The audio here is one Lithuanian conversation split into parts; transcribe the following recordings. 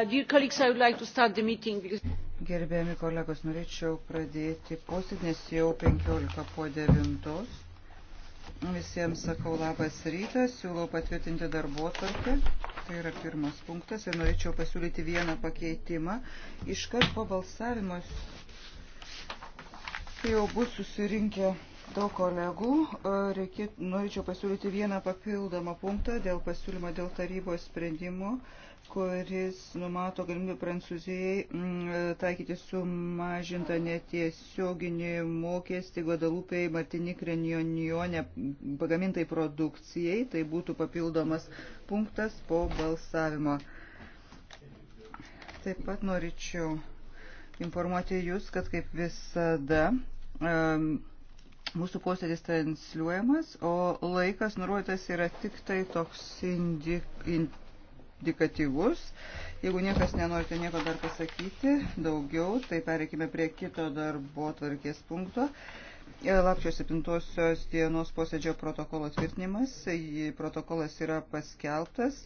Uh, Gerbiami kolegos, norėčiau pradėti posėdį, nes jau 15 po 9. Visiems sakau labas rytas, siūlau patvirtinti darbo tarpę. Tai yra pirmas punktas ir norėčiau pasiūlyti vieną pakeitimą. Iškart po balsavimo jau bus susirinkę daug kolegų. E, reikėt, norėčiau pasiūlyti vieną papildomą punktą dėl pasiūlymo dėl tarybos sprendimo, kuris numato galimybę Prancūzijai mm, e, taikyti sumažintą netiesioginį mokestį Guadalupėje, Martinik, Renjonione pagamintai produkcijai. Tai būtų papildomas punktas po balsavimo. Taip pat norėčiau informuoti Jūs, kad kaip visada. Um, Mūsų posėdis transliuojamas, o laikas nurodytas yra tik tai toks indik, indikatyvus. Jeigu niekas nenorite nieko dar pasakyti daugiau, tai pereikime prie kito darbo tvarkės punkto. E, Lapčio 7 dienos posėdžio protokolo tvirtinimas. Protokolas yra paskelbtas,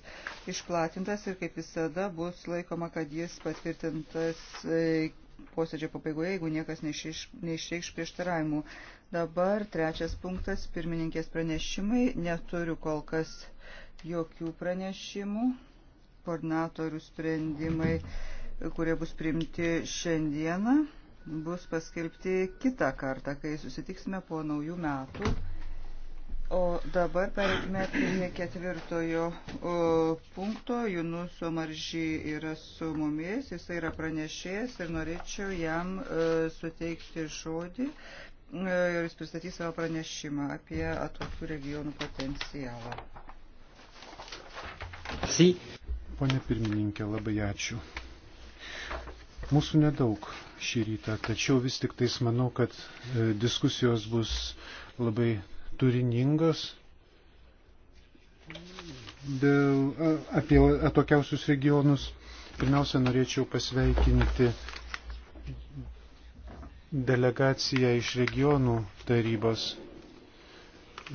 išplatintas ir kaip visada bus laikoma, kad jis patvirtintas e, posėdžio pabaigoje, jeigu niekas neišreikš prieštaravimų. Dabar trečias punktas - pirmininkės pranešimai. Neturiu kol kas jokių pranešimų. Koordinatorių sprendimai, kurie bus priimti šiandieną, bus paskelbti kitą kartą, kai susitiksime po naujų metų. O dabar pereikime prie ketvirtojo punkto. Junuso Maržy yra su mumis, jis yra pranešėjas ir norėčiau jam e, suteikti žodį e, ir jis pristatys savo pranešimą apie atokų regionų potencialą. Si. Pone pirmininkė, labai ačiū. Mūsų nedaug šį rytą, tačiau vis tik tais manau, kad e, diskusijos bus labai turiningos dėl, apie atokiausius regionus. Pirmiausia, norėčiau pasveikinti delegaciją iš regionų tarybos,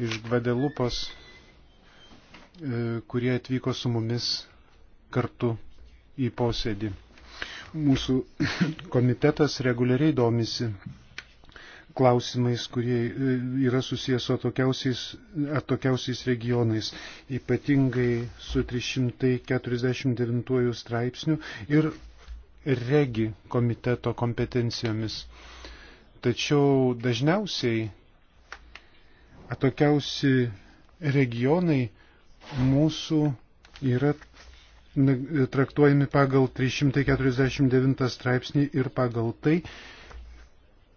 iš Gvadelupos, e, kurie atvyko su mumis kartu į posėdį. Mūsų komitetas reguliariai domisi klausimais, kurie e, yra susijęs su atokiausiais, atokiausiais regionais, ypatingai su 349 straipsniu ir regi komiteto kompetencijomis. Tačiau dažniausiai atokiausi regionai mūsų yra traktuojami pagal 349 straipsnį ir pagal tai,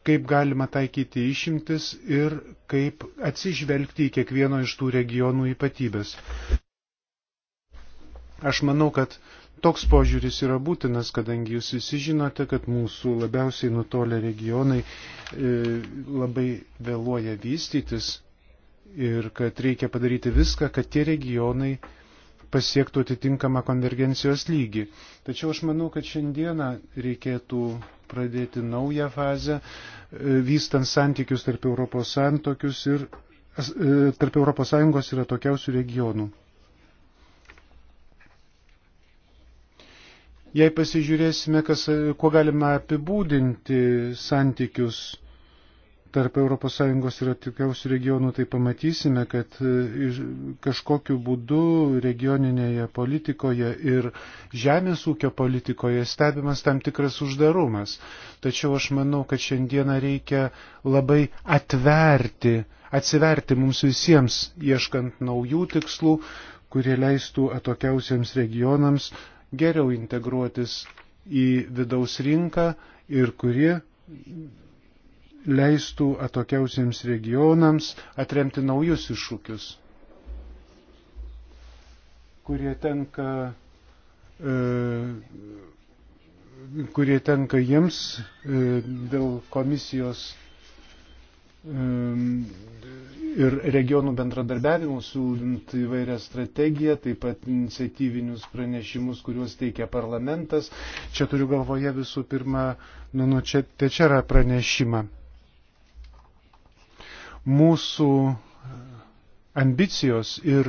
kaip galima taikyti išimtis ir kaip atsižvelgti į kiekvieno iš tų regionų ypatybės. Aš manau, kad toks požiūris yra būtinas, kadangi jūs visi žinote, kad mūsų labiausiai nutolę regionai e, labai vėluoja vystytis ir kad reikia padaryti viską, kad tie regionai pasiektų atitinkamą konvergencijos lygį. Tačiau aš manau, kad šiandieną reikėtų pradėti naują fazę, e, vystant santykius tarp Europos, ir, e, tarp Europos Sąjungos ir atokiausių regionų. Jei pasižiūrėsime, kas, kuo galima apibūdinti santykius tarp ES ir atikiausių regionų, tai pamatysime, kad e, kažkokiu būdu regioninėje politikoje ir žemės ūkio politikoje stebimas tam tikras uždarumas. Tačiau aš manau, kad šiandieną reikia labai atverti, atsiverti mums visiems, ieškant naujų tikslų, kurie leistų atokiausiems regionams geriau integruotis į vidaus rinką ir kurie leistų atokiausiems regionams atremti naujus iššūkius, kurie tenka, e, kurie tenka jiems e, dėl komisijos e, ir regionų bendradarbiavimų siūlint įvairią strategiją, taip pat iniciatyvinius pranešimus, kuriuos teikia parlamentas. Čia turiu galvoje visų pirma, nu, nu, čia tečerą pranešimą. Mūsų ambicijos ir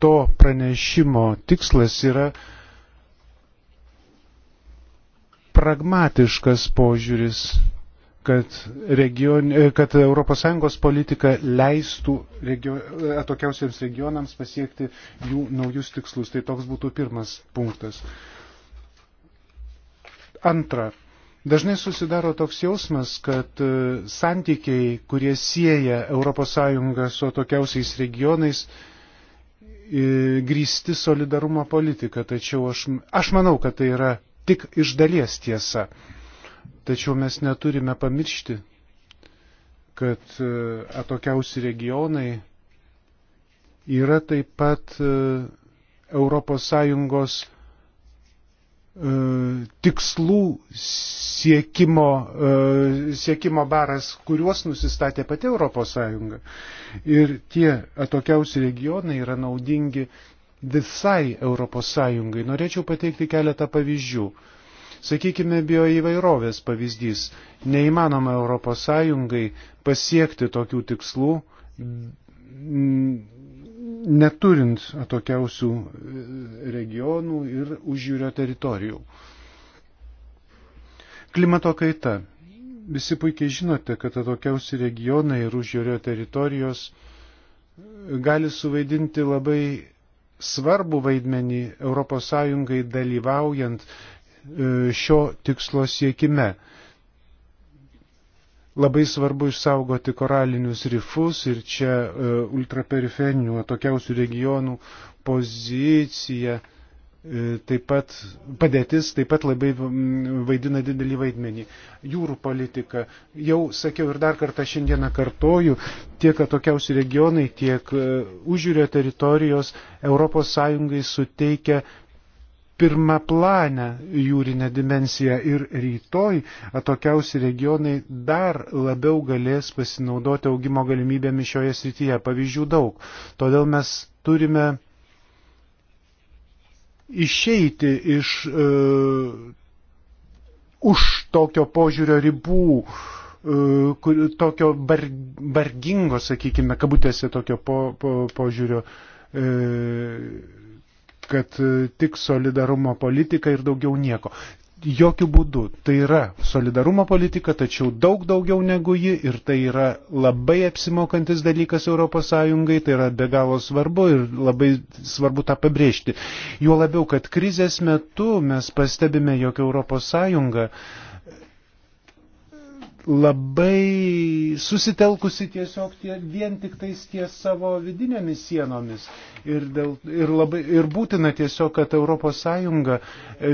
to pranešimo tikslas yra pragmatiškas požiūris, kad, region, e, kad ES politika leistų regio, atokiausiems regionams pasiekti jų naujus tikslus. Tai toks būtų pirmas punktas. Antra, Dažnai susidaro toks jausmas, kad e, santykiai, kurie sieja ES su atokiausiais regionais, e, grįsti solidarumo politika. Tačiau aš, aš manau, kad tai yra tik iš dalies tiesa. Tačiau mes neturime pamiršti, kad e, atokiausi regionai yra taip pat ES E, tikslų siekimo, e, siekimo baras, kuriuos nusistatė pati ES. Ir tie atokiausi regionai yra naudingi visai ES. Norėčiau pateikti keletą pavyzdžių. Sakykime, bioįvairovės pavyzdys. Neįmanoma ES pasiekti tokių tikslų neturint atokiausių e, regionų ir užjūrio teritorijų. Klimato kaita. Visi puikiai žinote, kad atokiausi regionai ir užjūrio teritorijos e, gali suvaidinti labai svarbu vaidmenį ES dalyvaujant e, šio tikslo siekime. Labai svarbu išsaugoti koralinius rifus ir čia e, ultraperiferinių atokiausių regionų pozicija, e, taip pat padėtis taip pat labai vaidina didelį vaidmenį. Jūrų politika, jau sakiau ir dar kartą šiandieną kartoju, tiek atokiausi regionai, tiek e, užjūrio teritorijos ES suteikia pirmaplanę jūrinę dimensiją ir rytoj atokiausi regionai dar labiau galės pasinaudoti augimo galimybėmis šioje srityje. Pavyzdžių daug. Todėl mes turime išeiti iš e, už tokio požiūrio ribų, e, kur, tokio bar, bargingo, sakykime, kabutėse tokio po, po, požiūrio. E, kad e, tik solidarumo politika ir daugiau nieko. Jokių būdų. Tai yra solidarumo politika, tačiau daug daugiau negu ji ir tai yra labai apsimokantis dalykas ES, tai yra be galo svarbu ir labai svarbu tą pabrėžti. Juo labiau, kad krizės metu mes pastebime, jog ES labai susitelkusi tiesiog tie, vien tik tais ties savo vidinėmis sienomis. Ir, dėl, ir, labai, ir būtina tiesiog, kad ES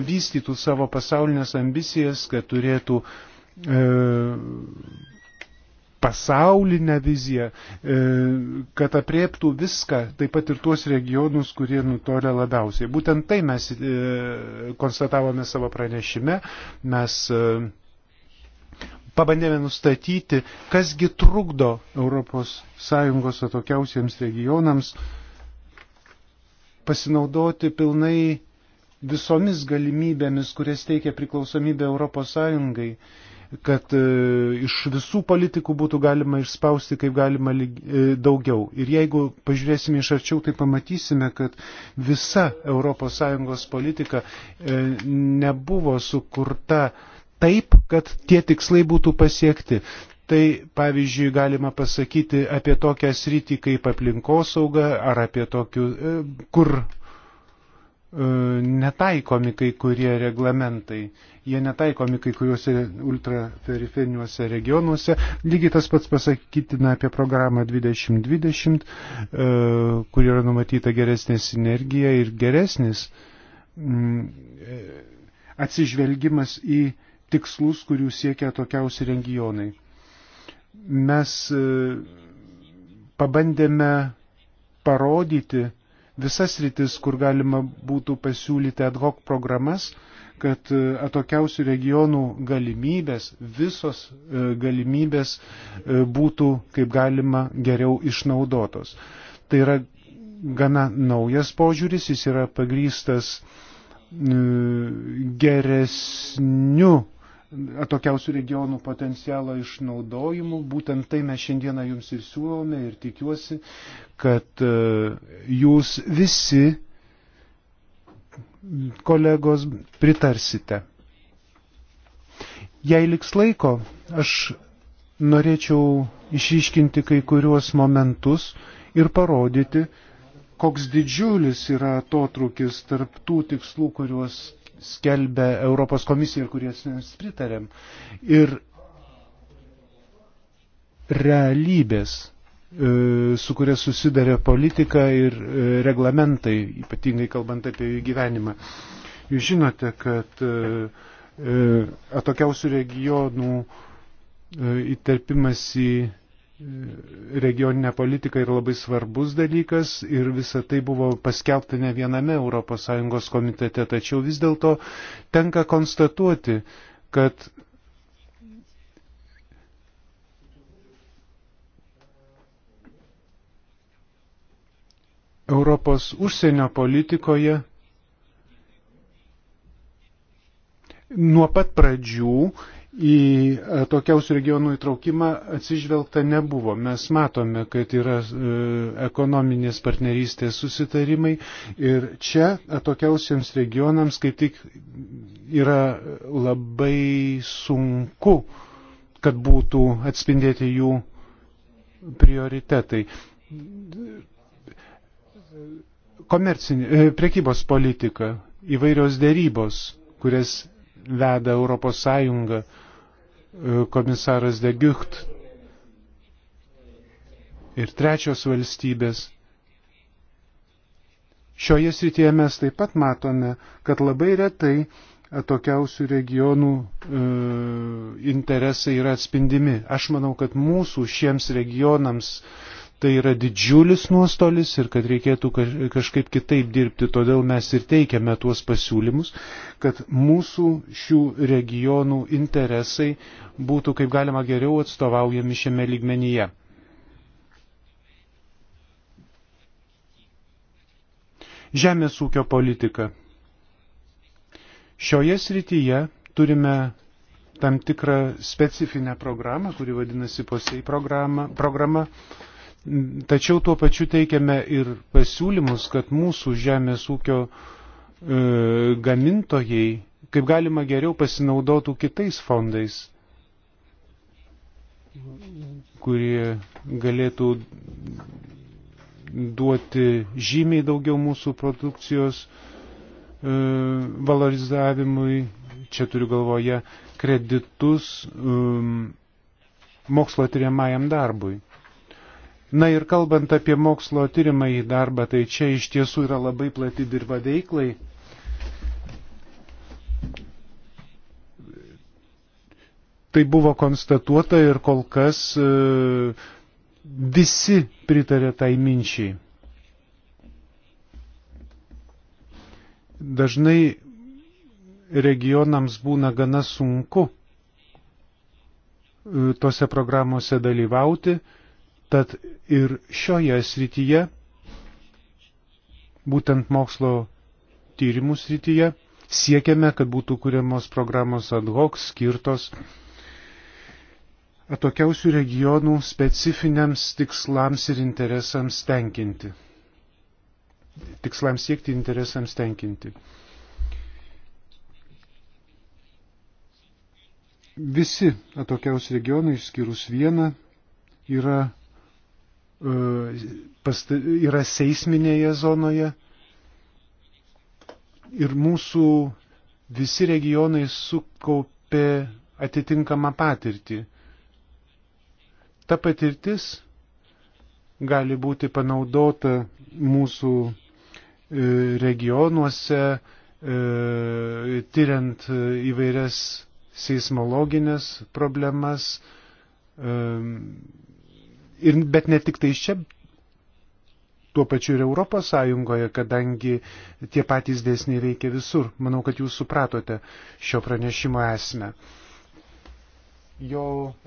vystytų savo pasaulinės ambicijas, kad turėtų e, pasaulinę viziją, e, kad apriektų viską, taip pat ir tuos regionus, kurie nutolė labiausiai. Būtent tai mes e, konstatavome savo pranešime. Mes e, pabandėme nustatyti, kasgi trukdo ES atokiausiems regionams pasinaudoti pilnai visomis galimybėmis, kurias teikia priklausomybė ES, kad e, iš visų politikų būtų galima išspausti kaip galima e, daugiau. Ir jeigu pažiūrėsime iš arčiau, tai pamatysime, kad visa ES politika e, nebuvo sukurta taip, kad tie tikslai būtų pasiekti. Tai pavyzdžiui galima pasakyti apie tokią sritį kaip aplinkosauga ar apie tokių, e, kur e, netaikomi kai kurie reglamentai. Jie netaikomi kai kuriuose ultraperiferiniuose regionuose. Lygiai tas pats pasakytina apie programą 2020, e, kur yra numatyta geresnė sinergija ir geresnis mm, atsižvelgimas į tikslus, kurių siekia tokiausi regionai. Mes e, pabandėme parodyti visas rytis, kur galima būtų pasiūlyti ad hoc programas, kad e, atokiausių regionų galimybės, visos e, galimybės būtų kaip galima geriau išnaudotos. Tai yra gana naujas požiūris, jis yra pagrystas geresniu atokiausių regionų potencialo išnaudojimu. Būtent tai mes šiandieną jums ir siūlome ir tikiuosi, kad e, jūs visi kolegos pritarsite. Jei liks laiko, aš norėčiau išryškinti kai kuriuos momentus ir parodyti, koks didžiulis yra atotrukis tarp tų tikslų, kuriuos skelbia Europos komisija ir kuriems mes pritarėm. Ir realybės, e, su kuria susidarė politika ir e, reglamentai, ypatingai kalbant apie jų gyvenimą. Jūs žinote, kad e, atokiausių regionų įterpimas į regioninė politika yra labai svarbus dalykas ir visa tai buvo paskelbta ne viename ES komitete, tačiau vis dėlto tenka konstatuoti, kad Europos užsienio politikoje nuo pat pradžių į e, tokiausių regionų įtraukimą atsižvelgta nebuvo. Mes matome, kad yra e, ekonominės partnerystės susitarimai ir čia e, tokiausiems regionams kaip tik yra labai sunku, kad būtų atspindėti jų prioritetai. Komercinė, prekybos politika, įvairios dėrybos, kurias veda Europos Sąjunga, e, komisaras de Gucht ir trečios valstybės. Šioje srityje mes taip pat matome, kad labai retai atokiausių regionų e, interesai yra atspindimi. Aš manau, kad mūsų šiems regionams e, tai yra didžiulis nuostolis ir kad reikėtų kažkaip kitaip dirbti. Todėl mes ir teikiame tuos pasiūlymus, kad mūsų šių regionų interesai būtų kaip galima geriau atstovaujami šiame lygmenyje. Žemės ūkio politika. Šioje srityje turime tam tikrą specifinę programą, kuri vadinasi posei programa, programa Tačiau tuo pačiu teikiame ir pasiūlymus, kad mūsų žemės ūkio e, gamintojai kaip galima geriau pasinaudotų kitais fondais, kurie galėtų duoti žymiai daugiau mūsų produkcijos e, valorizavimui, čia turiu galvoje kreditus e, mokslo tyriamajam darbui. Na ir kalbant apie mokslo tyrimą į darbą, tai čia iš tiesų yra labai plati dirba veiklai. Tai buvo konstatuota ir kol kas e, visi pritarė tai minčiai. Dažnai regionams būna gana sunku e, tose programuose dalyvauti, Tad ir šioje srityje, būtent mokslo tyrimų srityje, siekiame, kad būtų kuriamos programos ad hoc skirtos atokiausių regionų specifiniams tikslams ir interesams tenkinti. Tikslams siekti interesams tenkinti. Visi atokiausi regionai, išskyrus vieną, yra E, yra seisminėje zonoje ir mūsų visi regionai sukaupė atitinkamą patirtį. Ta patirtis gali būti panaudota mūsų e, regionuose, e, tyriant įvairias seismologinės problemas, ir, bet ne tik tai čia, tuo pačiu ir Europos Sąjungoje, kadangi tie patys dėsniai veikia visur. Manau, kad jūs supratote šio pranešimo esmę. Jo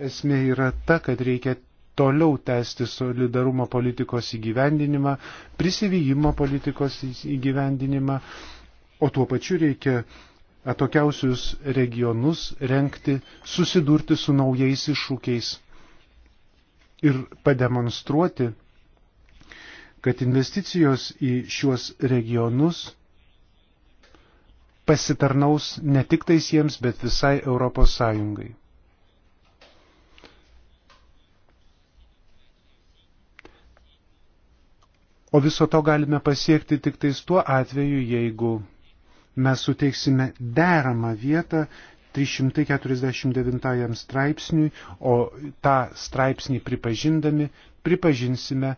esmė yra ta, kad reikia toliau tęsti solidarumo politikos įgyvendinimą, prisivyjimo politikos įgyvendinimą, o tuo pačiu reikia atokiausius regionus renkti, susidurti su naujais iššūkiais ir pademonstruoti, kad investicijos į šiuos regionus pasitarnaus ne tik tais jiems, bet visai Europos Sąjungai. O viso to galime pasiekti tik tais tuo atveju, jeigu mes suteiksime deramą vietą 349 straipsniui, o tą straipsnį pripažindami pripažinsime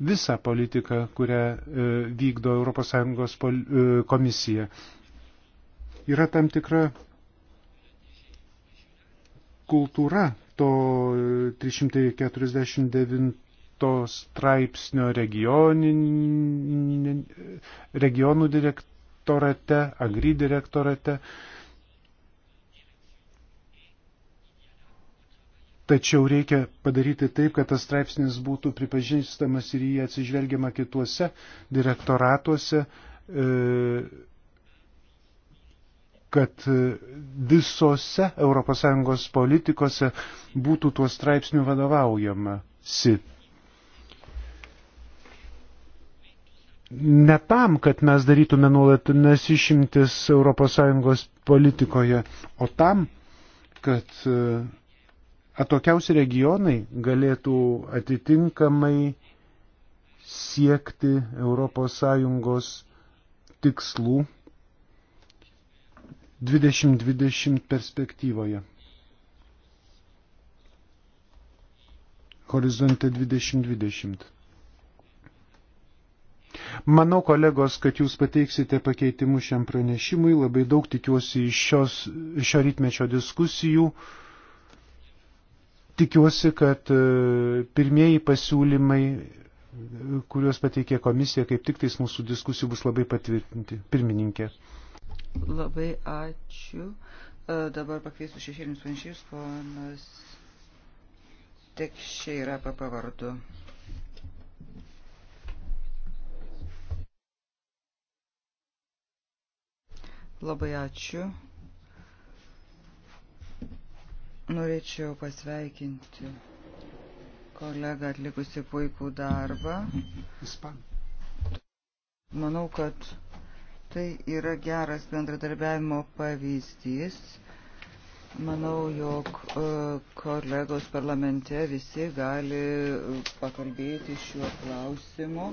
visą politiką, kurią e, vykdo ES e, komisija. Yra tam tikra kultūra to 349 e, straipsnio regionin, regionų direkt, direktorate, agri direktorate. Tačiau reikia padaryti taip, kad tas straipsnis būtų pripažįstamas ir į jį atsižvelgiama kituose direktoratuose, e, kad visose ES politikose būtų tuo straipsniu vadovaujama. Sit. ne tam, kad mes darytume nuolatinės išimtis ES politikoje, o tam, kad e, atokiausi regionai galėtų atitinkamai siekti ES tikslų 2020 perspektyvoje. Horizonte 2020. Manau, kolegos, kad jūs pateiksite pakeitimų šiam pranešimui. Labai daug tikiuosi iš šios, šio rytmečio diskusijų. Tikiuosi, kad e, pirmieji pasiūlymai, kuriuos pateikė komisija, kaip tik tais mūsų diskusijų bus labai patvirtinti. Pirmininkė. Labai ačiū. E, dabar pakviesiu šešėlinius panšys, ponas Tekšė yra papavardu. Labai ačiū. Norėčiau pasveikinti kolegą atlikusi puikų darbą. Manau, kad tai yra geras bendradarbiavimo pavyzdys. Manau, jog e, kolegos parlamente visi gali e, pakalbėti šiuo klausimu.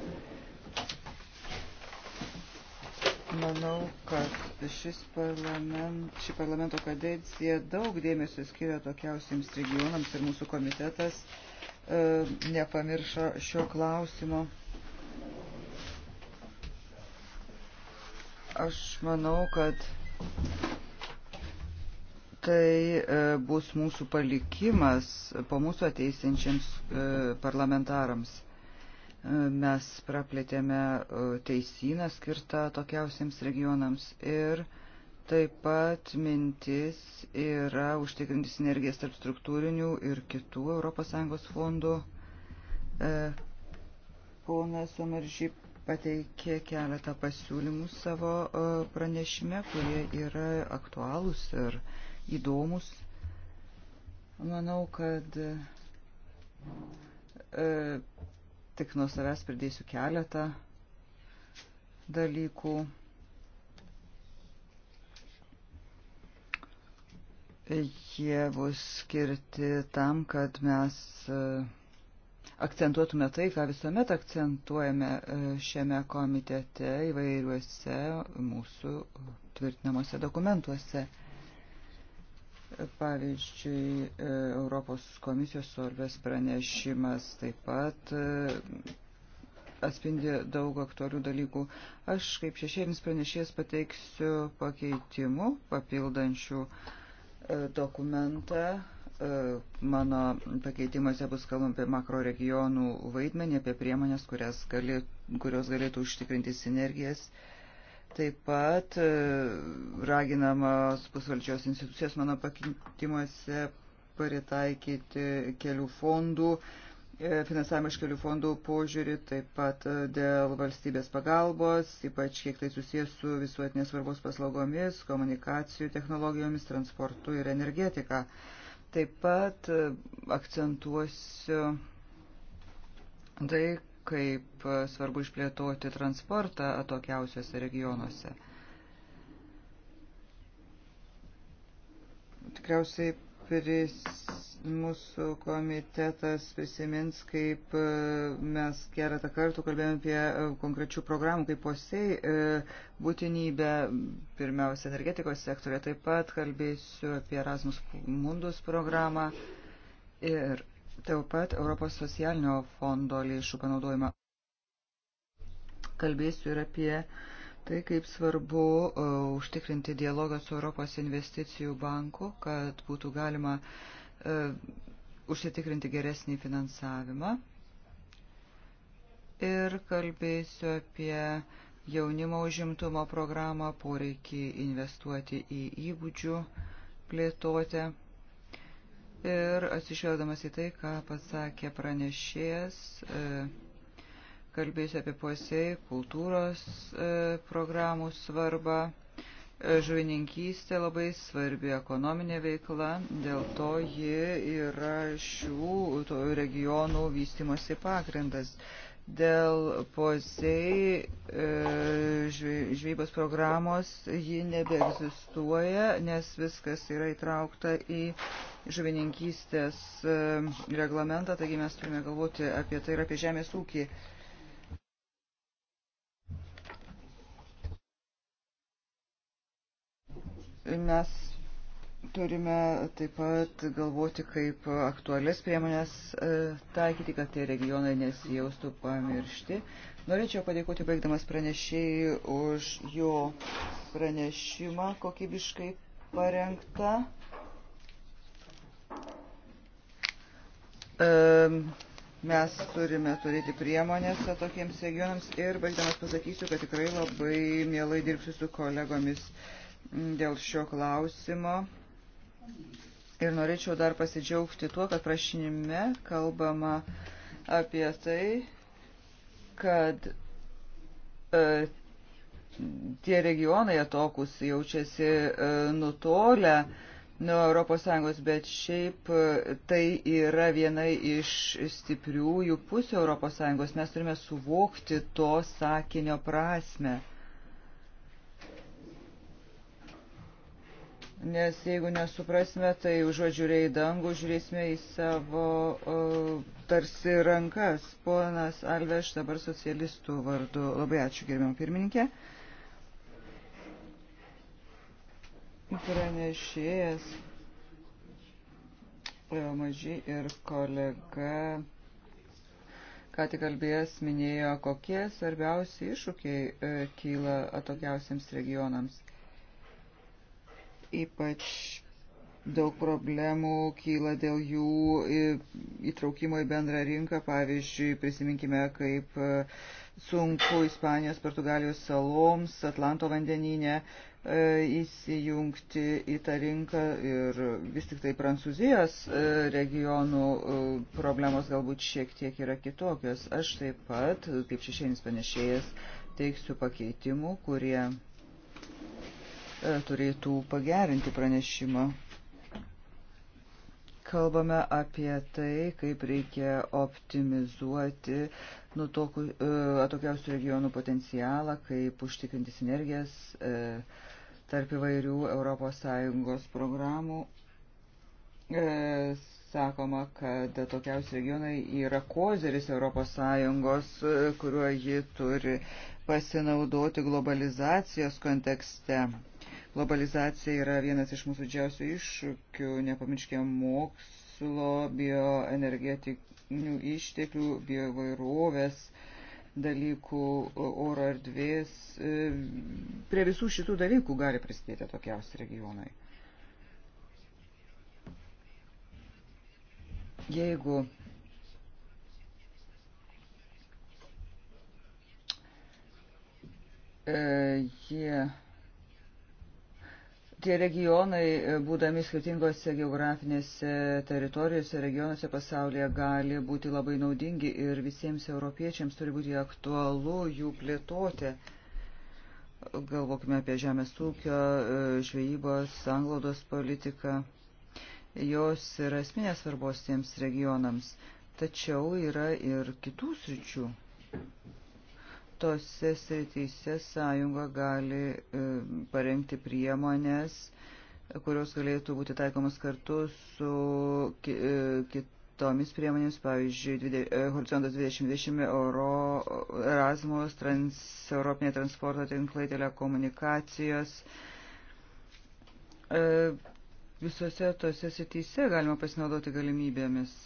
Manau, kad šis parlament, ši parlamento kadencija daug dėmesio skiria tokiausiams regionams ir mūsų komitetas e, nepamiršo šio klausimo. Aš manau, kad tai e, bus mūsų palikimas po mūsų ateisinčiams e, parlamentarams. Mes praplėtėme e, teisyną skirtą tokiausiams regionams ir Taip pat mintis yra užtikrinti sinergijas tarp struktūrinių ir kitų ES fondų. E, ponas Omeržy pateikė keletą pasiūlymų savo e, pranešime, kurie yra aktualūs ir įdomus. Manau, kad Tik nuo savęs pridėsiu keletą dalykų. Jie bus skirti tam, kad mes e, akcentuotume tai, ką visuomet akcentuojame e, šiame komitete įvairiuose mūsų tvirtinamuose dokumentuose. Pavyzdžiui, e, Europos komisijos svarbės pranešimas taip pat e, atspindi daug aktualių dalykų. Aš kaip šešėlinis pranešėjas pateiksiu pakeitimų, papildančių e, dokumentą. Mano pakeitimuose bus kalbama apie makro regionų vaidmenį, apie priemonės, kurios galėtų užtikrinti sinergijas Taip pat e, raginamos pusvaldžios institucijos mano pakintimuose pritaikyti kelių fondų, e, finansavimą iš kelių fondų požiūrį, taip pat e, dėl valstybės pagalbos, ypač kiek tai susijęs su visuotinės svarbos paslaugomis, komunikacijų technologijomis, transportu ir energetika. Taip pat akcentuosiu tai, kaip e, svarbu išplėtoti transportą atokiausiuose regionuose. Tikriausiai pris, mūsų komitetas prisimins, kaip e, mes keletą kartų kalbėjome apie e, konkrečių programų, kaip posei būtinybę, pirmiausia, energetikos sektorė. Taip pat kalbėsiu apie Erasmus Mundus programą. Ir taip pat Europos socialinio fondo lėšų panaudojimą. Kalbėsiu ir apie tai, kaip svarbu uh, užtikrinti dialogą su Europos investicijų banku, kad būtų galima uh, užsitikrinti geresnį finansavimą. Ir kalbėsiu apie jaunimo užimtumo programą, poreikį investuoti į įgūdžių plėtotę ir atsižvelgdamas į tai, ką pasakė pranešėjas, e, kalbėsiu apie posėjų kultūros e, programų svarbą. E, žuvininkystė labai svarbi ekonominė veikla, dėl to ji yra šių regionų vystimosi pagrindas dėl posei e, žvejybos programos ji nebeegzistuoja, nes viskas yra įtraukta į žuvininkystės e, reglamentą, taigi mes turime galvoti apie tai ir apie žemės ūkį. Mes Turime taip pat galvoti, kaip aktualias priemonės e, taikyti, kad tie regionai nesijaustų pamiršti. Norėčiau padėkoti baigdamas pranešėjai už jo pranešimą kokybiškai parengtą. E, mes turime turėti priemonės tokiems regionams ir baigdamas pasakysiu, kad tikrai labai mielai dirbsiu su kolegomis dėl šio klausimo. Ir norėčiau dar pasidžiaugti tuo, kad prašinime kalbama apie tai, kad e, tie regionai atokus jaučiasi e, nutolę nuo ES, bet šiaip e, tai yra viena iš stipriųjų pusių ES. Mes turime suvokti to sakinio prasme. E, nes jeigu nesuprasime, tai užuot žiūrėję į dangų, žiūrėsime į savo o, tarsi rankas. Ponas Alveš dabar socialistų vardu. Labai ačiū, gerbiam pirmininkė. Pranešėjas e, maži ir kolega, ką tik kalbėjęs, minėjo, kokie svarbiausi iššūkiai e, kyla atokiausiams regionams. Ypač daug problemų kyla dėl jų įtraukimo į bendrą rinką. Pavyzdžiui, prisiminkime, kaip e, sunku Ispanijos, Portugalijos saloms, Atlanto vandeninė e, įsijungti į tą rinką ir vis tik tai Prancūzijos e, regionų problemos galbūt šiek tiek yra kitokios. Aš taip pat, kaip šešienis panešėjas, teiksiu pakeitimų, kurie E, turėtų pagerinti pranešimą. Kalbame apie tai, kaip reikia optimizuoti nu, tokių, e, atokiausių regionų potencialą, kaip užtikrinti sinergijas e, tarp įvairių ES programų. Sakoma, kad tokiausi regionai yra kozeris ES, kuriuo ji turi pasinaudoti globalizacijos kontekste. Globalizacija yra vienas iš mūsų didžiausių iššūkių, nepamirškime mokslo, bioenergetinių išteklių, biovairovės dalykų, oro erdvės. E, prie visų šitų dalykų gali prisidėti tokiausi regionai. Jeigu e, jie yeah Tie regionai, e, būdami skirtingose geografinėse teritorijose, regionuose pasaulyje, gali būti labai naudingi ir visiems europiečiams turi būti aktualu jų plėtoti. Galvokime apie žemės ūkio, e, žvejybos, anglodos politiką. Jos yra esminės svarbos tiems regionams, tačiau yra ir kitų sričių tose srityse sąjunga gali e, parengti priemonės, kurios galėtų būti taikomas kartu su e, kitomis priemonėmis, pavyzdžiui, e, Horizontas 2020, Euro, Erasmus, trans, Europinė transporto tinklai, telekomunikacijos. Visose tose sityse galima pasinaudoti galimybėmis.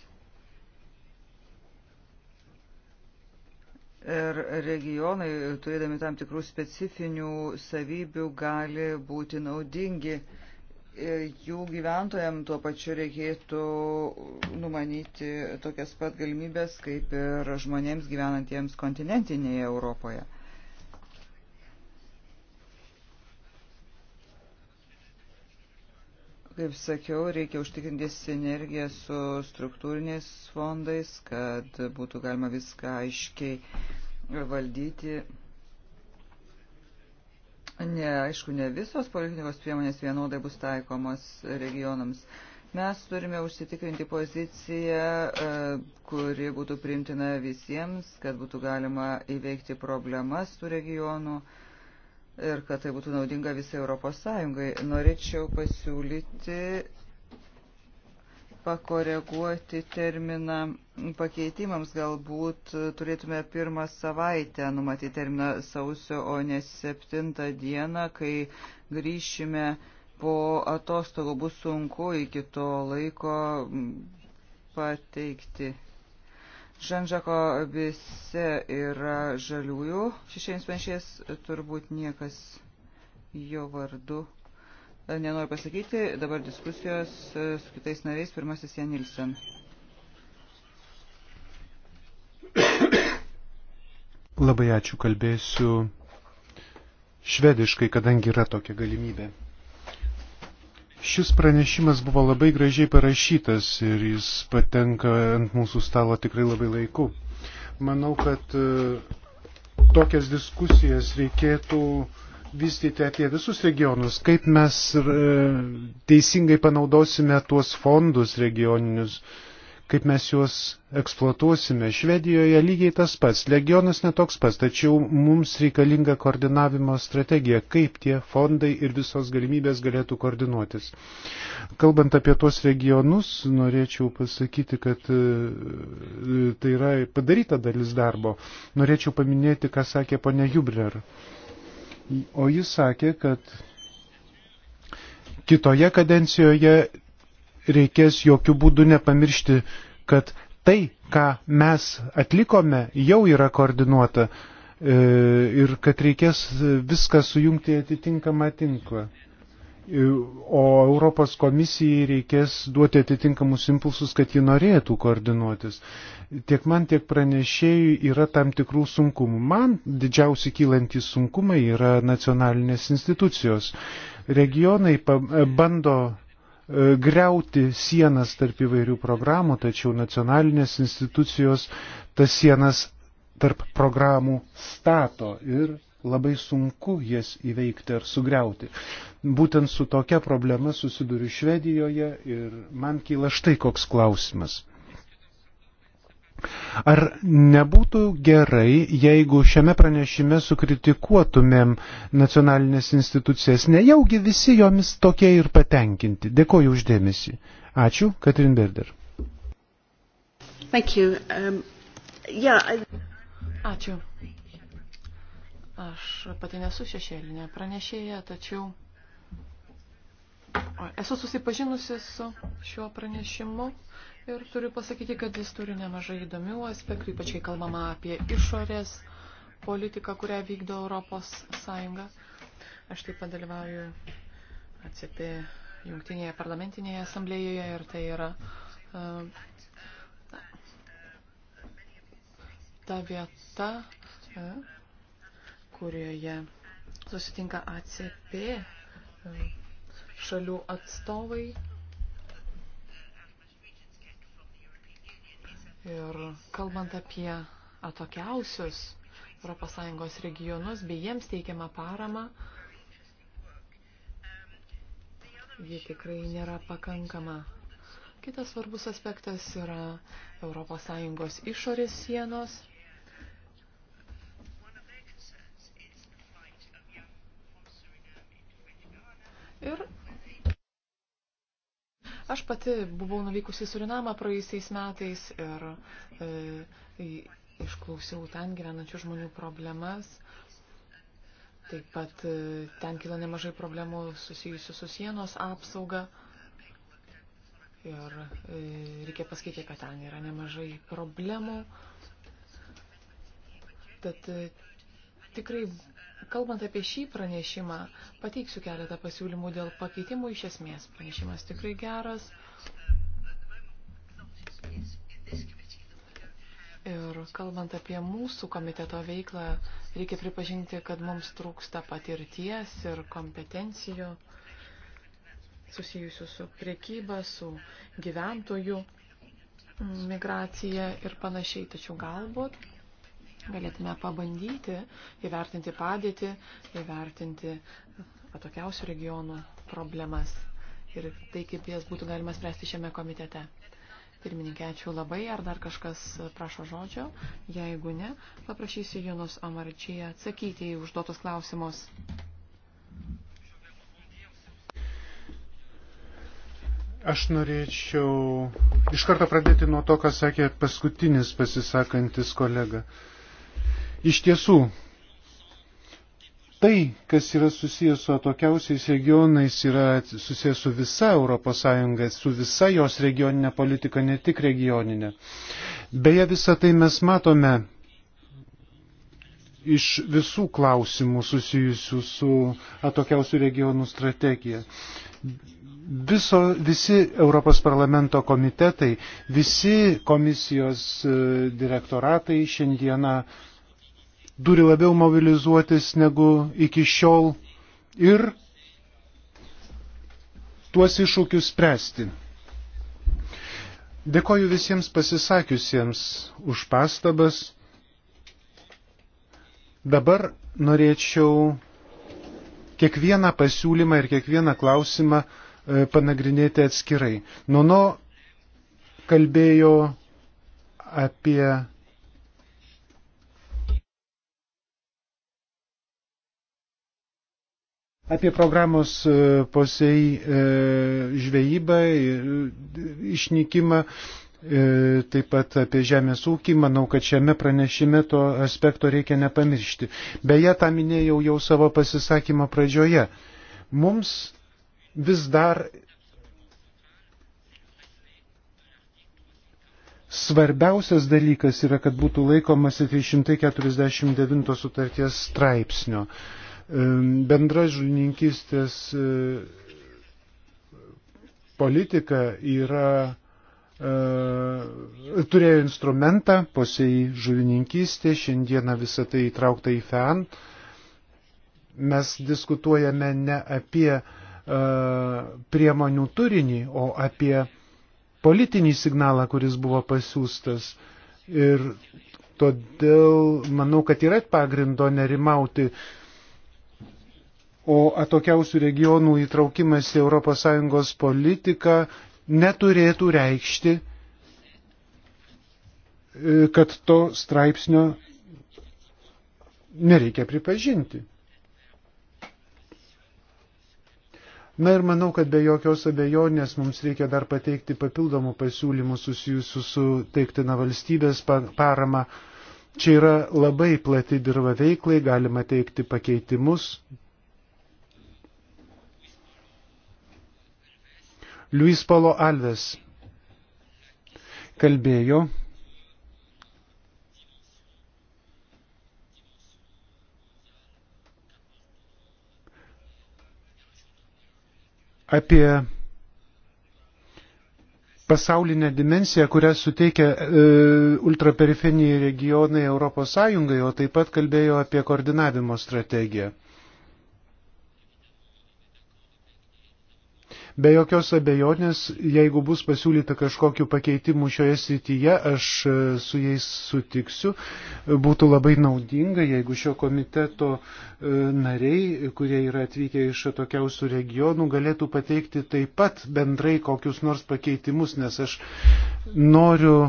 Ir regionai, turėdami tam tikrų specifinių savybių, gali būti naudingi. Jų gyventojams tuo pačiu reikėtų numanyti tokias pat galimybės kaip ir žmonėms gyvenantiems kontinentinėje Europoje. Kaip sakiau, reikia užtikrinti sinergiją su struktūriniais fondais, kad būtų galima viską aiškiai valdyti. Ne, aišku, ne visos politikos priemonės vienodai bus taikomos regionams. Mes turime užsitikrinti poziciją, e, kuri būtų primtina visiems, kad būtų galima įveikti problemas tų regionų ir kad tai būtų naudinga visai Europos Sąjungai. Norėčiau pasiūlyti pakoreguoti terminą pakeitimams. Galbūt turėtume pirmą savaitę numatyti terminą sausio, o ne septintą dieną, kai grįšime po atostogų. Bus sunku iki to laiko pateikti Žanžako visi yra žaliųjų. Šešiems penšies turbūt niekas jo vardu nenoriu pasakyti. Dabar diskusijos su kitais nariais. Pirmasis Janilsen. Labai ačiū, kalbėsiu švediškai, kadangi yra tokia galimybė. Šis pranešimas buvo labai gražiai parašytas ir jis patenka ant mūsų stalo tikrai labai laiku. Manau, kad e, tokias diskusijas reikėtų vystyti apie visus regionus, kaip mes e, teisingai panaudosime tuos fondus regioninius, kaip mes juos eksploatuosime. Švedijoje lygiai tas pats, legionas netoks pats, tačiau mums reikalinga koordinavimo strategija, kaip tie fondai ir visos galimybės galėtų koordinuotis. Kalbant apie tuos regionus, norėčiau pasakyti, kad e, tai yra padaryta dalis darbo. Norėčiau paminėti, ką sakė ponia Jubler. O jis sakė, kad kitoje kadencijoje reikės jokių būdų nepamiršti, kad tai, ką mes atlikome, jau yra koordinuota e, ir kad reikės viską sujungti atitinkamą tinklą. E, o Europos komisijai reikės duoti atitinkamus impulsus, kad ji norėtų koordinuotis. Tiek man, tiek pranešėjui yra tam tikrų sunkumų. Man didžiausi kylantys sunkumai yra nacionalinės institucijos. Regionai bando E, greuti sienas tarp įvairių programų, tačiau nacionalinės institucijos tas sienas tarp programų stato ir labai sunku jas įveikti ar sugriauti. Būtent su tokia problema susiduriu Švedijoje ir man kyla štai koks klausimas. Ar nebūtų gerai, jeigu šiame pranešime sukritikuotumėm nacionalinės institucijas, nejaugi visi jomis tokie ir patenkinti? Dėkoju uždėmesi. Ačiū, Katrin Berder. Um, yeah, I... Ačiū. Aš pati nesu šešėlinė pranešėja, tačiau esu susipažinusi su šiuo pranešimu Ir turiu pasakyti, kad jis turi nemažai įdomių aspektų, ypač kai kalbama apie išorės politiką, kurią vykdo Europos Sąjunga. Aš taip pat dalyvauju ACP jungtinėje parlamentinėje asamblėjoje ir tai yra uh, ta vieta, uh, kurioje susitinka ACP uh, e, šalių atstovai Ir kalbant apie atokiausius ES regionus bei jiems teikiamą paramą, ji tikrai nėra pakankama. Kitas svarbus aspektas yra ES išorės sienos. Ir Aš pati buvau nuvykusi į Surinamą praeisiais metais ir e, išklausiau ten gyvenančių žmonių problemas. Taip pat e, ten kilo nemažai problemų susijusių su sienos apsauga. Ir e, reikia pasakyti, kad ten yra nemažai problemų. Tad e, tikrai Kalbant apie šį pranešimą, pateiksiu keletą pasiūlymų dėl pakeitimų iš esmės. Pranešimas tikrai geras. Ir kalbant apie mūsų komiteto veiklą, reikia pripažinti, kad mums trūksta patirties ir kompetencijų susijusių su priekyba, su gyventojų migracija ir panašiai. Tačiau galbūt Galėtume pabandyti įvertinti padėtį, įvertinti atokiausių regionų problemas ir tai, kaip jas būtų galima spręsti šiame komitete. Pirmininkė, ačiū labai. Ar dar kažkas prašo žodžio? Jeigu ne, paprašysiu Junus Amarčiai atsakyti į užduotus klausimus. Aš norėčiau iš karto pradėti nuo to, ką sakė paskutinis pasisakantis kolega. Uh, Iš tiesų, tai, kas yra susijęs su atokiausiais regionais, yra susijęs su visa ES, su visa jos regioninė politika, ne tik regioninė. Beje, visą tai mes matome iš visų klausimų susijusių su atokiausių regionų strategija. Viso, visi Europos parlamento komitetai, visi komisijos e, direktoratai šiandieną turi labiau mobilizuotis negu iki šiol ir tuos iššūkius spręsti. Dėkoju visiems pasisakiusiems už pastabas. Dabar norėčiau kiekvieną pasiūlymą ir kiekvieną klausimą e, panagrinėti atskirai. Nono kalbėjo apie Apie programos e, posei e, žvejybą, e, išnykimą, taip pat apie žemės ūkį, manau, kad šiame pranešime to aspekto reikia nepamiršti. Beje, tą minėjau jau savo pasisakymo pradžioje. Mums vis dar svarbiausias dalykas yra, kad būtų laikomasi 349 sutarties straipsnio. Tai Bendra žuvininkystės e, politika yra e, turėjo instrumentą, posėjai žuvininkystė, šiandieną visą tai įtraukta į FEAN. Mes diskutuojame ne apie uh, priemonių turinį, o apie politinį signalą, kuris buvo pasiūstas. Ir todėl manau, kad yra pagrindo nerimauti uh, o atokiausių regionų įtraukimas į ES politiką neturėtų reikšti, e, kad to straipsnio nereikia pripažinti. Na ir manau, kad be jokios abejonės mums reikia dar pateikti papildomų pasiūlymų susijusių su teiktina valstybės parama. Čia yra labai plati dirba veiklai, galima teikti pakeitimus, Luis Polo Alves kalbėjo apie pasaulinę dimensiją, kurią suteikia e, ultraperifiniai regionai Europos Sąjungai, o taip pat kalbėjo apie koordinavimo strategiją. Be jokios abejonės, jeigu bus pasiūlyta kažkokiu pakeitimu šioje srityje, aš e, su jais sutiksiu. Būtų labai naudinga, jeigu šio komiteto e, nariai, kurie yra atvykę iš atokiausių regionų, galėtų pateikti taip pat bendrai kokius nors pakeitimus, nes aš noriu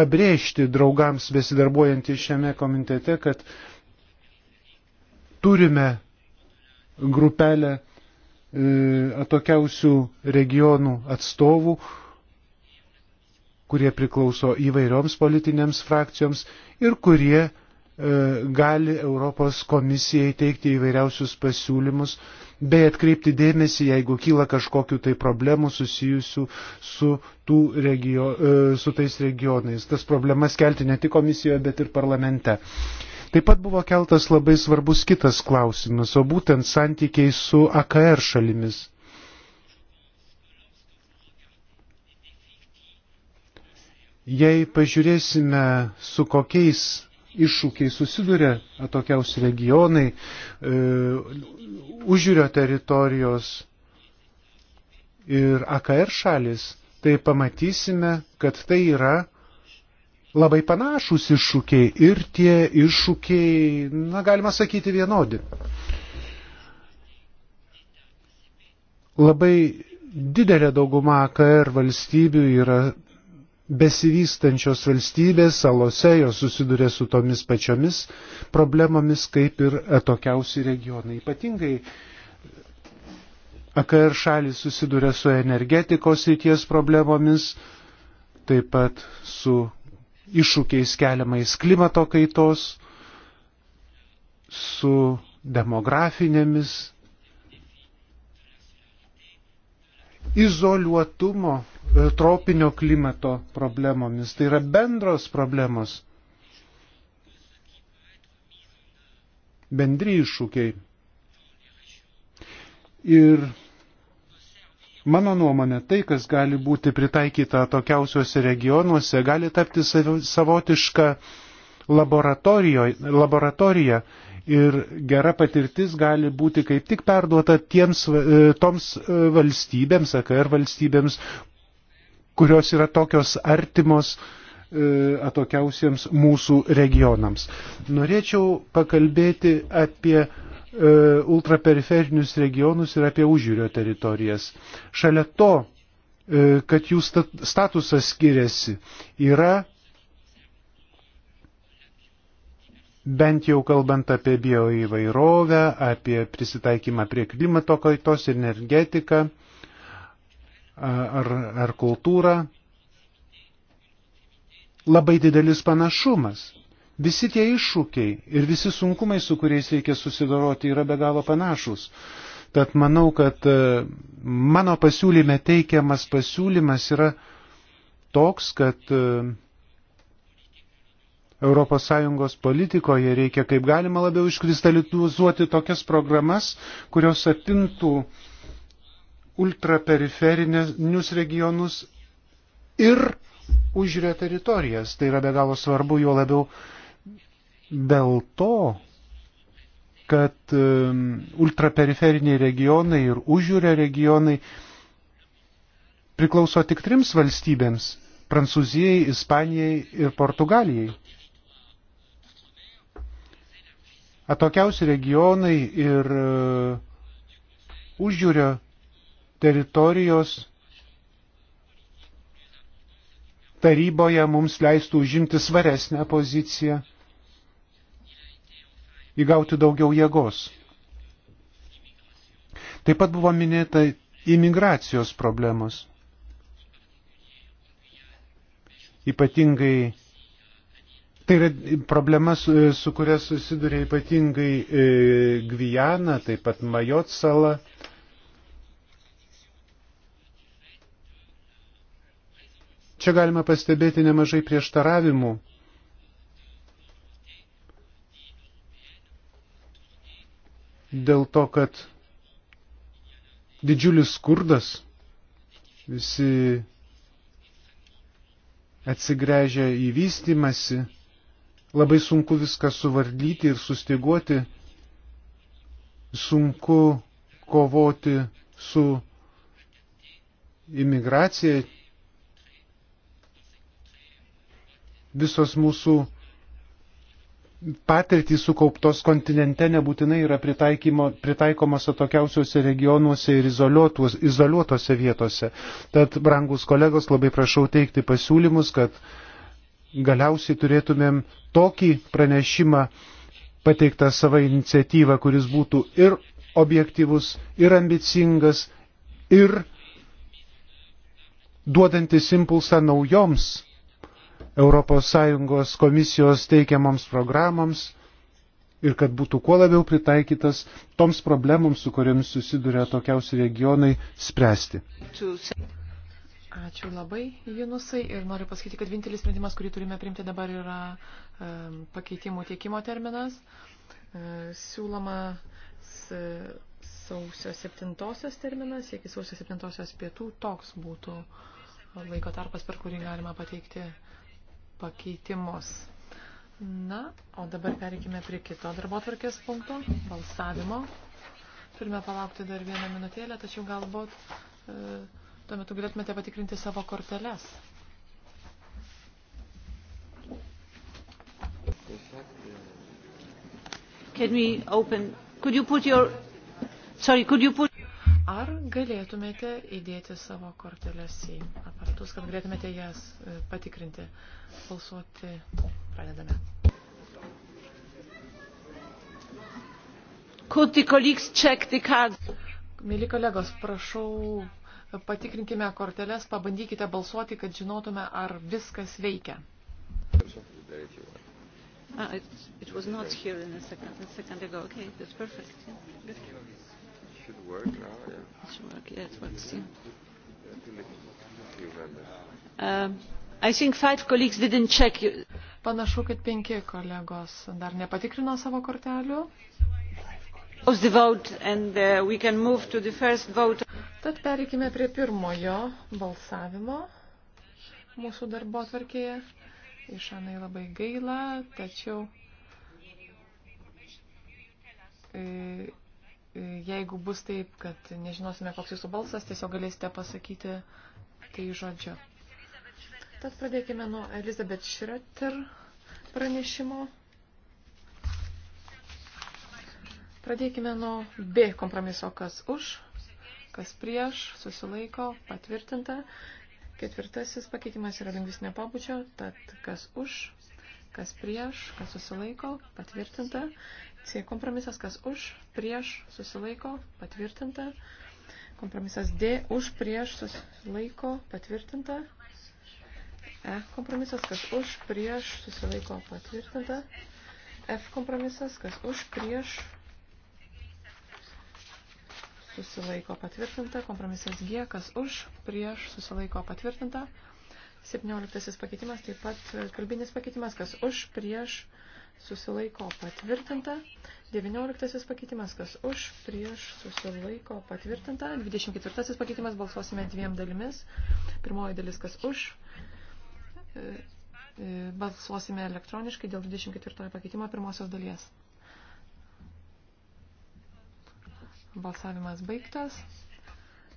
pabrėžti draugams besidarbuojantys šiame komitete, kad turime grupelę E, atokiausių regionų atstovų, kurie priklauso įvairioms politinėms frakcijoms ir kurie e, gali Europos komisijai teikti įvairiausius pasiūlymus, bei atkreipti dėmesį, jeigu kyla kažkokiu tai problemu susijusiu su, regio, e, su tais regionais. Tas problemas kelti ne tik komisijoje, bet ir parlamente. E, Taip pat buvo keltas labai svarbus kitas klausimas, o būtent santykiai su AKR šalimis. Jei pažiūrėsime, su kokiais iššūkiai susiduria atokiausi regionai, e, užjūrio teritorijos ir AKR šalis, tai pamatysime, kad tai yra labai panašus iššūkiai ir tie iššūkiai, na, galima sakyti, vienodi. Labai didelė dauguma AKR valstybių yra besivystančios valstybės, salose jos susiduria su tomis pačiomis problemomis, kaip ir atokiausi regionai. Ypatingai AKR šalis susiduria su energetikos ryties problemomis, taip pat su iššūkiais keliamais klimato kaitos, su demografinėmis, izoliuotumo, e, tropinio klimato problemomis. Tai yra bendros problemos, bendri iššūkiai. Ir Mano nuomonė, tai, kas gali būti pritaikyta tokiausiuose regionuose, gali tapti savotiška laboratorija ir gera patirtis gali būti kaip tik perduota tiems, e, toms e, valstybėms, AKR valstybėms, kurios yra tokios artimos e, atokiausiems mūsų regionams. Norėčiau pakalbėti apie E, ultraperiferinius regionus ir apie užjūrio teritorijas. Šalia to, e, kad jų statusas skiriasi, yra bent jau kalbant apie bioįvairovę, apie prisitaikymą prie klimato kaitos ir energetiką ar, ar kultūrą, labai didelis panašumas. Visi tie iššūkiai ir visi sunkumai, su kuriais reikia susidoroti, yra be galo panašus. Tad manau, kad e, mano pasiūlyme teikiamas pasiūlymas yra toks, kad ES politikoje reikia kaip galima labiau iškristalizuoti tokias programas, kurios apimtų ultraperiferinius regionus ir užrė teritorijas. Tai yra be galo svarbu, juo labiau dėl to, kad um, ultraperiferiniai regionai ir užjūrio regionai priklauso tik trims valstybėms - Prancūzijai, Ispanijai ir Portugalijai. Atokiausi regionai ir uh, užjūrio teritorijos taryboje mums leistų užimti svaresnę poziciją įgauti daugiau jėgos. Taip pat buvo minėta imigracijos problemos. Ypatingai Tai yra problema, su, su kuria susiduria ypatingai e, Gvijana, taip pat Majot sala. Čia galima pastebėti nemažai prieštaravimų dėl to, kad didžiulis skurdas, visi atsigręžia į vystimąsi, labai sunku viską suvardyti ir sustiguoti, sunku kovoti su imigracija. Visos mūsų patirtys sukauptos kontinente nebūtinai yra pritaikomos atokiausiuose regionuose ir izoliuotose vietose. Tad, brangus kolegos, labai prašau teikti pasiūlymus, kad galiausiai turėtumėm tokį pranešimą pateiktą savo iniciatyvą, kuris būtų ir objektivus, ir ambicingas, ir duodantis impulsą naujoms ES komisijos teikiamoms programoms ir kad būtų kuo labiau pritaikytas toms problemoms, su kuriamis susiduria tokiausi regionai, spręsti. Ačiū labai, Jinusai. Ir noriu pasakyti, kad vienintelis sprendimas, kurį turime priimti dabar, yra um, pakeitimų tiekimo terminas. Uh, e, siūloma e, sausio 7 terminas, iki sausio 7 pietų toks būtų laiko tarpas, per kurį galima pateikti uh, pakeitimus. Na, o dabar pereikime prie kito darbo tvarkės punkto - balsavimo. Turime palaukti dar vieną minutėlę, tačiau galbūt e, tuo metu galėtumėte patikrinti savo korteles. Can we open? Could you put your? Sorry, could you put? Ar galėtumėte įdėti savo korteles į aparatus, kad galėtumėte jas e, patikrinti? Balsuoti pradedame. Mėly kolegos, prašau, e, patikrinkime korteles, pabandykite balsuoti, kad žinotume, ar viskas veikia. Ah, it, it was not here in a second, a second ago. Okay, that's perfect. Yeah. Good should work now, yeah. It should work, yeah, it works, yeah. Um, I think five colleagues didn't check you. Panašu, kad penki kolegos dar nepatikrino savo kortelių. Close the vote and uh, we can move to the first vote. Tad pereikime prie pirmojo balsavimo mūsų darbo atvarkėje. Išanai labai gaila, tačiau e, jeigu bus taip, kad nežinosime, koks jūsų balsas, tiesiog galėsite pasakyti tai žodžiu. Tad pradėkime nuo Elizabeth Schroeter pranešimo. Pradėkime nuo B kompromiso, kas už, kas prieš, susilaiko, patvirtinta. Ketvirtasis pakeitimas yra lingvistinė pabudžio, tad kas už, kas prieš, kas susilaiko, patvirtinta. C kompromisas, kas už, prieš, susilaiko, patvirtinta. Kompromisas D už, prieš, susilaiko, patvirtinta. E kompromisas, kas už, prieš, susilaiko, patvirtinta. F kompromisas, kas už, prieš, susilaiko patvirtinta. Kompromisas G, kas už, prieš, susilaiko patvirtinta. 17 pakeitimas, taip pat kalbinis pakeitimas, kas už, prieš, susilaiko patvirtinta. 19 pakeitimas, kas už, prieš, susilaiko patvirtinta. 24 pakeitimas, balsuosime dviem dalimis. Pirmoji dalis, kas už. E, e, balsuosime elektroniškai dėl 24 pakeitimo pirmosios dalies. Balsavimas baigtas.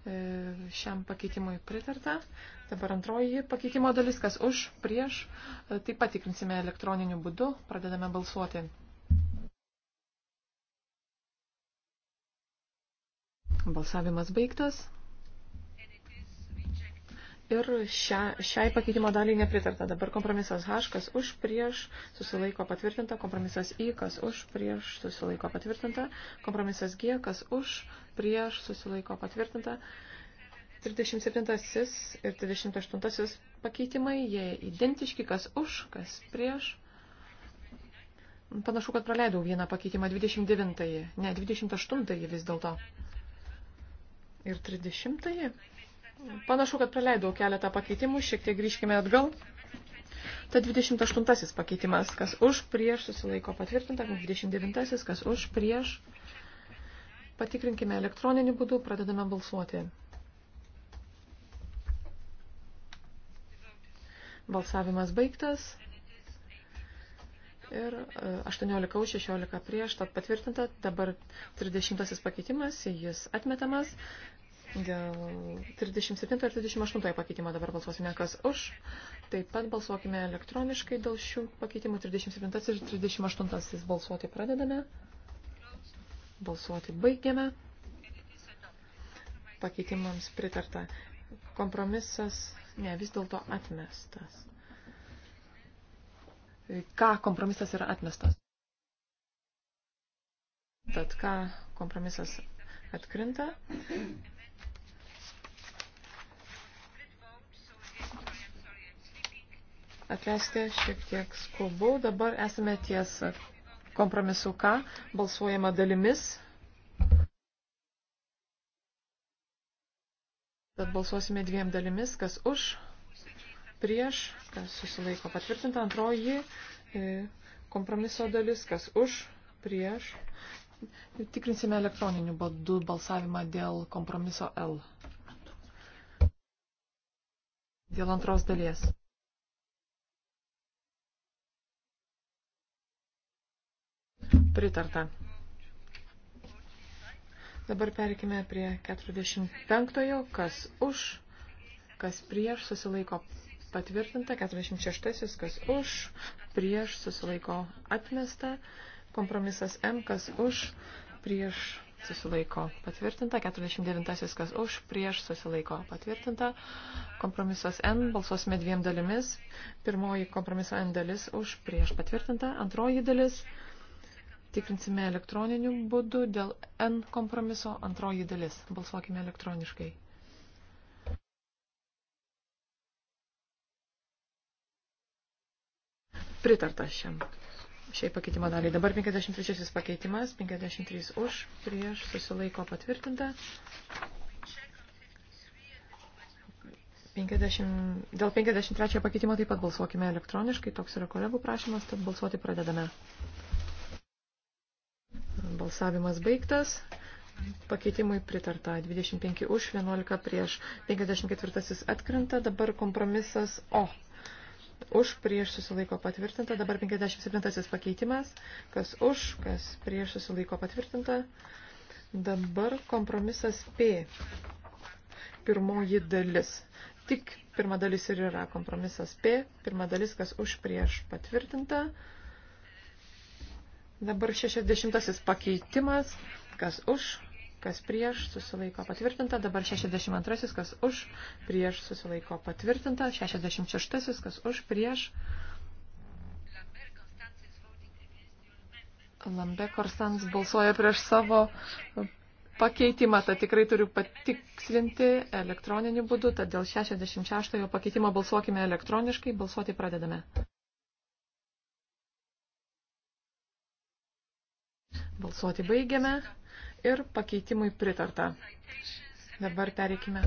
E, šiam pakeitimui pritarta. Dabar antroji pakeitimo dalis, kas už, prieš, e, taip patikrinsime elektroniniu būdu, pradedame balsuoti. Balsavimas baigtas. Ir šia, šiai pakeitimo daliai nepritarta. Dabar kompromisas H, kas už prieš susilaiko patvirtinta, kompromisas I, kas už prieš susilaiko patvirtinta, kompromisas G, kas už prieš susilaiko patvirtinta. 37 ir 38 pakeitimai, jie identiški, kas už, kas prieš. Panašu, kad praleidau vieną pakeitimą, 29, ne, 28 vis dėlto. Ir 30. -ąjį. Panašu, kad praleidau keletą pakeitimų, šiek tiek grįžkime atgal. Ta 28 pakeitimas, kas už, prieš, susilaiko patvirtinta, 29, kas už, prieš. Patikrinkime elektroninį būdų, pradedame balsuoti. Balsavimas baigtas. Ir 18 e, už 16 prieš, tad patvirtinta, dabar 30 pakeitimas, jis atmetamas, Dėl 37 ir 38 pakeitimo dabar balsuosime, kas už. Taip pat balsuokime elektroniškai dėl šių pakeitimų 37 ir 38 balsuoti pradedame. Balsuoti baigiame. Pakeitimams pritarta. Kompromisas, ne, vis dėlto atmestas. Ką kompromisas yra atmestas? Tad ką kompromisas atkrinta. Atleiskite, šiek tiek skubu. Dabar esame ties kompromisu K. Balsuojama dalimis. Tad balsuosime dviem dalimis, kas už, prieš, kas susilaiko patvirtinta. Antroji e, kompromiso dalis, kas už, prieš. Tikrinsime elektroniniu būdu balsavimą dėl kompromiso L. Dėl antros dalies. Pritarta. Dabar perkime prie 45-ojo, kas už, kas prieš susilaiko patvirtinta, 46-asis, kas už, prieš susilaiko atmesta, kompromisas M, kas už, prieš susilaiko patvirtinta, 49-asis, kas už, prieš susilaiko patvirtinta, kompromisas N, balsuosime dviem dalimis, pirmoji kompromiso N dalis už, prieš patvirtinta, antroji dalis, Tikrinsime elektroniniu būdu dėl N kompromiso antroji dalis. Balsuokime elektroniškai. Pritarta šiam. Šiai pakeitimo daliai. Dabar 53 pakeitimas, 53 už, prieš susilaiko patvirtinta. 50, dėl 53 pakeitimo taip pat balsuokime elektroniškai, toks yra kolegų prašymas, tad balsuoti pradedame. Balsavimas baigtas. Pakeitimui pritarta 25 už, 11 prieš, 54 atkrenta, dabar kompromisas O. Už prieš susilaiko patvirtinta, dabar 57 pakeitimas, kas už, kas prieš susilaiko patvirtinta, dabar kompromisas P. Pirmoji dalis. Tik pirma dalis ir yra kompromisas P, pirma dalis, kas už prieš patvirtinta. Dabar 60 pakeitimas, kas už, kas prieš, susilaiko patvirtinta. Dabar 62, kas už, prieš, susilaiko patvirtinta. 66, kas už, prieš. Lambe Korstans balsuoja prieš savo pakeitimą, tad tikrai turiu patikslinti elektroniniu būdu, tad dėl 66 pakeitimo balsuokime elektroniškai, balsuoti pradedame. Balsuoti baigiame ir pakeitimui pritarta. Dabar pereikime.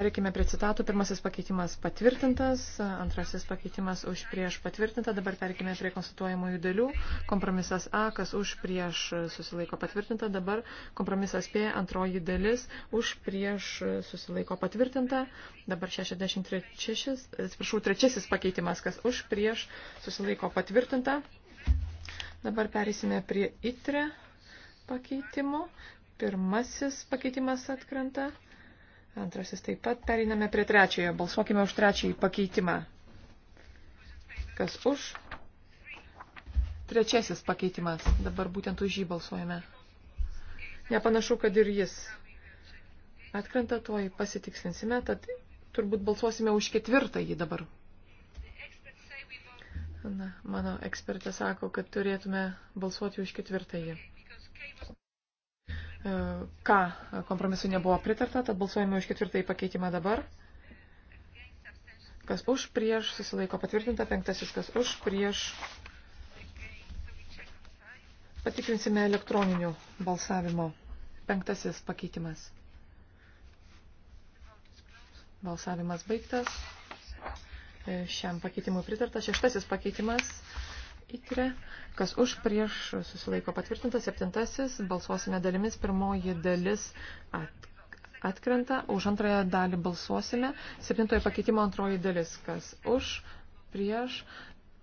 Reikime prie citatų. Pirmasis pakeitimas patvirtintas, antrasis pakeitimas už prieš patvirtinta. Dabar perkime prie konstatuojamųjų dalių. Kompromisas A, kas už prieš susilaiko patvirtinta. Dabar kompromisas P, antroji dalis, už prieš susilaiko patvirtinta. Dabar 63, atsiprašau, trečiasis pakeitimas, kas už prieš susilaiko patvirtinta. Dabar perėsime prie ITRE pakeitimų. Pirmasis pakeitimas atkrenta. Antrasis taip pat. Periname prie trečiojo. Balsuokime už trečiąjį pakeitimą. Kas už? Trečiasis pakeitimas. Dabar būtent už jį balsuojame. Nepanašu, kad ir jis atkrenta, tuoj pasitiksinsime, tad turbūt balsuosime už ketvirtąjį dabar. Na, mano ekspertė sako, kad turėtume balsuoti už ketvirtąjį. E, ką kompromisu nebuvo pritarta, tad balsuojame už ketvirtąjį pakeitimą dabar. Kas už, prieš, susilaiko patvirtinta, penktasis kas už, prieš. Patikrinsime elektroninių balsavimo. Penktasis pakeitimas. Balsavimas baigtas. E, šiam pakeitimui pritarta. Šeštasis pakeitimas. Itre. Kas už prieš susilaiko patvirtintas. Septintasis. Balsuosime dalimis. Pirmoji dalis at, atkrenta. Už antrąją dalį balsuosime. Septintojo pakeitimo antroji dalis. Kas už prieš.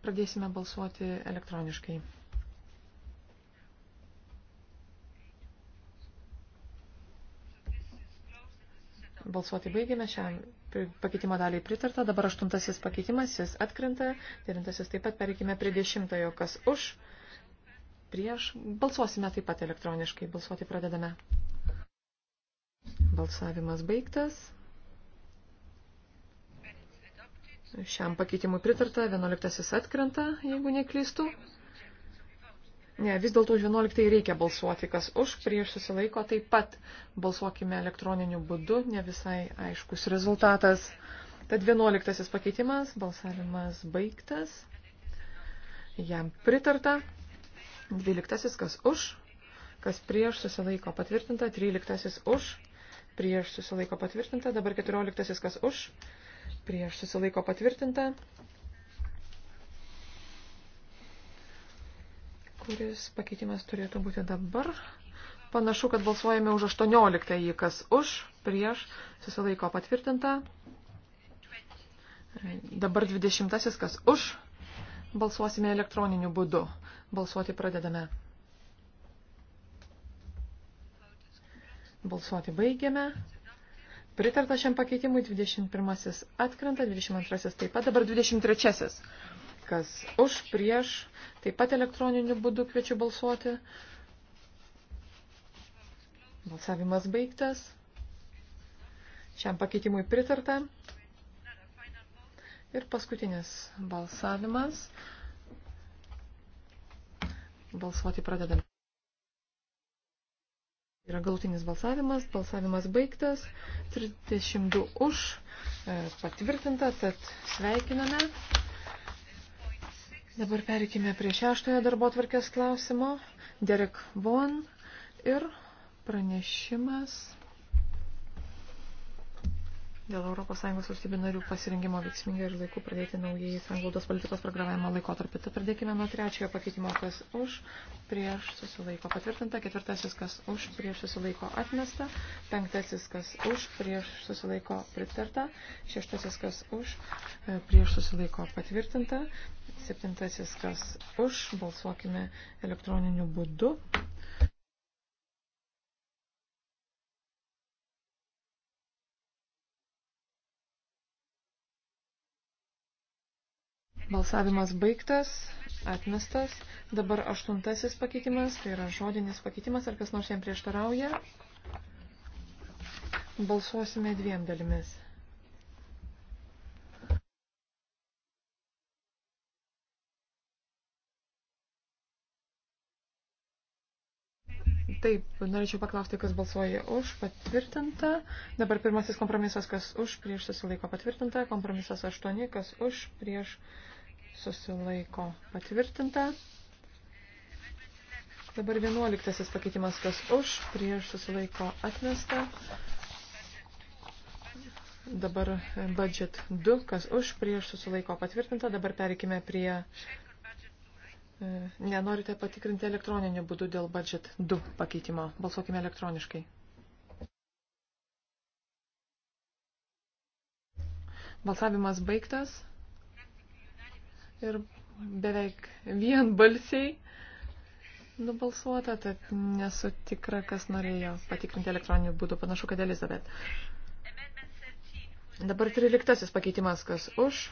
Pradėsime balsuoti elektroniškai. Balsuoti baigėme šiam pakeitimo daliai pritarta. Dabar aštuntasis pakeitimas, jis atkrenta. Devintasis taip pat pereikime prie dešimtojo, kas už. Prieš. Balsuosime taip pat elektroniškai. Balsuoti pradedame. Balsavimas baigtas. Šiam pakeitimui pritarta. Vienuoliktasis atkrenta, jeigu neklystu. Ne, vis dėlto 11 reikia balsuoti, kas už, prieš susilaiko, taip pat balsuokime elektroniniu būdu, ne visai aiškus rezultatas. Tad 11 pakeitimas, balsavimas baigtas, jam pritarta, 12 kas už, kas prieš susilaiko patvirtinta, 13 už, prieš susilaiko patvirtinta, dabar 14 kas už, prieš susilaiko patvirtinta. Kuris pakeitimas turėtų būti dabar? Panašu, kad balsuojame už 18, kas už, prieš, susilaiko patvirtinta. Dabar 20, kas už, balsuosime elektroniniu būdu. Balsuoti pradedame. Balsuoti baigiame. Pritarta šiam pakeitimui 21 atkrenta, 22 taip pat, dabar 23 kas už, prieš, taip pat elektroniniu būdu kviečiu balsuoti. Balsavimas baigtas. Šiam pakeitimui pritarta. Ir paskutinis balsavimas. Balsuoti pradedame. Yra galutinis balsavimas, balsavimas baigtas, 32 už, e, patvirtinta, tad sveikiname. Dabar perikime prie šeštojo darbo tvarkės klausimo. Derek Von ir pranešimas dėl ES valstybių narių pasirinkimo veiksmingai ir laiku pradėti naujai sanglaudos politikos programavimo laikotarpį. Tai pradėkime nuo trečiojo pakeitimo, kas už, prieš susilaiko patvirtinta, ketvirtasis, kas už, prieš susilaiko atmesta, penktasis, kas už, prieš susilaiko pritarta, šeštasis, kas už, e, prieš susilaiko patvirtinta, septintasis, kas už, balsuokime elektroniniu būdu. Balsavimas baigtas, atmestas. Dabar aštuntasis pakeitimas, tai yra žodinis pakeitimas, ar kas nors jam prieštarauja. Balsuosime dviem dalimis. Taip, norėčiau paklausti, kas balsuoja už patvirtinta. Dabar pirmasis kompromisas, kas už prieš susilaiko patvirtinta. Kompromisas 8, kas už prieš susilaiko patvirtinta. Dabar vienuoliktasis pakeitimas, kas už, prieš susilaiko atmesta. Dabar budget 2, kas už, prieš susilaiko patvirtinta. Dabar pereikime prie... E, Nenorite patikrinti elektroniniu būdu dėl budget 2 pakeitimo. Balsuokime elektroniškai. Balsavimas baigtas ir beveik vien balsiai nubalsuota, tad nesu tikra, kas norėjo patikrinti elektroniniu būdu. Panašu, kad Elizabet. Dabar 13 pakeitimas, kas už,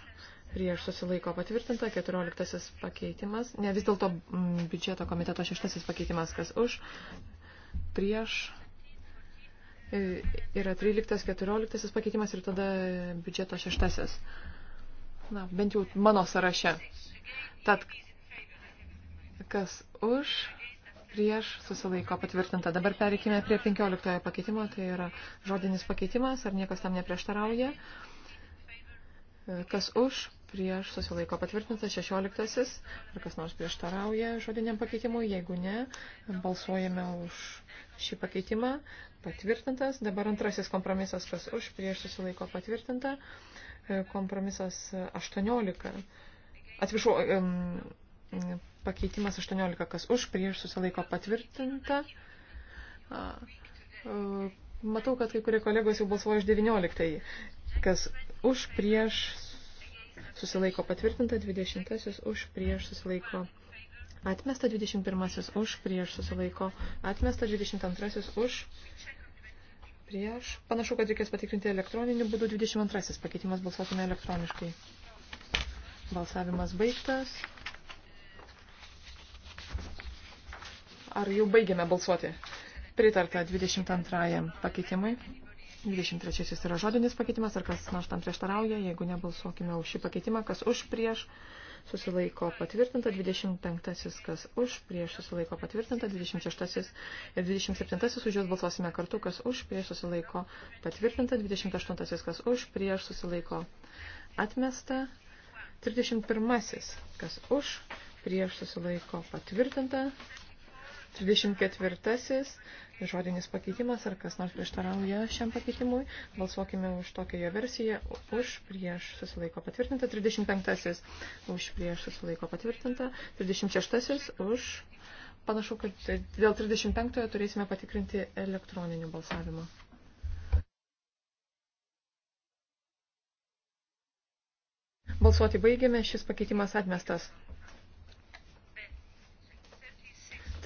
prieš susilaiko patvirtinta, 14 pakeitimas, ne vis dėlto mm, biudžeto komiteto 6 pakeitimas, kas už, prieš yra 13, 14 pakeitimas ir tada biudžeto 6 na, bent jau mano sąraše. Tad kas už, prieš, susilaiko patvirtinta. Dabar pereikime prie 15 pakeitimo, tai yra žodinis pakeitimas, ar niekas tam neprieštarauja. Kas už, prieš, susilaiko patvirtinta, 16, ar kas nors prieštarauja žodiniam pakeitimui, jeigu ne, balsuojame už šį pakeitimą, patvirtintas. Dabar antrasis kompromisas, kas už, prieš, susilaiko patvirtinta. Uh, kompromisas 18. Atsiprašau, pakeitimas 18, kas už, prieš susilaiko patvirtinta. E, matau, kad kai kurie kolegos jau balsuoja už 19, kas už, prieš susilaiko patvirtinta, 20 už, prieš susilaiko atmesta, 21 už, prieš susilaiko atmesta, 22 už prieš. Panašu, kad reikės patikrinti elektroniniu būdu 22 pakeitimas balsuokime elektroniškai. Balsavimas baigtas. Ar jau baigėme balsuoti? Pritarta 22 pakeitimui. 23 yra žodinis pakeitimas, ar kas nors tam prieštarauja, jeigu nebalsuokime už šį pakeitimą, kas už prieš susilaiko patvirtinta, 25 kas už, prieš susilaiko patvirtinta, 26 ir 27 už juos balsuosime kartu, kas už, prieš susilaiko patvirtinta, 28 kas už, prieš susilaiko atmesta, 31 kas už, prieš susilaiko patvirtinta, 34 žodinis pakeitimas, ar kas nors prieštarauja šiam pakeitimui. Balsuokime už tokią jo versiją. Už prieš susilaiko patvirtinta. 35-asis už prieš susilaiko patvirtinta. 36-asis už. Panašu, kad dėl 35-ojo turėsime patikrinti elektroninį balsavimą. Balsuoti baigėme, šis pakeitimas atmestas.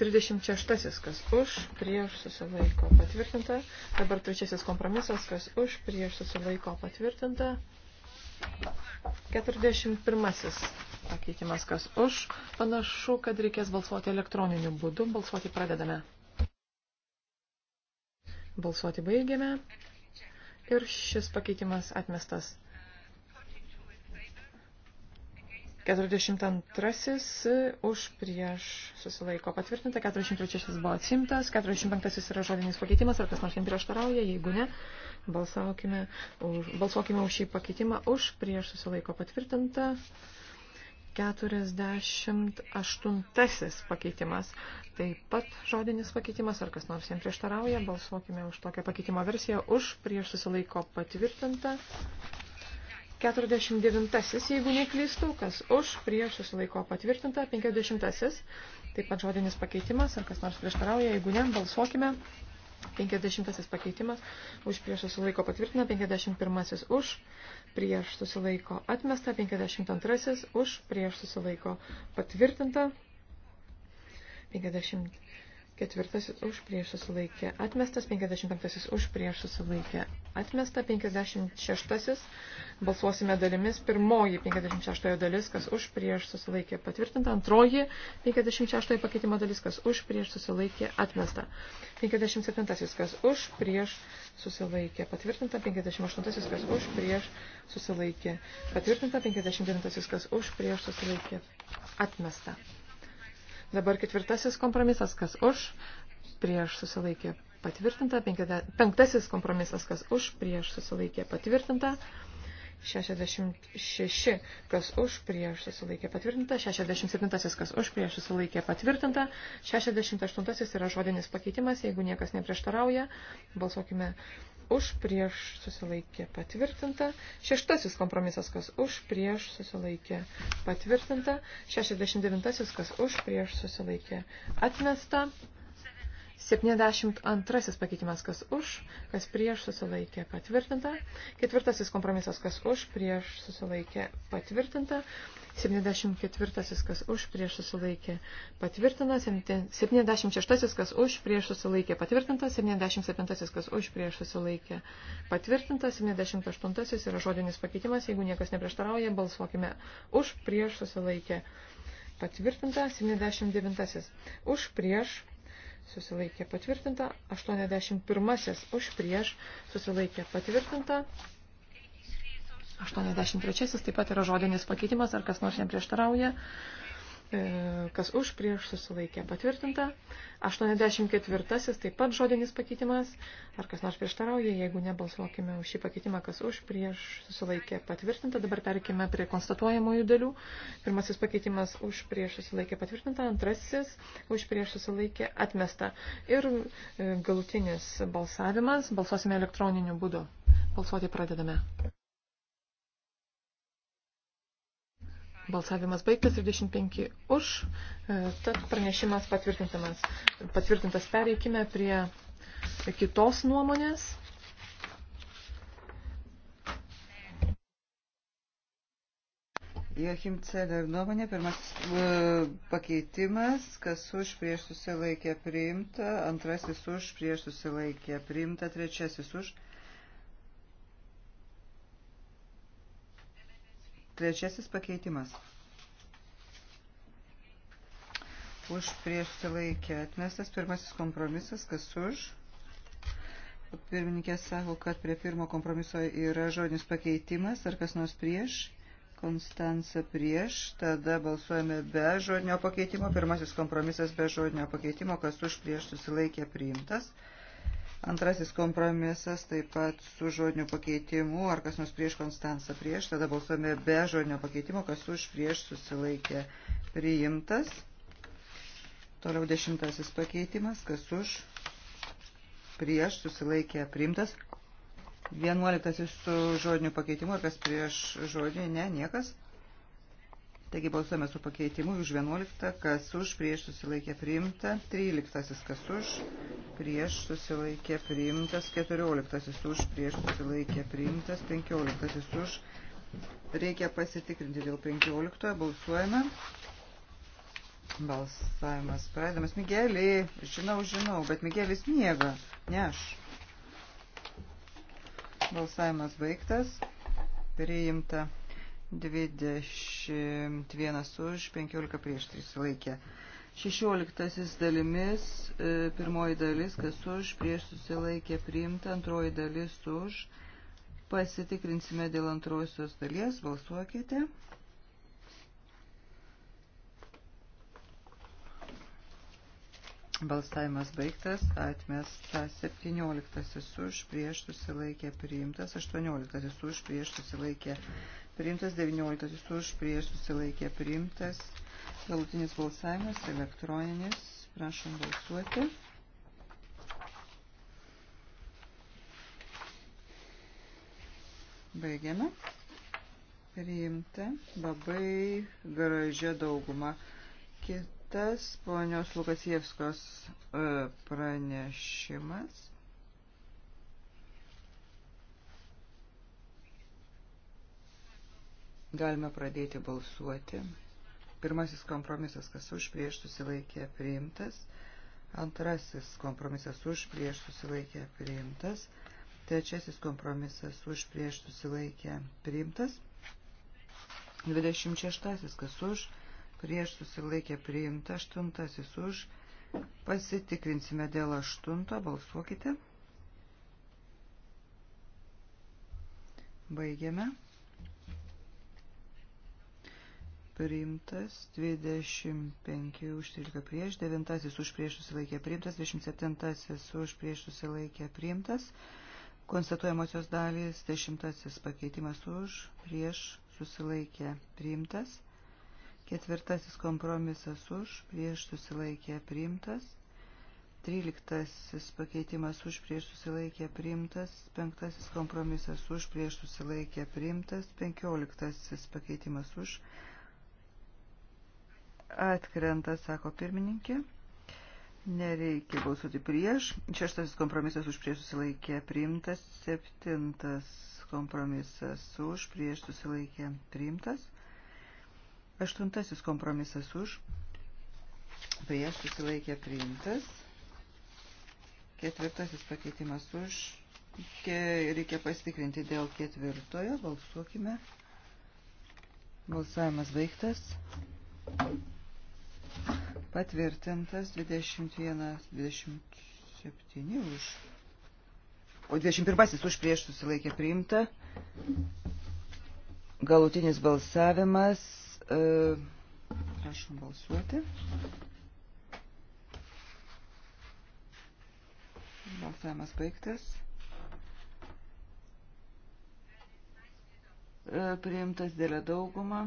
36. Kas už, prieš susilaiko patvirtinta. Dabar trečiasis kompromisas. Kas už, prieš susilaiko patvirtinta. 41. Pakeitimas. Kas už. Panašu, kad reikės balsuoti elektroniniu būdu. Balsuoti pradedame. Balsuoti baigiame. Ir šis pakeitimas atmestas. 42 e, už prieš susilaiko patvirtinta, 43 buvo atsimtas, 45 yra žodinis pakeitimas, ar kas nors jam prieštarauja, jeigu ne, balsuokime už, balsuokime už šį pakeitimą, už prieš susilaiko patvirtinta, 48 pakeitimas, taip pat žodinis pakeitimas, ar kas nors jam prieštarauja, balsuokime už tokią pakeitimo versiją, už prieš susilaiko patvirtinta. 49, jeigu neklystų, kas už, prieš susilaiko patvirtinta, 50, taip pat žodinis pakeitimas, ar kas nors prieštarauja, jeigu ne, balsuokime. 50 pakeitimas, už prieš susilaiko patvirtina, 51 už, prieš susilaiko atmesta, 52 už, prieš susilaiko patvirtinta, 53 Ketvirtasis už prieš susilaikė. Atmestas 55 už prieš susilaikė. Atmesta 56. Balsuosime dalimis. Pirmoji 56 dalis, kas už prieš susilaikė. Patvirtinta. Antroji 56 pakeitimo dalis, kas už prieš susilaikė. Atmesta. 57. kas už prieš susilaikė. Patvirtinta. 58. kas už prieš susilaikė. Patvirtinta. 59. kas už prieš susilaikė. Atmesta. Dabar ketvirtasis kompromisas, kas už, prieš susilaikė patvirtinta. Penktasis kompromisas, kas už, prieš susilaikė patvirtinta. 66, kas už, prieš susilaikė patvirtinta. 67, kas už, prieš susilaikė patvirtinta. 68 yra žodinis pakeitimas, jeigu niekas neprieštarauja. Balsuokime už, prieš susilaikė patvirtinta. Šeštasis kompromisas, kas už, prieš susilaikė patvirtinta. 69, kas už, prieš susilaikė atmesta. 72 pakeitimas, kas už, kas prieš susilaikė patvirtinta. Ketvirtasis kompromisas, kas už, prieš susilaikė patvirtinta. 74 kas už prieš susilaikė patvirtina, 76 kas už prieš susilaikė patvirtinta, 77 kas už prieš susilaikė patvirtinta, 78 yra žodinis pakeitimas, jeigu niekas neprieštarauja, balsuokime už prieš susilaikė patvirtinta, 79 už prieš susilaikė patvirtinta, 81 už prieš susilaikė patvirtinta. 83 taip pat yra žodinis pakeitimas, ar kas nors neprieštarauja. E, kas už, prieš susilaikė patvirtinta. 84 taip pat žodinis pakeitimas, ar kas nors prieštarauja. Jeigu nebalsuokime už šį pakeitimą, kas už, prieš susilaikė patvirtinta. Dabar perkime prie konstatuojamojų dalių. Pirmasis pakeitimas už, prieš susilaikė patvirtinta. Antrasis už, prieš susilaikė atmesta. Ir e, galutinis balsavimas. Balsuosime elektroniniu būdu. Balsuoti pradedame. Balsavimas baigtas 25 už, e, tad pranešimas patvirtintamas. Patvirtintas pereikime prie kitos nuomonės. Joachim Celer nuomonė, pirmasis e, pakeitimas, kas už prieš susilaikę priimta, antrasis už prieš susilaikę priimta, trečiasis už prieš Trečiasis pakeitimas. Už prieš silaikę atmestas pirmasis kompromisas, kas už. Pirmininkė sako, kad prie pirmo kompromiso yra žodinis pakeitimas, ar kas nors prieš. Konstanca prieš, tada balsuojame be žodinio pakeitimo, pirmasis kompromisas be žodinio pakeitimo, kas už prieš susilaikė priimtas. Antrasis kompromisas taip pat su žodiniu pakeitimu, ar kas nors prieš Konstansą prieš, tada balsuojame be žodinio pakeitimo, kas už prieš susilaikė priimtas. Toliau dešimtasis pakeitimas, kas už prieš susilaikė priimtas. Vienuoliktasis su žodiniu pakeitimu, ar kas prieš žodinį, ne, niekas. Taigi balsuojame su pakeitimu už 11, kas už, prieš susilaikė priimta, 13, kas už, prieš susilaikė priimtas, 14, už, prieš susilaikė priimtas, 15, už. Reikia pasitikrinti dėl 15, balsuojame. Balsavimas pradedamas. Migelį, žinau, žinau, bet Migelis miega, ne aš. Balsavimas baigtas, priimta. 21 už, 15 prieš 3 sulaikė. 16 dalimis, e, pirmoji dalis, kas už, prieš susilaikė priimta, antroji dalis už. Pasitikrinsime dėl antrosios dalies, balsuokite. Balsavimas baigtas, atmesta 17 už, prieš susilaikė priimtas, 18 už, prieš susilaikė priimtas priimtas 19 už prieš susilaikė priimtas. Galutinis balsavimas elektroninis. Prašom balsuoti. Baigiame. Priimta. Labai gražia dauguma. Kitas ponios Lukasievskos e, pranešimas. Galime pradėti balsuoti. Pirmasis kompromisas, kas už prieš susilaikė priimtas. Antrasis kompromisas už prieš susilaikė priimtas. Trečiasis kompromisas už prieš susilaikė priimtas. 26. kas už prieš susilaikė priimta. 8. už. Pasitikrinsime dėl 8. Balsuokite. Baigiame priimtas, 25 už 13 prieš, 9 už prieš susilaikė priimtas, 27 už prieš susilaikė priimtas, konstatuojamosios dalys 10 pakeitimas už prieš susilaikė priimtas, ketvirtasis kompromisas už prieš susilaikė priimtas, 13 pakeitimas už prieš susilaikė priimtas, 5 kompromisas už prieš susilaikė priimtas, 15 pakeitimas už prieš susilaikė priimtas, Atkrenta, sako pirmininkė. Nereikia balsuoti prieš. Šeštasis kompromisas už prieš susilaikė priimtas. Septintas kompromisas už prieš susilaikė priimtas. Aštuntasis kompromisas už prieš susilaikė priimtas. Ketvirtasis pakeitimas už. Reikia pasitikrinti dėl ketvirtojo. Balsuokime. Balsavimas baigtas. Thank you. Patvirtintas 21, 27 už. O 21 už prieš susilaikė priimta. Galutinis balsavimas. E, prašom balsuoti. Balsavimas baigtas. E, priimtas dėlė daugumą.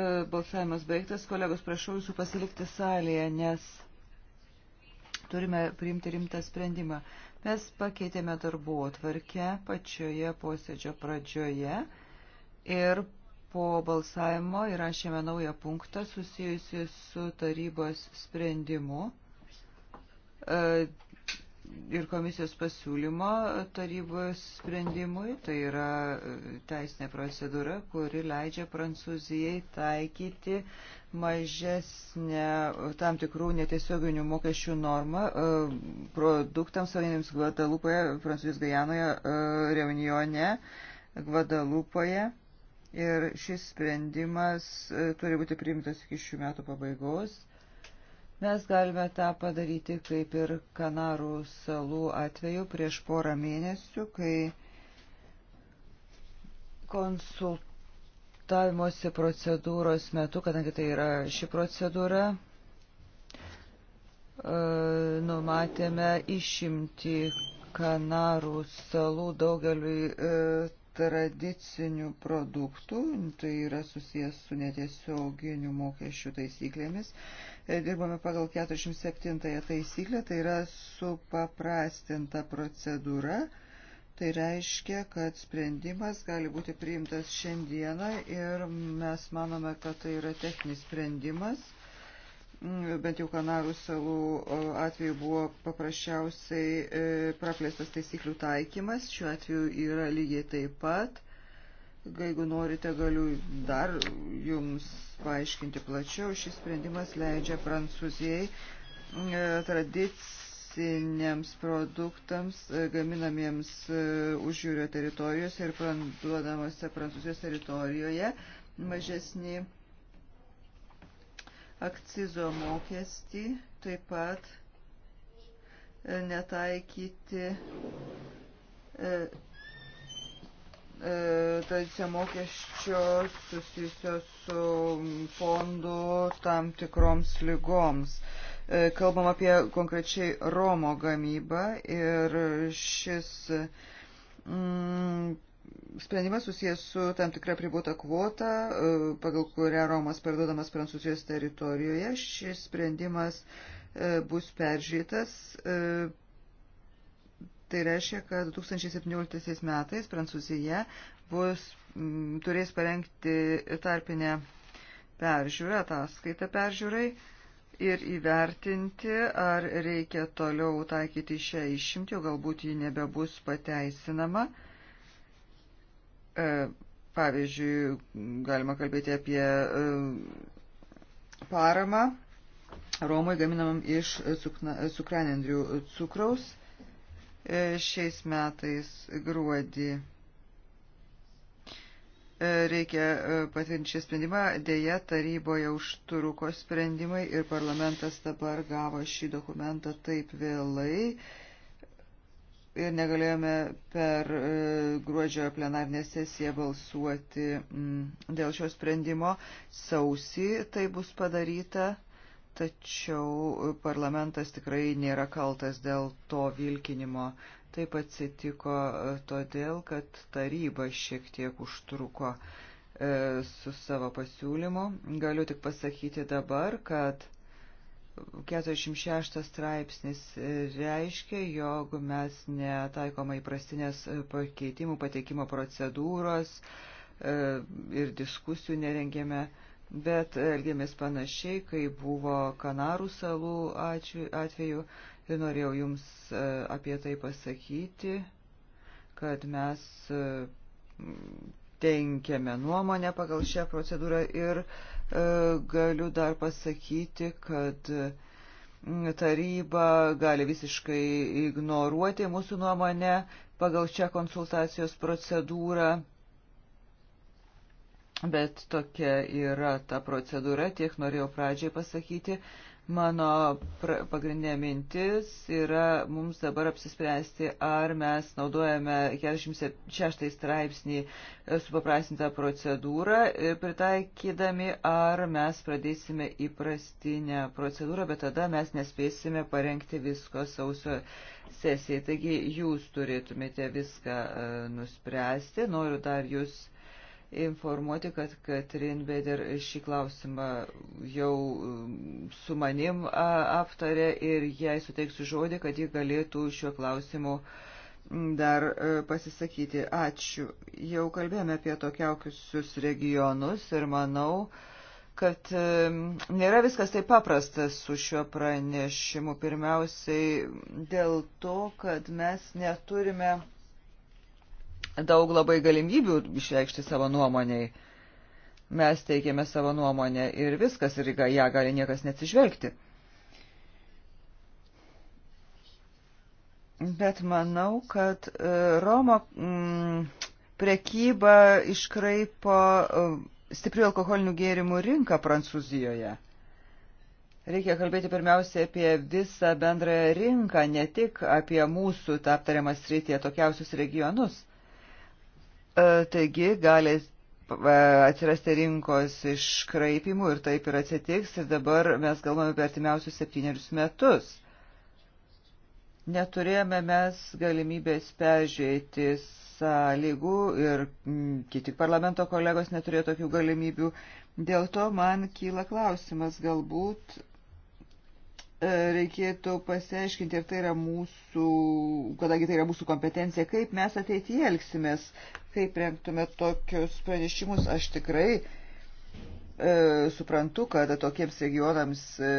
E, balsavimas baigtas. Kolegos, prašau jūsų pasilikti salėje, nes turime priimti rimtą sprendimą. Mes pakeitėme darbo atvarkę pačioje posėdžio pradžioje ir po balsavimo įrašėme naują punktą susijusi su tarybos sprendimu e, ir komisijos pasiūlymo tarybos sprendimui. Tai yra e, teisinė procedūra, kuri leidžia Prancūzijai taikyti mažesnę tam tikrų netiesioginių mokesčių normą e, produktams savinėms Guadalupoje, Prancūzijos Gajanoje, e, Reunione, Guadalupoje. Ir šis sprendimas turi būti priimtas iki šių metų pabaigos. Mes galime tą padaryti kaip ir Kanarų salų atveju prieš porą mėnesių, kai konsultavimosi procedūros metu, kadangi tai yra ši procedūra, e, numatėme išimti Kanarų salų daugeliui e, tradicinių produktų, tai yra susijęs su netiesioginių mokesčių taisyklėmis. E, dirbame pagal 47 taisyklę, tai yra supaprastinta procedūra. Tai reiškia, kad sprendimas gali būti priimtas šiandieną ir mes manome, kad tai yra techninis sprendimas. Mm, bent jau Kanarų salų atveju buvo paprasčiausiai e, praplėstas taisyklių taikymas, šiuo atveju yra lygiai taip pat Jeigu norite, galiu dar jums paaiškinti plačiau. Šis sprendimas leidžia Prancūzijai e, tradiciniams produktams e, gaminamiems e, užjūrio teritorijose ir parduodamose Prancūzijos teritorijoje mažesnį akcizo mokestį, taip pat netaikyti E, tradicija mokesčio susijusio su fondu tam tikroms lygoms. E, kalbam apie konkrečiai Romo gamybą ir šis mm, sprendimas susijęs su tam tikra pribuota kvota, e, pagal kurią Romas parduodamas Prancūzijos teritorijoje. Šis sprendimas bus peržiūrėtas Tai reiškia, kad 2017 metais Prancūzija bus, m, mm, turės parengti tarpinę peržiūrą, ataskaitą peržiūrai ir įvertinti, ar reikia toliau taikyti šią išimtį, o galbūt ji nebebus pateisinama. E, pavyzdžiui, galima kalbėti apie e, paramą Romui gaminamam iš cukranendrių cukraus. E, šiais metais gruodį. E, reikia e, patvirtinti šį sprendimą, dėja taryboje užtruko sprendimai ir parlamentas dabar gavo šį dokumentą taip vėlai ir negalėjome per gruodžio plenarnę sesiją balsuoti mm, dėl šio sprendimo. Sausį tai bus padaryta tačiau parlamentas tikrai nėra kaltas dėl to vilkinimo. Taip atsitiko e, todėl, kad taryba šiek tiek užtruko e, su savo pasiūlymu. Galiu tik pasakyti dabar, kad 46 straipsnis e, reiškia, jog mes netaikoma įprastinės pakeitimų pateikimo procedūros ir diskusijų nerengėme bet elgėmės panašiai, kai buvo Kanarų salų atveju ir norėjau Jums e, apie tai pasakyti, kad mes e, tenkiame nuomonę pagal šią procedūrą ir e, galiu dar pasakyti, kad taryba gali visiškai ignoruoti mūsų nuomonę pagal šią konsultacijos procedūrą Bet tokia yra ta procedūra, tiek norėjau pradžiai pasakyti. Mano pagrindinė mintis yra mums dabar apsispręsti, ar mes naudojame 46 straipsnį supaprastintą procedūrą pritaikydami, ar mes pradėsime įprastinę procedūrą, bet tada mes nespėsime parengti visko sausio sesijai. Taigi jūs turėtumėte viską e, nuspręsti. Noriu dar jūs informuoti, kad Katrin Beder šį klausimą jau mm, su manim aptarė ir jai suteiksiu žodį, kad ji galėtų šiuo klausimu mm, dar e, pasisakyti. Ačiū. Jau kalbėjome apie tokiausius regionus ir manau, kad e, nėra viskas taip paprasta su šiuo pranešimu. Pirmiausiai dėl to, kad mes neturime daug labai galimybių išreikšti savo nuomoniai. Mes teikėme savo nuomonę ir viskas, ir ją gali niekas neatsižvelgti. Bet manau, kad e, Romo mm, prekyba iškraipo e, stiprių alkoholinių gėrimų rinką Prancūzijoje. Reikia kalbėti pirmiausia apie visą bendrąją rinką, ne tik apie mūsų tą aptariamą srityje tokiausius regionus. E, taigi gali e, atsirasti rinkos iškraipimų ir taip ir atsitiks ir dabar mes galvome apie artimiausius septynerius metus. Neturėjome mes galimybės peržiūrėti sąlygų ir kiti parlamento kolegos neturėjo tokių galimybių. Dėl to man kyla klausimas, galbūt E, reikėtų pasiaiškinti, ar tai yra mūsų, kadangi tai yra mūsų kompetencija, kaip mes ateityje elgsimės, kaip renktume tokius pranešimus. Aš tikrai e, suprantu, kad tokiems regionams, e,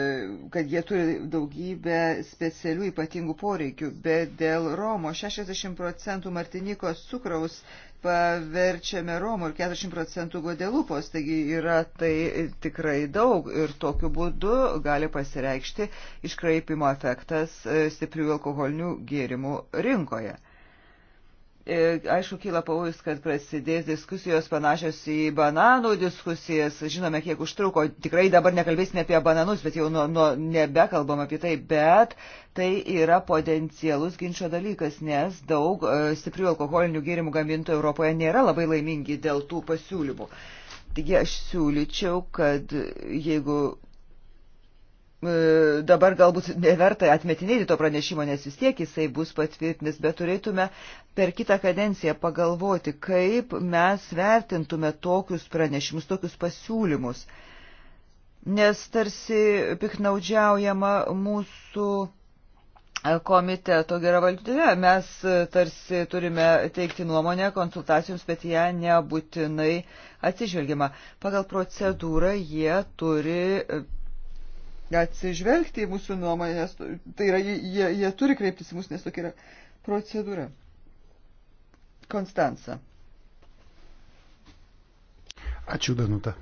kad jie turi daugybę specialių ypatingų poreikių, bet dėl Romo 60 procentų Martinikos cukraus paverčiame Romų ir 40 procentų Guadelupos, taigi yra tai tikrai daug ir tokiu būdu gali pasireikšti iškraipimo efektas e, stiprių alkoholinių gėrimų rinkoje. E, aišku, kyla pavojus, kad prasidės diskusijos panašios į bananų diskusijas. Žinome, kiek užtruko. Tikrai dabar nekalbėsime apie bananus, bet jau nuo, nuo nebekalbam apie tai. Bet tai yra potencialus ginčio dalykas, nes daug e, stiprių alkoholinių gėrimų gamintojų Europoje nėra labai laimingi dėl tų pasiūlymų. Taigi aš siūlyčiau, kad jeigu E, dabar galbūt neverta atmetinėti to pranešimo, nes vis tiek jisai bus patvirtinis, bet turėtume per kitą kadenciją pagalvoti, kaip mes vertintume tokius pranešimus, tokius pasiūlymus. Nes tarsi piknaudžiaujama mūsų komiteto gera valdžia. Mes tarsi turime teikti nuomonę konsultacijoms, bet ją nebūtinai atsižvelgiama. Pagal procedūrą jie turi atsižvelgti į mūsų nuomonės, tai yra, jie, jie turi kreiptis į mūsų, nes tokia yra procedūra. Konstanca. Ačiū, Danuta.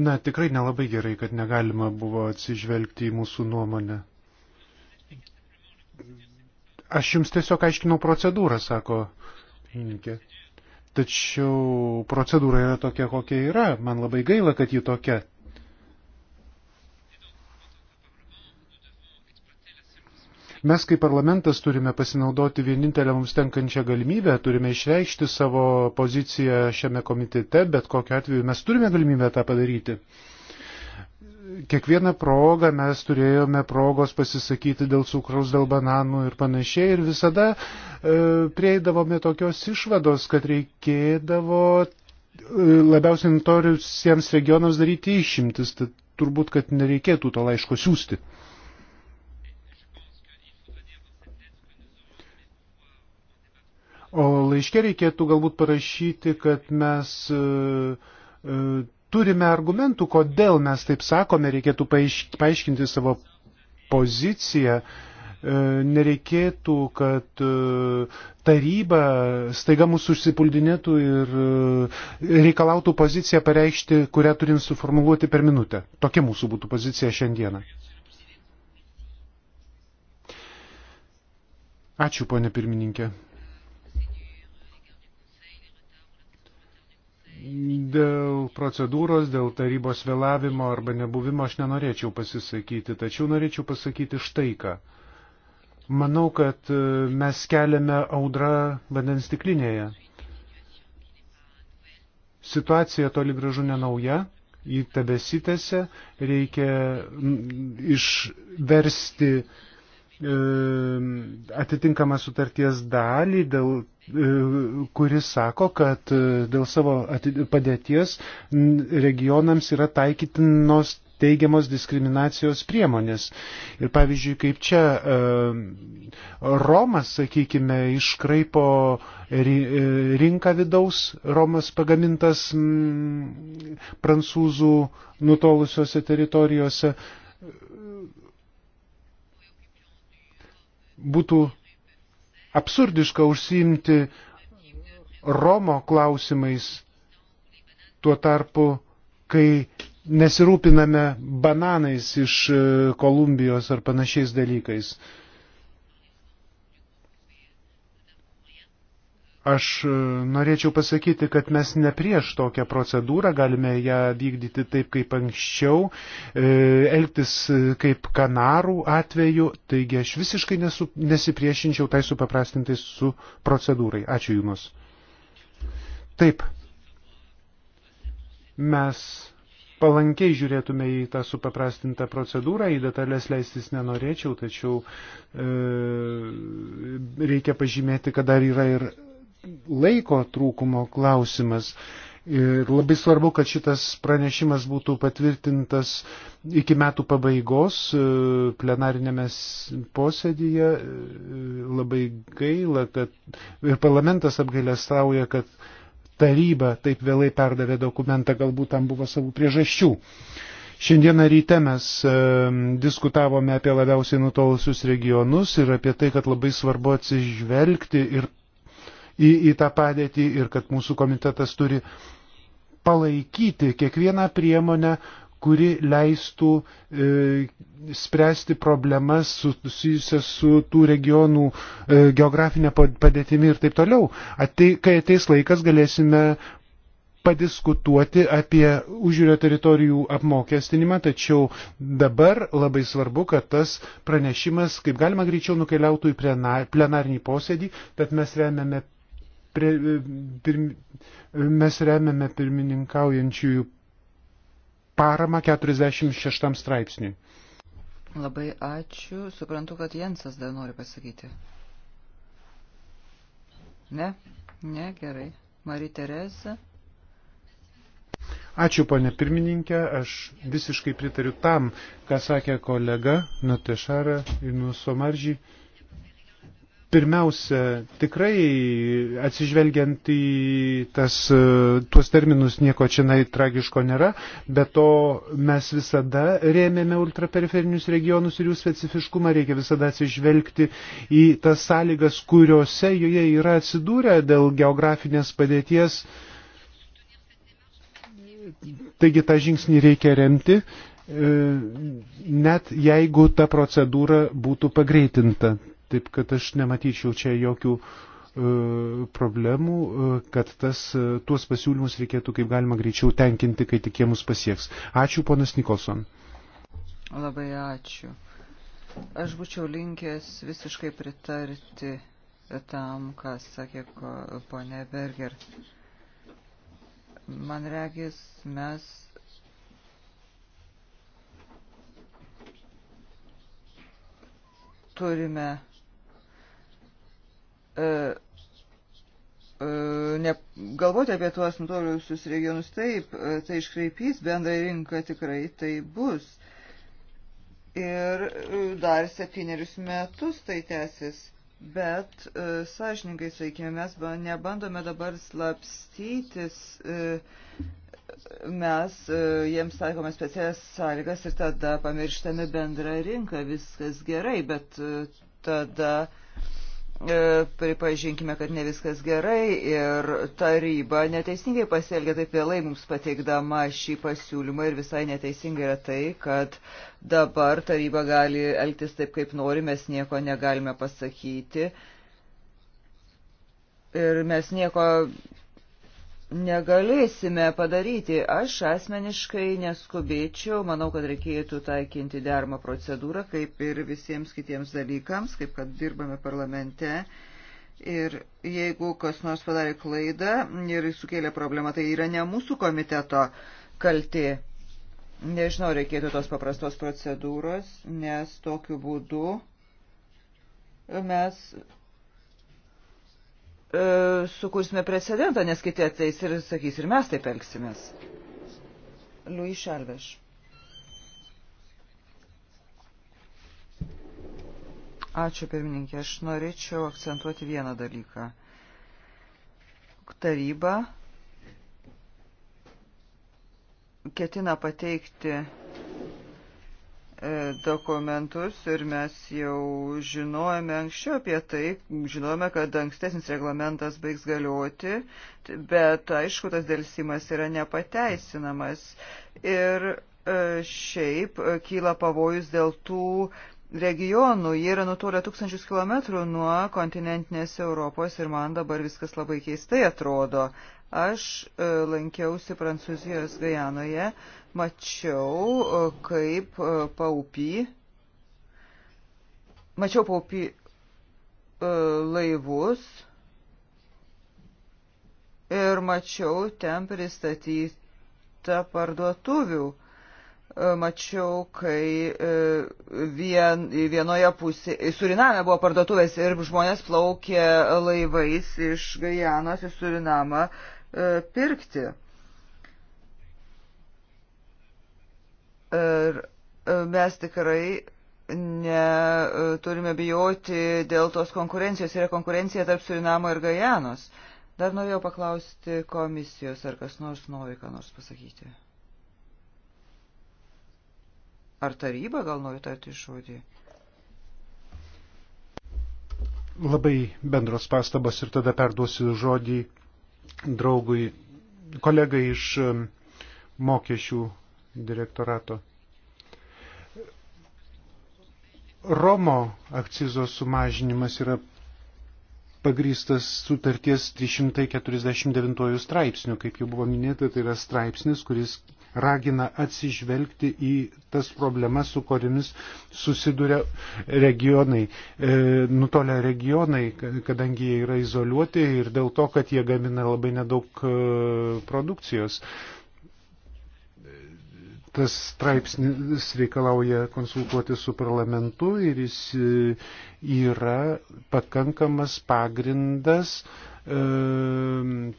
Na, tikrai nelabai gerai, kad negalima buvo atsižvelgti į mūsų nuomonę. Aš jums tiesiog aiškinau procedūrą, sako Minikė. Tačiau procedūra yra tokia, kokia yra. Man labai gaila, kad ji tokia. Mes kaip parlamentas turime pasinaudoti vienintelę mums tenkančią galimybę, turime išreikšti savo poziciją šiame komitete, bet kokiu atveju mes turime galimybę tą padaryti kiekvieną progą mes turėjome progos pasisakyti dėl cukraus, dėl bananų ir panašiai. Ir visada e, prieidavome tokios išvados, kad reikėdavo e, labiausiai notoriusiems regionams daryti išimtis. Tad turbūt, kad nereikėtų to laiško siūsti. O laiške reikėtų galbūt parašyti, kad mes e, e, turime argumentų, kodėl mes taip sakome, reikėtų paaiškinti savo poziciją. E, nereikėtų, kad e, taryba staiga mūsų užsipuldinėtų ir e, reikalautų poziciją pareikšti, kurią turim suformuluoti per minutę. Tokia mūsų būtų pozicija šiandieną. Ačiū, ponė pirmininkė. Dėl procedūros, dėl tarybos vėlavimo arba nebuvimo aš nenorėčiau pasisakyti, tačiau norėčiau pasakyti štai ką. Manau, kad e, mes keliame audrą vandens stiklinėje. Situacija toli gražu nenauja, jį tebesitėse, reikia išversti e, atitinkamą sutarties dalį dėl kuris sako, kad e, dėl savo padėties regionams yra taikytinos teigiamos diskriminacijos priemonės. Ir pavyzdžiui, kaip čia e, Romas, sakykime, iškraipo e, rinką vidaus, Romas pagamintas prancūzų nutolusiuose teritorijuose, būtų absurdiška užsiimti Romo klausimais tuo tarpu, kai nesirūpiname bananais iš e, Kolumbijos ar panašiais dalykais. Aš e, norėčiau pasakyti, kad mes ne prieš tokią procedūrą galime ją vykdyti taip kaip anksčiau, e, elgtis e, kaip kanarų atveju, taigi aš visiškai nesu, nesipriešinčiau tai supaprastintai su procedūrai. Ačiū Jums. Taip. Mes palankiai žiūrėtume į tą supaprastintą procedūrą, į detalės leistis nenorėčiau, tačiau e, reikia pažymėti, kad dar yra ir laiko trūkumo klausimas. Ir labai svarbu, kad šitas pranešimas būtų patvirtintas iki metų pabaigos e, plenarinėme posėdyje. E, labai gaila, kad ir parlamentas apgailestauja, kad taryba taip vėlai perdavė dokumentą, galbūt tam buvo savų priežasčių. Šiandieną ryte mes e, diskutavome apie labiausiai nutolusius regionus ir apie tai, kad labai svarbu atsižvelgti ir į, į tą padėtį ir kad mūsų komitetas turi palaikyti kiekvieną priemonę, kuri leistų e, spręsti problemas susijusias su tų regionų e, geografinė padėtimi ir taip toliau. Atei, kai ateis laikas, galėsime padiskutuoti apie užjūrio teritorijų apmokestinimą, tačiau dabar labai svarbu, kad tas pranešimas kaip galima greičiau nukeliautų į plenarinį posėdį, tad mes remiame pre, pirm, mes remiame pirmininkaujančiųjų paramą 46 straipsniui. Labai ačiū. Suprantu, kad Jensas dar nori pasakyti. Ne? Ne, gerai. Marija Tereza. Ačiū, ponė pirmininkė. Aš visiškai pritariu tam, ką sakė kolega Natešara ir Nusomaržį. Nu pirmiausia, tikrai atsižvelgiant į tas, e, tuos terminus nieko čia tragiško nėra, bet to mes visada rėmėme ultraperiferinius regionus ir jų specifiškumą, reikia visada atsižvelgti į tas sąlygas, kuriuose joje yra atsidūrę dėl geografinės padėties. Taigi tą žingsnį reikia remti, e, net jeigu ta procedūra būtų pagreitinta. Taip kad aš nematyčiau čia jokių e, problemų, e, kad tas, e, tuos pasiūlymus reikėtų kaip galima greičiau tenkinti, kai tik jie mus pasieks. Ačiū, ponas Nikolson. Labai ačiū. Aš būčiau linkęs visiškai pritarti tam, ką sakė ponė Berger. Man regis, mes turime E, e, ne, galvoti apie tuos nutoliusius regionus taip, e, tai iškreipys bendrą rinką tikrai tai bus. Ir dar septynerius metus tai tęsis. Bet e, sąžininkai, sakykime, mes nebandome dabar slapstytis, e, mes e, jiems taikome specialias sąlygas ir tada pamirštame bendrą rinką, viskas gerai, bet e, tada e, E, pripažinkime, kad ne viskas gerai ir taryba neteisingai pasielgia taip vėlai mums pateikdama šį pasiūlymą ir visai neteisingai yra tai, kad dabar taryba gali elgtis taip, kaip nori, mes nieko negalime pasakyti ir mes nieko negalėsime padaryti. Aš asmeniškai neskubėčiau, manau, kad reikėtų taikinti dermą procedūrą, kaip ir visiems kitiems dalykams, kaip kad dirbame parlamente. Ir jeigu kas nors padarė klaidą ir sukėlė problemą, tai yra ne mūsų komiteto kalti. Nežinau, reikėtų tos paprastos procedūros, nes tokiu būdu mes E, sukursime precedentą, nes kiti ateis ir sakys, ir mes taip elgsimės. Louis Šarveš. Ačiū, pirmininkė. Aš norėčiau akcentuoti vieną dalyką. Taryba ketina pateikti E, dokumentus ir mes jau žinojame anksčiau apie tai, žinojame, kad ankstesnis reglamentas baigs galioti, bet aišku, tas dėlsimas yra nepateisinamas. Ir e, šiaip e, kyla pavojus dėl tų regionų, jie yra nutolę tūkstančius kilometrų nuo kontinentinės Europos ir man dabar viskas labai keistai atrodo. Aš e, lankiausi Prancūzijos Gajanoje, mačiau, e, kaip e, paupy, mačiau paupy laivus ir mačiau ten pristatytą parduotuvių mačiau, kai vien, vienoje pusėje, Suriname buvo parduotuvės ir žmonės plaukė laivais iš Gajanos į Surinamą E, pirkti. Ir e, mes tikrai neturime e, bijoti dėl tos konkurencijos. Yra konkurencija tarp Surinamo ir Gajanos. Dar norėjau paklausti komisijos, ar kas nors nori ką nors pasakyti. Ar taryba gal nori tarti žodį? Labai bendros pastabos ir tada perduosiu žodį draugui, kolegai iš mokesčių direktorato. Romo akcizo sumažinimas yra pagrystas sutarties 349 straipsnių, kaip jau buvo minėta, tai yra straipsnis, kuris ragina atsižvelgti į tas problemas, su kuriamis susiduria regionai, e, nutolę regionai, kadangi jie yra izoliuoti ir dėl to, kad jie gamina labai nedaug e, produkcijos. Tas straipsnis reikalauja konsultuoti su parlamentu ir jis e, yra pakankamas pagrindas e,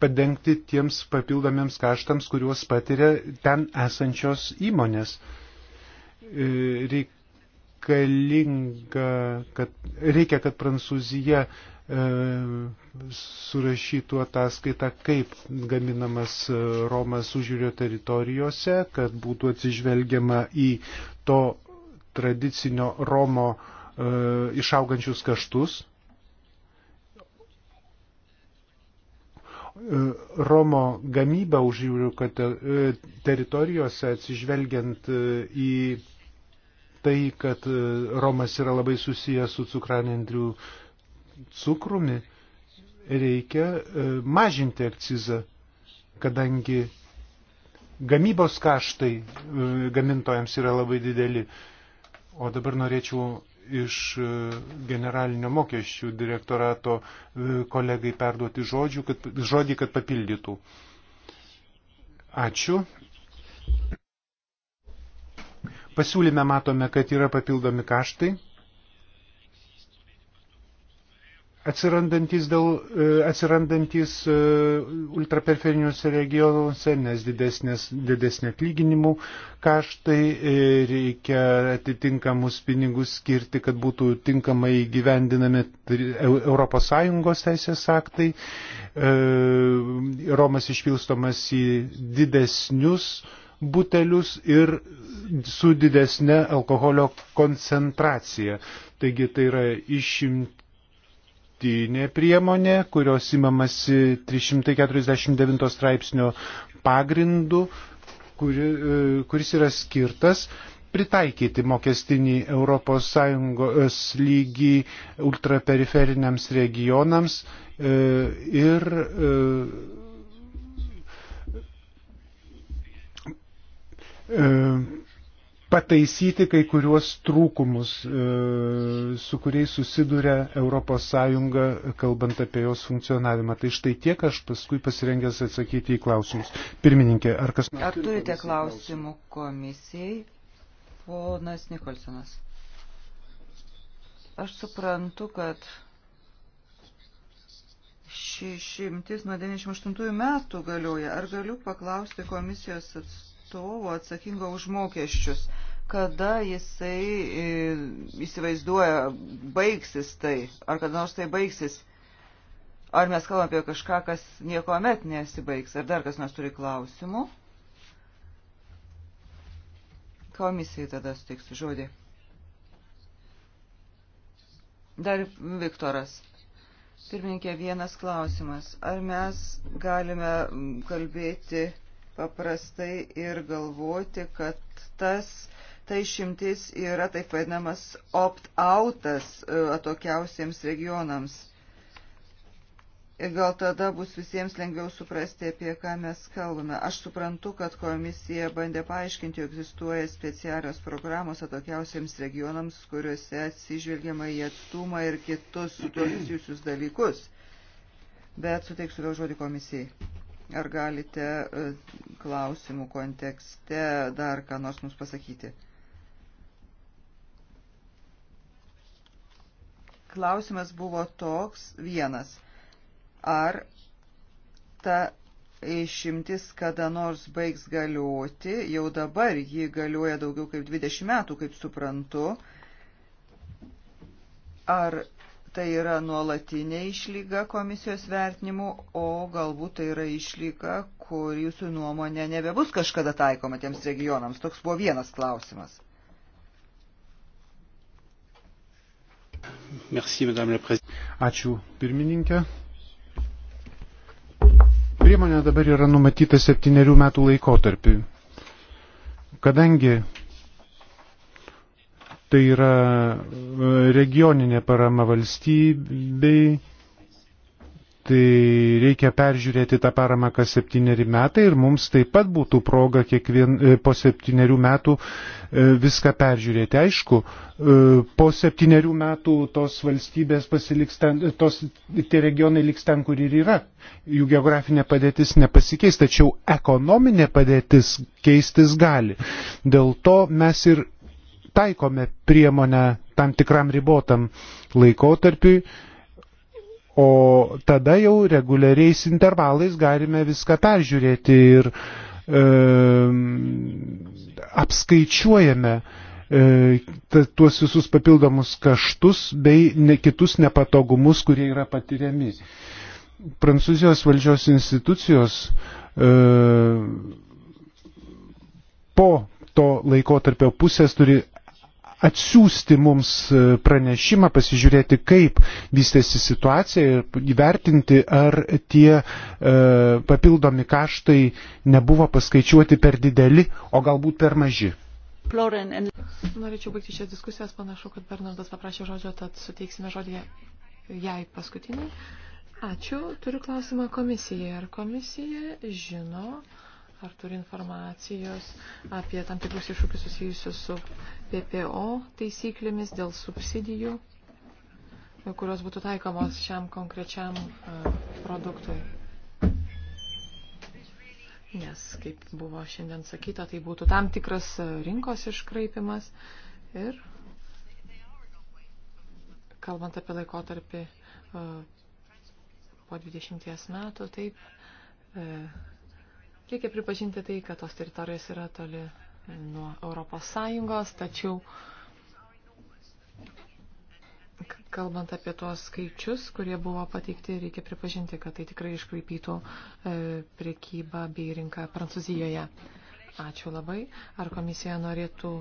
padengti tiems papildomiems kaštams, kuriuos patiria ten esančios įmonės. E, reikalinga, kad, reikia, kad Prancūzija e, surašytų ataskaitą, kaip gaminamas e, Romas užžiūrio teritorijose, kad būtų atsižvelgiama į to tradicinio Romo e, išaugančius kaštus, E, Romo gamybą už jūrių e, teritorijose, atsižvelgiant e, į tai, kad Romas yra labai susijęs su cukranendrių cukrumi, reikia mažinti akcizą, kadangi gamybos kaštai gamintojams yra labai dideli. O dabar norėčiau iš e, generalinio mokesčių direktorato e, kolegai perduoti žodžių, kad, žodį, kad papildytų. Ačiū. Pasiūlyme matome, kad yra papildomi kaštai atsirandantis, dėl, e, atsirandantis e, ultraperferiniuose regionuose, nes didesnės, didesnė atlyginimų kaštai e, reikia atitinkamus pinigus skirti, kad būtų tinkamai gyvendinami ES teisės aktai. Romas išpilstomas į didesnius butelius ir su didesne alkoholio koncentracija. Taigi tai yra išimt paskutinė priemonė, kurios įmamasi 349 straipsnio pagrindu, kuri, e, kuris yra skirtas pritaikyti mokestinį ES lygį ultraperiferiniams regionams e, ir e, pataisyti kai kuriuos trūkumus, e, su kuriais susiduria ES, kalbant apie jos funkcionavimą. Tai štai tiek aš paskui pasirengęs atsakyti į klausimus. Pirmininkė, ar kas nors. Ar turite klausimų komisijai? Ponas Nikolsonas. Aš suprantu, kad ši šimtis nuo 98 metų galioja. Ar galiu paklausti komisijos atstovų? atstovo atsakingo už mokesčius. Kada jisai e, įsivaizduoja, baigsis tai, ar kada nors tai baigsis, ar mes kalbame apie kažką, kas nieko met nesibaigs, ar dar kas nors turi klausimų. Komisijai tada suteiksiu žodį. Dar Viktoras. Pirmininkė, vienas klausimas. Ar mes galime kalbėti paprastai ir galvoti, kad tas, tai šimtis yra taip vadinamas opt-outas e, atokiausiems regionams. Ir gal tada bus visiems lengviau suprasti, apie ką mes kalbame. Aš suprantu, kad komisija bandė paaiškinti, jog egzistuoja specialios programos atokiausiams regionams, kuriuose atsižvelgiama į atstumą ir kitus su tuo susijusius dalykus. Bet suteiksiu vėl žodį komisijai. Ar galite e, klausimų kontekste dar ką nors mums pasakyti? Klausimas buvo toks vienas. Ar ta išimtis kada nors baigs galioti, jau dabar ji galioja daugiau kaip 20 metų, kaip suprantu, ar tai yra nuolatinė išlyga komisijos vertinimu, o galbūt tai yra išlyga, kur jūsų nuomonė nebebus kažkada taikoma tiems regionams. Toks buvo vienas klausimas. Merci, Ačiū, pirmininkė. Priemonė dabar yra numatyta septyniarių metų laikotarpiu. Kadangi Tai yra e, regioninė parama valstybei, tai reikia peržiūrėti tą paramą kas septyneri metai ir mums taip pat būtų proga kiekvien, e, po septynerių metų e, viską peržiūrėti. Aišku, po septynerių metų tos valstybės pasiliks ten, tos, tie regionai liks ten, kur ir yra. Jų geografinė padėtis nepasikeis, tačiau ekonominė padėtis keistis gali. Dėl to mes ir taikome priemonę tam tikram ribotam laikotarpiui, o tada jau reguliariais intervalais galime viską peržiūrėti ir e, apskaičiuojame e, tuos visus papildomus kaštus bei ne, kitus nepatogumus, kurie yra patiriami. Prancūzijos valdžios institucijos e, po to laikotarpio pusės turi atsiųsti mums e, pranešimą, pasižiūrėti, kaip vystėsi situacija ir įvertinti, ar tie e, papildomi kaštai nebuvo paskaičiuoti per dideli, o galbūt per maži. Norėčiau baigti šias diskusijas, panašu, kad Bernardas paprašė žodžio, tad suteiksime žodį jai paskutiniai. Ačiū, turiu klausimą komisijai. Ar komisija žino, ar turi informacijos apie tam tikrus iššūkius susijusius su PPO taisyklėmis dėl subsidijų, kurios būtų taikomos šiam konkrečiam e, produktui. Nes, kaip buvo šiandien sakyta, tai būtų tam tikras e, rinkos iškraipimas ir, kalbant apie laikotarpį e, po 20 metų, taip, Reikia pripažinti tai, kad tos teritorijos yra toli nuo Europos Sąjungos, tačiau kalbant apie tuos skaičius, kurie buvo pateikti, reikia pripažinti, kad tai tikrai iškraipytų e, priekybą bei rinką Prancūzijoje. Ačiū labai. Ar komisija norėtų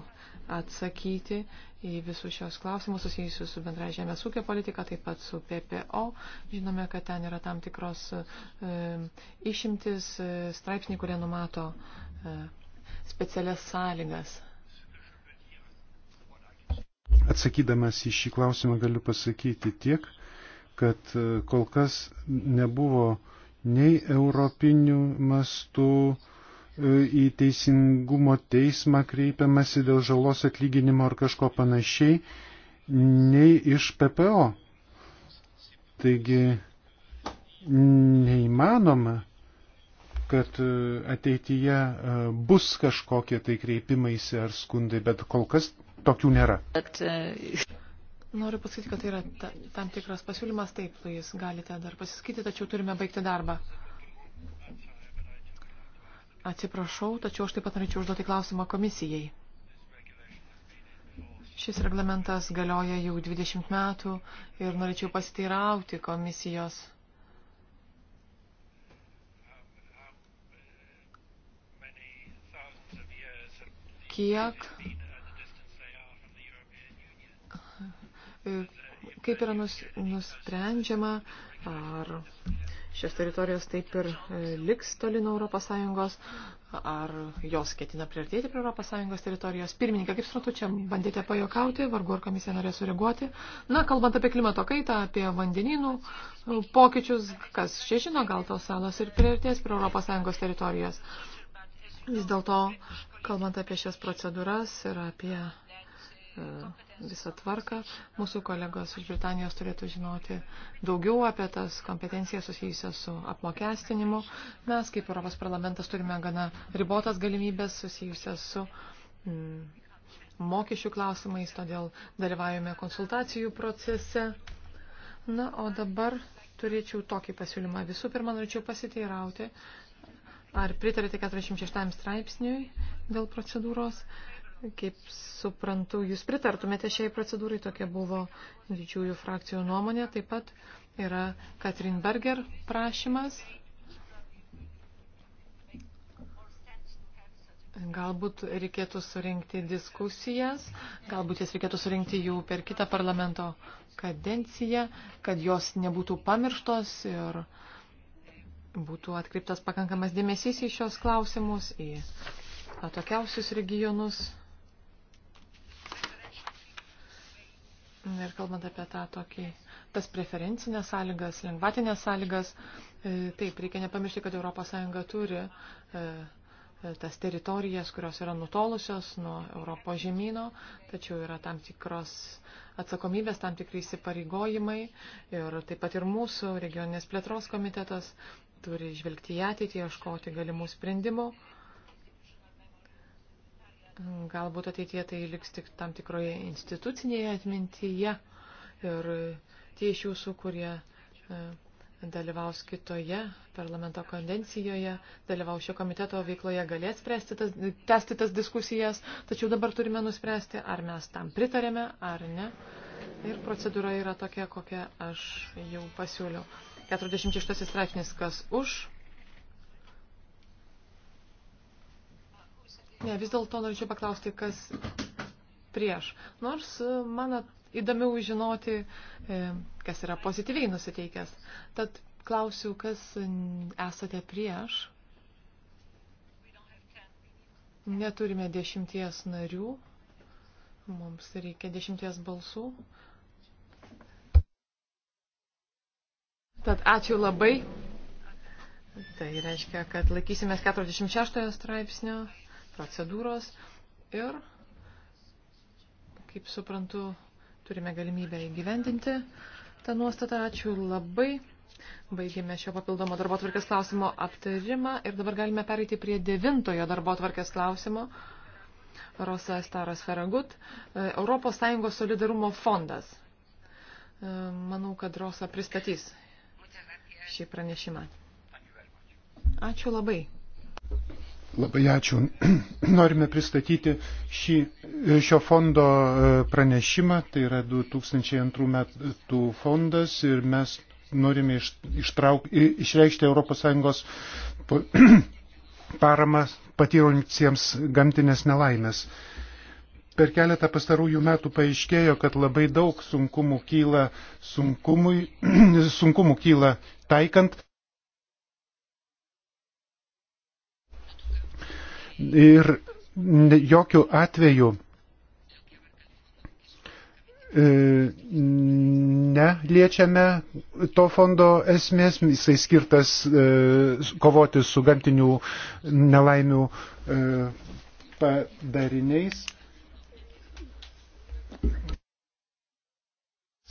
atsakyti į visus šios klausimus susijusius su bendra žemės ūkio politika, taip pat su PPO. Žinome, kad ten yra tam tikros e, išimtis e, straipsniai, kurie numato e, specialias sąlygas. Atsakydamas į šį klausimą galiu pasakyti tiek, kad e, kol kas nebuvo nei europinių mastų, E, į teisingumo teismą kreipiamasi dėl žalos atlyginimo ar kažko panašiai, nei iš PPO. Taigi neįmanoma, kad e, ateityje e, bus kažkokie tai kreipimaisi ar skundai, bet kol kas tokių nėra. Noriu pasakyti, kad tai yra ta, tam tikras pasiūlymas, taip, jūs galite dar pasiskaityti, tačiau turime baigti darbą. Atsiprašau, tačiau aš taip pat norėčiau užduoti klausimą komisijai. Šis reglamentas galioja jau 20 metų ir norėčiau pasiteirauti komisijos. Kiek, kaip yra nus, nusprendžiama, ar šios teritorijos taip ir e, liks toli nuo ES, ar jos ketina priartėti prie ES teritorijos. Pirmininkė, kaip suprantu, čia bandėte pajokauti, vargu ar komisija norės sureaguoti. Na, kalbant apie klimato kaitą, apie vandeninų e, pokyčius, kas čia žino, gal tos salos ir priartės prie ES teritorijos. Vis dėlto, kalbant apie šias procedūras ir apie E, visą tvarką. Mūsų kolegos iš Britanijos turėtų žinoti daugiau apie tas kompetencijas susijusias su apmokestinimu. Mes, kaip Europos parlamentas, turime gana ribotas galimybės susijusias su mm, mokesčių klausimais, todėl dalyvaujame konsultacijų procese. Na, o dabar turėčiau tokį pasiūlymą. Visų pirma, norėčiau pasiteirauti, ar pritarėte 46 straipsniui dėl procedūros. Kaip suprantu, jūs pritartumėte šiai procedūrai, tokia buvo didžiųjų frakcijų nuomonė. Taip pat yra Katrin Berger prašymas. Galbūt reikėtų surinkti diskusijas, galbūt jas reikėtų surinkti jau per kitą parlamento kadenciją, kad jos nebūtų pamirštos ir būtų atkreiptas pakankamas dėmesys į šios klausimus, į atokiausius regionus. Ir kalbant apie tą tokį, tas preferencinės sąlygas, lengvatinės sąlygas, e, taip, reikia nepamiršti, kad ES turi e, e, tas teritorijas, kurios yra nutolusios nuo Europos žemynų, tačiau yra tam tikros atsakomybės, tam tikrai įsipareigojimai ir taip pat ir mūsų regioninės plėtros komitetas turi žvelgti į ateitį, ieškoti galimų sprendimų. Galbūt ateitie tai liks tik tam tikroje institucinėje atmintyje ir tie iš jūsų, kurie e, dalyvaus kitoje parlamento konvencijoje, dalyvaus šio komiteto veikloje, galės spręsti tas, tęsti tas diskusijas, tačiau dabar turime nuspręsti, ar mes tam pritarėme, ar ne. Ir procedūra yra tokia, kokią aš jau pasiūliau. 46 straipsnis, kas už, Ne, vis dėlto norėčiau paklausti, kas prieš. Nors e, man įdomiau žinoti, e, kas yra pozityviai nusiteikęs. Tad klausiu, kas esate prieš. Neturime dešimties narių. Mums reikia dešimties balsų. Tad ačiū labai. Tai reiškia, kad laikysimės 46 straipsnio procedūros ir, kaip suprantu, turime galimybę įgyvendinti tą nuostatą. Ačiū labai. Baigėme šio papildomo darbo tvarkės klausimo aptarimą ir dabar galime pereiti prie devintojo darbo tvarkės klausimo. Rosa Staras Feragut, ES solidarumo fondas. E, manau, kad Rosa pristatys šį pranešimą. Ačiū labai. Labai ačiū. Norime pristatyti šį, šio fondo e, pranešimą. Tai yra 2002 metų fondas ir mes norime iš, ištrauk, išreikšti ES paramą patyrusiems gamtinės nelaimės. Per keletą pastarųjų metų paaiškėjo, kad labai daug sunkumų kyla, sunkumui, sunkumų kyla taikant Ir jokių atvejų e, neliečiame to fondo esmės, jisai skirtas e, kovoti su gamtinių nelaimių e, padariniais.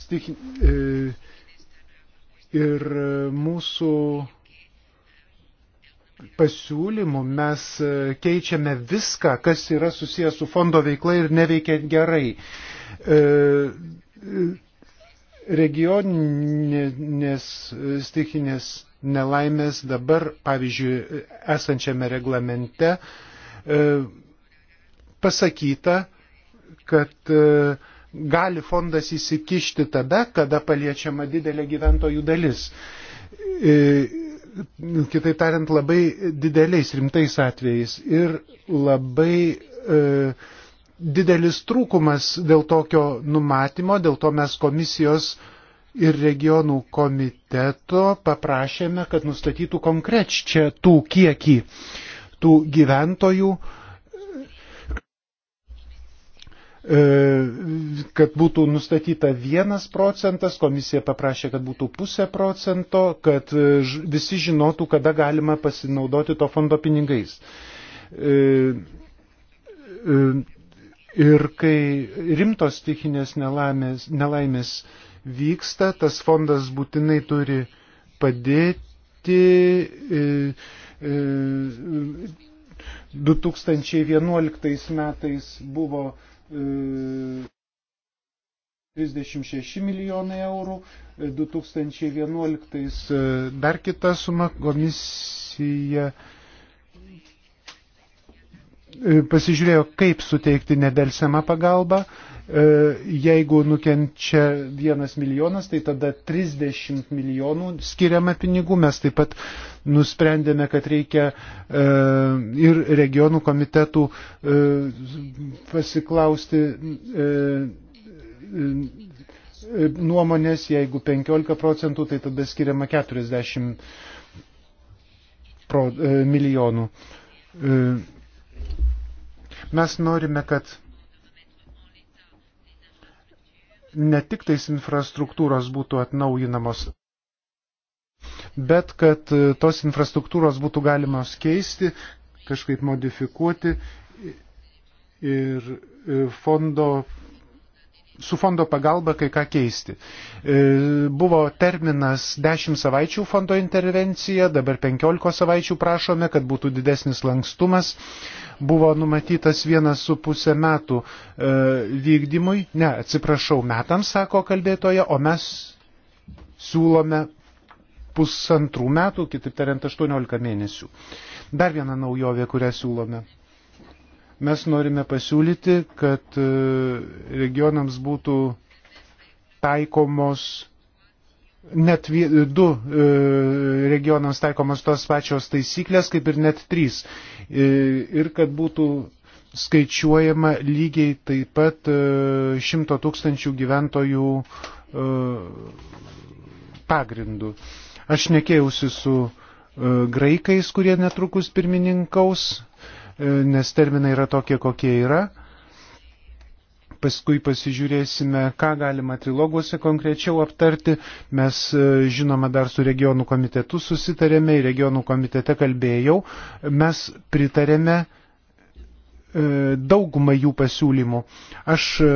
Stik, ir mūsų pasiūlymų mes e, keičiame viską, kas yra susijęs su fondo veikla ir neveikia gerai. E, e, regioninės stichinės nelaimės dabar, pavyzdžiui, esančiame reglamente pasakyta, kad gali fondas įsikišti tada, kada paliečiama didelė gyventojų dalis kitaip tariant, labai dideliais rimtais atvejais ir labai e, didelis trūkumas dėl tokio numatymo, dėl to mes komisijos ir regionų komiteto paprašėme, kad nustatytų konkrečią tų kiekį tų gyventojų, e, E, kad būtų nustatyta vienas procentas, komisija paprašė, kad būtų pusė procento, kad e, visi žinotų, kada galima pasinaudoti to fondo pinigais. E, ir kai rimtos tikinės nelaimės, nelaimės vyksta, tas fondas būtinai turi padėti. 2011 metais buvo 36 milijonai eurų, 2011 e, dar kita suma komisija e, pasižiūrėjo, kaip suteikti nedelsiamą pagalbą. E, jeigu nukenčia vienas milijonas, tai tada 30 milijonų skiriama pinigų. Mes taip pat nusprendėme, kad reikia e, ir regionų komitetų e, pasiklausti e, nuomonės, jeigu 15 procentų, tai tada skiriama 40 pro, milijonų. Mes norime, kad ne tik tais infrastruktūros būtų atnaujinamos, bet kad e, tos infrastruktūros būtų galimos keisti, kažkaip modifikuoti ir e, fondo, su fondo pagalba kai ką keisti. E, buvo terminas 10 savaičių fondo intervencija, dabar 15 savaičių prašome, kad būtų didesnis lankstumas buvo numatytas vienas su pusę metų e, vykdymui, ne, atsiprašau, metams, sako kalbėtoja, o mes siūlome pusantrų metų, kitaip tariant, 18 mėnesių. Dar viena naujovė, kurią siūlome. Mes norime pasiūlyti, kad e, regionams būtų taikomos net du e, regionams taikomos tos pačios taisyklės, kaip ir net trys. E, ir kad būtų skaičiuojama lygiai taip pat šimto tūkstančių gyventojų pagrindų. Aš nekėjausi su e, graikais, kurie netrukus pirmininkaus, e, nes terminai yra tokie, kokie yra. Paskui pasižiūrėsime, ką galima triloguose konkrečiau aptarti. Mes, e, žinoma, dar su regionų komitetu susitarėme, regionų komitete kalbėjau. Mes pritarėme E, daugumą jų pasiūlymų. Aš e,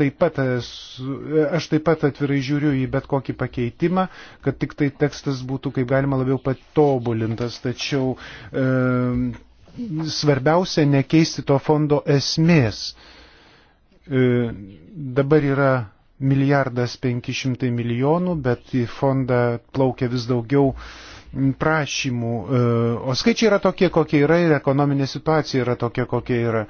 taip, pat esu, e, aš taip pat atvirai žiūriu į bet kokį pakeitimą, kad tik tai tekstas būtų kaip galima labiau patobulintas, tačiau e, svarbiausia nekeisti to fondo esmės. E, dabar yra milijardas penki šimtai milijonų, bet į fondą plaukia vis daugiau e, prašymų, e, o skaičiai yra tokie, kokie yra ir ekonominė situacija yra tokia, kokia yra.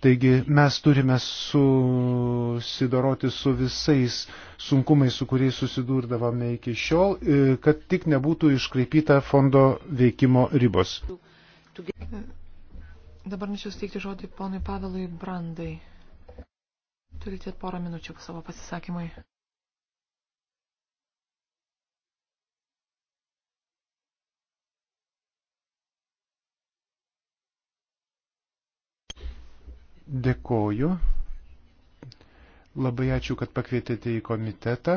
Taigi mes turime susidoroti su visais sunkumais, su kuriais susidurdavome iki šiol, e, kad tik nebūtų iškreipyta fondo veikimo ribos. Dabar norėčiau steikti žodį ponui Pavelui Brandai. Turite porą minučių savo pasisakymui. Dėkoju. Labai ačiū, kad pakvietėte į komitetą.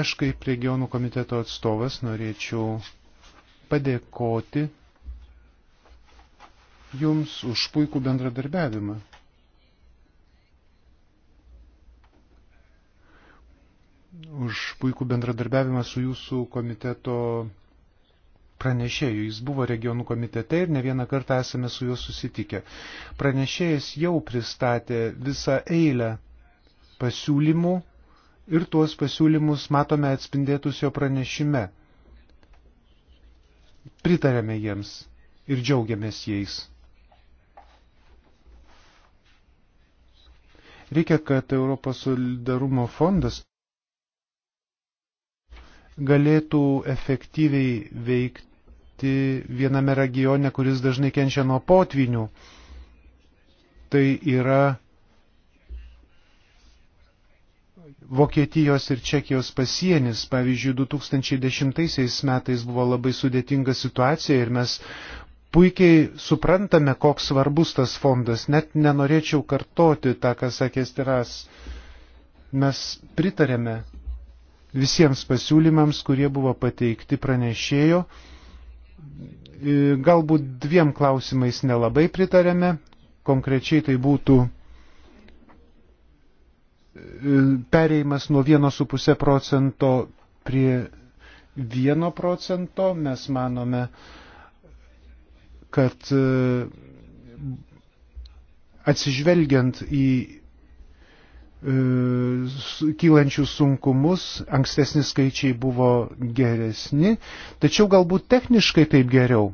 Aš kaip regionų komiteto atstovas norėčiau padėkoti Jums už puikų bendradarbiavimą. Už puikų bendradarbiavimą su Jūsų komiteto pranešėjų. Jis buvo regionų komitete ir ne vieną kartą esame su juo susitikę. Pranešėjas jau pristatė visą eilę pasiūlymų ir tuos pasiūlymus matome atspindėtus jo pranešime. Pritarėme jiems ir džiaugiamės jais. Reikia, kad Europos solidarumo fondas galėtų efektyviai veikti gyventi viename regione, kuris dažnai kenčia nuo potvinių. Tai yra Vokietijos ir Čekijos pasienis. Pavyzdžiui, 2010 metais buvo labai sudėtinga situacija ir mes puikiai suprantame, koks svarbus tas fondas. Net nenorėčiau kartoti tą, ką sakė Stiras. Mes pritarėme visiems pasiūlymams, kurie buvo pateikti pranešėjo E, galbūt dviem klausimais nelabai pritarėme. Konkrečiai tai būtų e, pereimas nuo 1,5 procento prie 1 procento. Mes manome, kad e, atsižvelgiant į E, kylančius sunkumus, ankstesni skaičiai buvo geresni, tačiau galbūt techniškai taip geriau.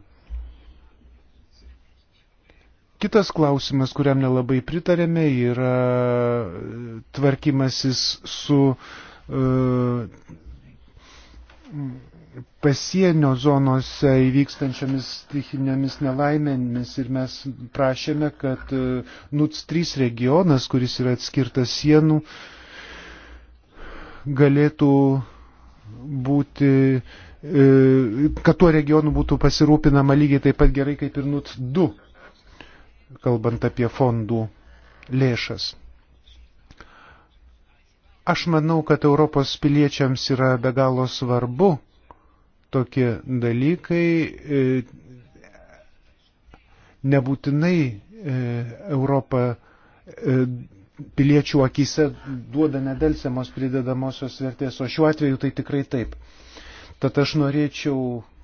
Kitas klausimas, kuriam nelabai pritarėme, yra tvarkymasis su uh, pasienio zonose įvykstančiamis stichinėmis nelaimėmis ir mes prašėme, kad e, NUTS 3 regionas, kuris yra atskirtas sienų, galėtų būti, e, kad tuo regionu būtų pasirūpinama lygiai taip pat gerai kaip ir NUTS 2, kalbant apie fondų lėšas. Aš manau, kad Europos piliečiams yra be galo svarbu, tokie dalykai e, nebūtinai e, Europą e, piliečių akise duoda nedelsiamos pridedamosios vertės, o šiuo atveju tai tikrai taip. Tad aš norėčiau,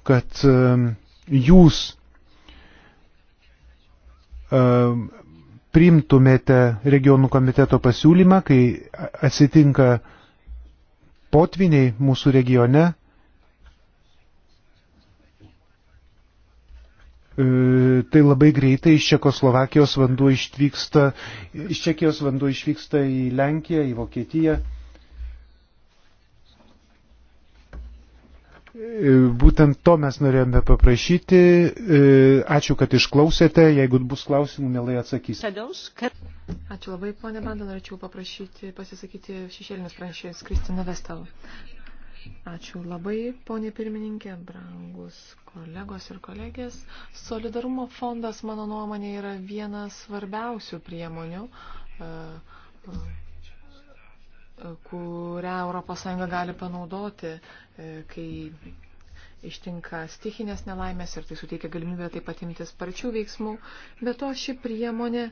kad jūs priimtumėte regionų komiteto pasiūlymą, kai atsitinka potviniai mūsų regione, E, tai labai greitai iš Čekoslovakijos vanduo ištvyksta, iš Čekijos vanduo išvyksta į Lenkiją, į Vokietiją. E, būtent to mes norėjome paprašyti. E, ačiū, kad išklausėte. Jeigu bus klausimų, mielai atsakysiu. Ačiū labai, ponė Bandė, norėčiau paprašyti pasisakyti šešėlinės pranešėjus Kristina Vestal. Ačiū labai, ponė pirmininkė, brangus kolegos ir kolegės. Solidarumo fondas, mano nuomonė, yra vienas svarbiausių priemonių, e, e, kurią ES gali panaudoti, e, kai ištinka stichinės nelaimės ir tai suteikia galimybę taip pat imtis sparčių veiksmų. Be to, ši priemonė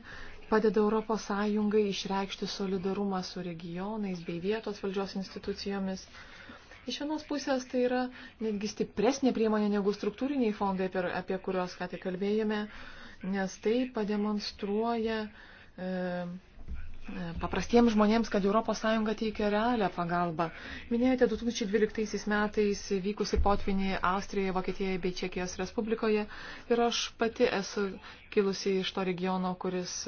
padeda ES išreikšti solidarumą su regionais bei vietos valdžios institucijomis. Iš vienos pusės tai yra netgi stipresnė priemonė negu struktūriniai fondai, apie kuriuos ką tik kalbėjome, nes tai pademonstruoja e, e paprastiems žmonėms, kad ES teikia realią pagalbą. Minėjote 2012 metais vykusi potvinį Austrijoje, Vokietijoje bei Čekijos Respublikoje ir aš pati esu kilusi iš to regiono, kuris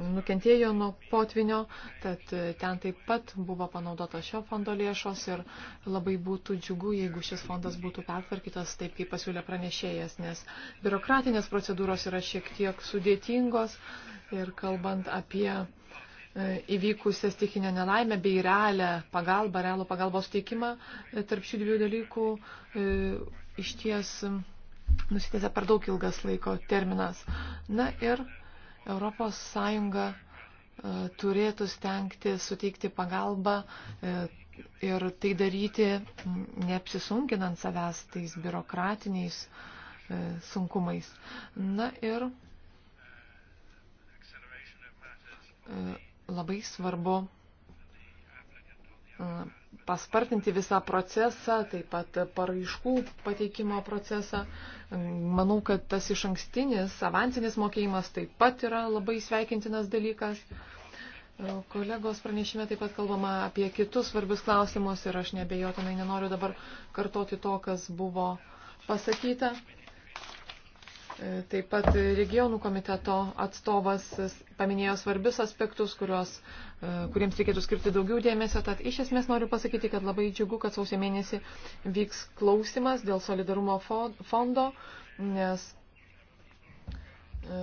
nukentėjo nuo potvinio, tad ten taip pat buvo panaudota šio fondo lėšos ir labai būtų džiugu, jeigu šis fondas būtų pertvarkytas taip, kaip pasiūlė pranešėjas, nes biurokratinės procedūros yra šiek tiek sudėtingos ir kalbant apie e, įvykusią stikinę nelaimę bei realią pagalbą, realų pagalbos teikimą e, tarp šių dviejų dalykų e, iš ties nusitėsia per daug ilgas laiko terminas. Na ir Europos Sąjunga e, turėtų stengti suteikti pagalbą e, ir tai daryti neapsisunkinant savęs tais biurokratiniais e, sunkumais. Na ir labai svarbu paspartinti visą procesą, taip pat paraiškų pateikimo procesą. Manau, kad tas iš ankstinis, avansinis mokėjimas taip pat yra labai sveikintinas dalykas. Kolegos pranešime taip pat kalbama apie kitus svarbius klausimus ir aš nebejotinai nenoriu dabar kartoti to, kas buvo pasakyta. E, taip pat regionų komiteto atstovas paminėjo svarbius aspektus, kurios, e, kuriems reikėtų skirti daugiau dėmesio. Tad iš esmės noriu pasakyti, kad labai džiugu, kad sausio mėnesį vyks klausimas dėl solidarumo fondo, nes e,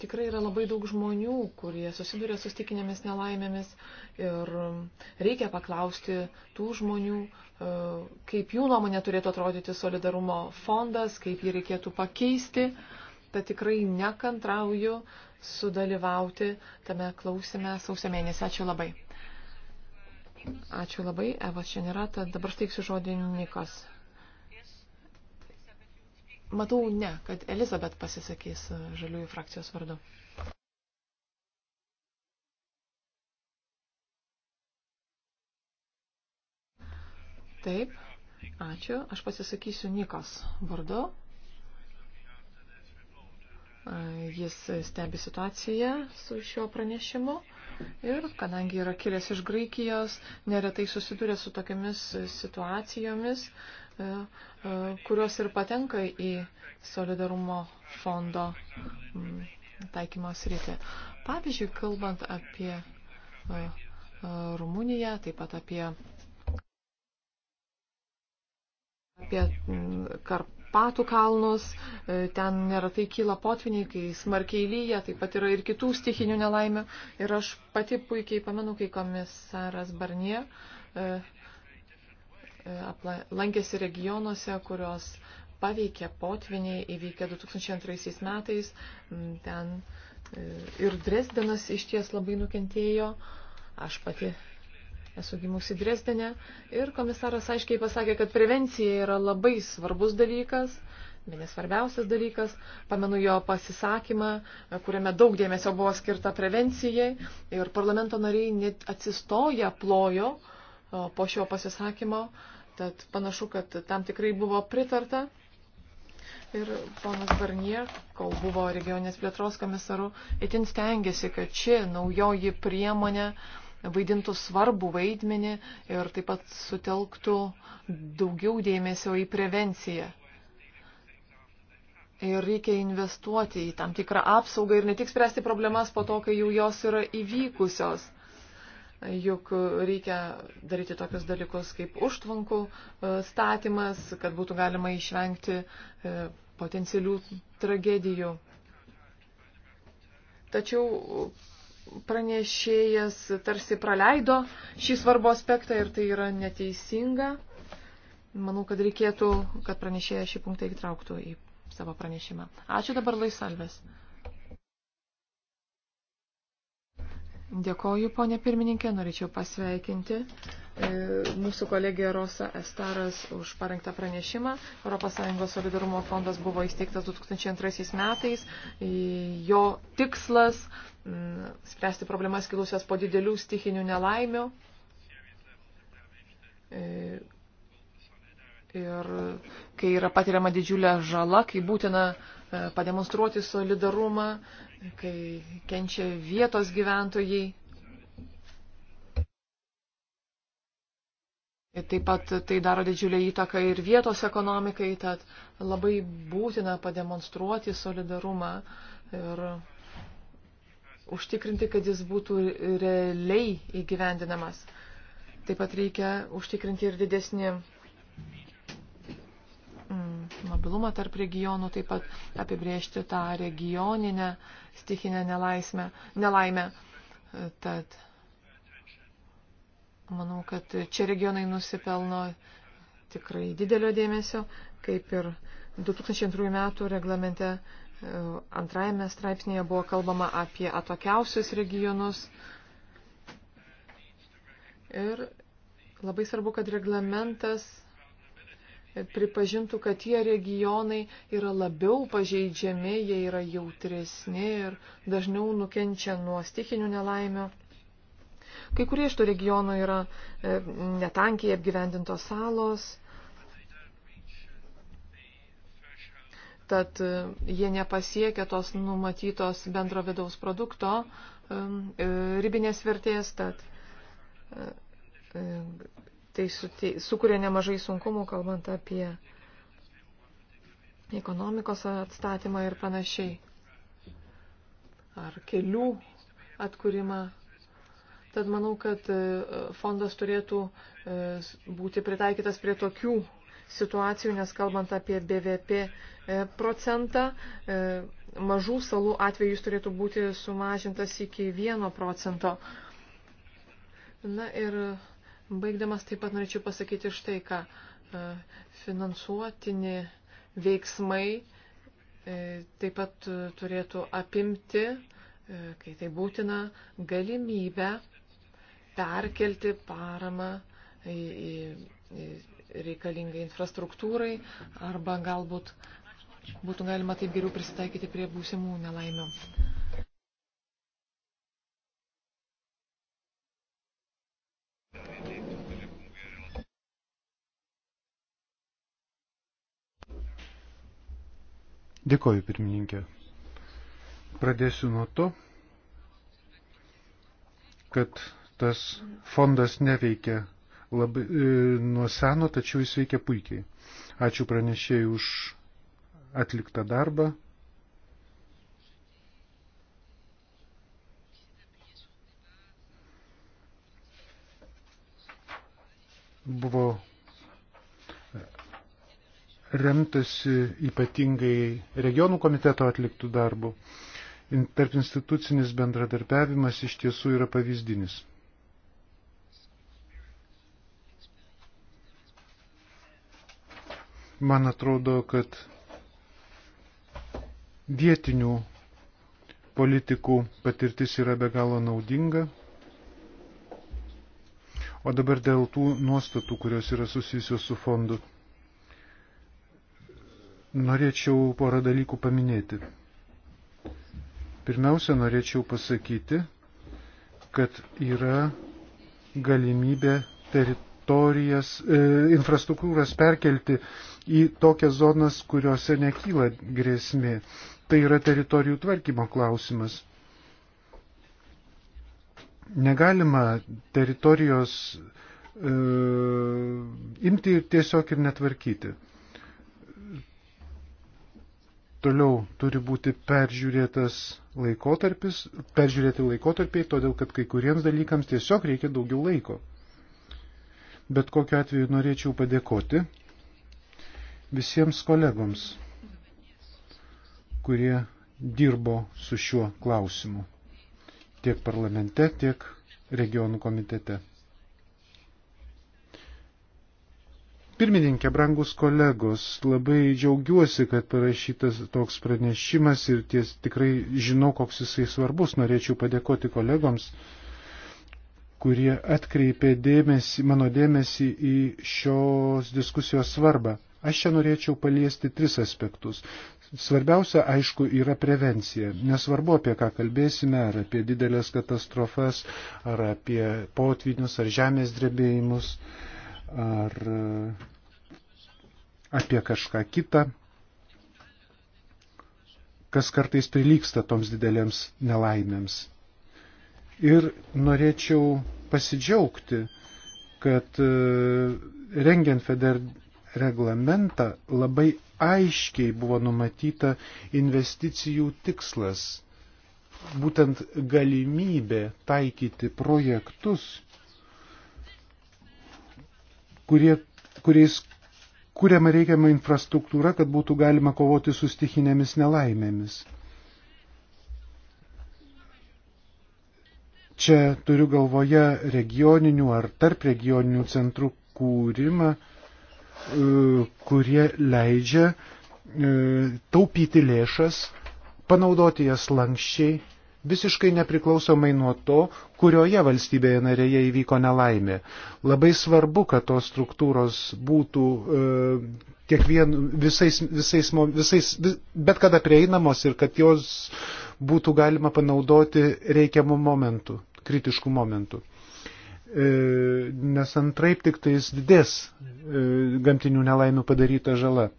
tikrai yra labai daug žmonių, kurie susiduria su stikinėmis nelaimėmis ir um, reikia paklausti tų žmonių, uh, kaip jų nuomonė turėtų atrodyti solidarumo fondas, kaip jį reikėtų pakeisti. Tad tikrai nekantrauju sudalyvauti tame klausime sausio mėnesį. Ačiū labai. Ačiū labai, Eva šiandien yra, tad dabar steiksiu žodį Nikos. Matau ne, kad Elizabet pasisakys žaliųjų frakcijos vardu. Taip, ačiū. Aš pasisakysiu Nikos vardu. Jis stebi situaciją su šiuo pranešimu ir kadangi yra kilęs iš Graikijos, neretai susiduria su tokiamis situacijomis, E, e, kurios ir patenka į solidarumo fondo taikymos rytį. Pavyzdžiui, kalbant apie e, Rumuniją, taip pat apie, apie Karpatų kalnus, ten neretai kyla potviniai, kai smarkiai lyja, taip pat yra ir kitų stichinių nelaimių. Ir aš pati puikiai pamenu, kai komisaras Barnie lankėsi regionuose, kurios paveikė potviniai, įvykė 2002 metais. Mm, ten e, ir Dresdenas iš ties labai nukentėjo. Aš pati esu gimusi Dresdenė. Ir komisaras aiškiai pasakė, kad prevencija yra labai svarbus dalykas. Mene svarbiausias dalykas, pamenu jo pasisakymą, kuriame daug dėmesio buvo skirta prevencijai ir parlamento nariai net atsistoja plojo e, po šio pasisakymo, Tad panašu, kad tam tikrai buvo pritarta. Ir ponas Barnie, kol buvo regionės plėtros komisaru, itin stengiasi, kad ši naujoji priemonė vaidintų svarbų vaidmenį ir taip pat sutelktų daugiau dėmesio į prevenciją. Ir reikia investuoti į tam tikrą apsaugą ir ne tik spręsti problemas po to, kai jau jos yra įvykusios juk reikia daryti tokius dalykus kaip užtvankų e, statymas, kad būtų galima išvengti e, potencialių tragedijų. Tačiau pranešėjas tarsi praleido šį svarbų aspektą ir tai yra neteisinga. Manau, kad reikėtų, kad pranešėjas šį punktą įtrauktų į savo pranešimą. Ačiū dabar Laisalvės. salvės. Dėkoju, ponė pirmininkė, norėčiau pasveikinti e, mūsų kolegė Rosa Estaras už parengtą pranešimą. ES solidarumo fondas buvo įsteigtas 2002 metais. E, jo tikslas – spręsti problemas kilusias po didelių stichinių nelaimių. E, ir kai yra patiriama didžiulė žala, kai būtina E, pademonstruoti solidarumą, kai kenčia vietos gyventojai. Ir taip pat tai daro didžiulę įtaką ir vietos ekonomikai, tad labai būtina pademonstruoti solidarumą ir užtikrinti, kad jis būtų realiai įgyvendinamas. Taip pat reikia užtikrinti ir didesnį mobilumą tarp regionų, taip pat apibriežti tą regioninę stichinę nelaismę, nelaimę. Tad manau, kad čia regionai nusipelno tikrai didelio dėmesio, kaip ir 2002 metų reglamente e, antrajame straipsnėje buvo kalbama apie atokiausius regionus. Ir labai svarbu, kad reglamentas pripažintų, kad tie regionai yra labiau pažeidžiami, jie yra jautresni ir dažniau nukenčia nuo stikinių nelaimių. Kai kurie iš tų regionų yra e, netankiai apgyvendintos salos, tad e, jie nepasiekia tos numatytos bendro vidaus produkto e, ribinės vertės, tad tai sukuria nemažai sunkumų, kalbant apie ekonomikos atstatymą ir panašiai. Ar kelių atkūrimą. Tad manau, kad e, fondas turėtų e, būti pritaikytas prie tokių situacijų, nes kalbant apie BVP e, procentą, mažų salų atvejus turėtų būti sumažintas iki 1 procento. Na ir Baigdamas taip pat norėčiau pasakyti štai, ką e, finansuotini veiksmai e, taip pat e, turėtų apimti, kai tai būtina, galimybę perkelti paramą į, į, į reikalingą infrastruktūrai arba galbūt būtų galima taip geriau prisitaikyti prie būsimų nelaimių. Dėkoju, pirmininkė. Pradėsiu nuo to, kad tas fondas neveikia labai, e, nuo seno, tačiau jis veikia puikiai. Ačiū pranešėjai už atliktą darbą. Buvo remtasi ypatingai regionų komiteto atliktų darbų. Tarp institucinis bendradarbiavimas iš tiesų yra pavyzdinis. Man atrodo, kad vietinių politikų patirtis yra be galo naudinga. O dabar dėl tų nuostatų, kurios yra susijusios su fondu norėčiau porą dalykų paminėti. Pirmiausia, norėčiau pasakyti, kad yra galimybė teritorijas, e, infrastruktūras perkelti į tokias zonas, kuriuose nekyla grėsmė. Tai yra teritorijų tvarkymo klausimas. Negalima teritorijos e, imti ir tiesiog ir netvarkyti. Toliau turi būti peržiūrėtas laikotarpis, peržiūrėti laikotarpiai, todėl kad kai kuriems dalykams tiesiog reikia daugiau laiko. Bet kokiu atveju norėčiau padėkoti visiems kolegoms, kurie dirbo su šiuo klausimu tiek parlamente, tiek regionų komitete. Pirmininkė, brangus kolegos, labai džiaugiuosi, kad parašytas toks pranešimas ir ties tikrai žinau, koks jisai svarbus. Norėčiau padėkoti kolegoms, kurie atkreipė dėmesį, mano dėmesį į šios diskusijos svarbą. Aš čia norėčiau paliesti tris aspektus. Svarbiausia, aišku, yra prevencija. Nesvarbu, apie ką kalbėsime, ar apie didelės katastrofas, ar apie potvinius, ar žemės drebėjimus, ar apie kažką kitą, kas kartais prilyksta toms didelėms nelaimėms. Ir norėčiau pasidžiaugti, kad e, rengiant FEDER reglamentą labai aiškiai buvo numatyta investicijų tikslas, būtent galimybė taikyti projektus, kurie, kuriais kuriama reikiama infrastruktūra, kad būtų galima kovoti su stichinėmis nelaimėmis. Čia turiu galvoje regioninių ar tarp regioninių centrų kūrimą, e, kurie leidžia e, taupyti lėšas, panaudoti jas lankščiai visiškai nepriklausomai nuo to, kurioje valstybėje narėje įvyko nelaimė. Labai svarbu, kad tos struktūros būtų e, kiekvien, visais, visais, visais, vis, bet kada prieinamos ir kad jos būtų galima panaudoti reikiamų momentų, kritiškų momentų. E, nes antraip tik tais didės e, gamtinių nelaimių padaryta žala.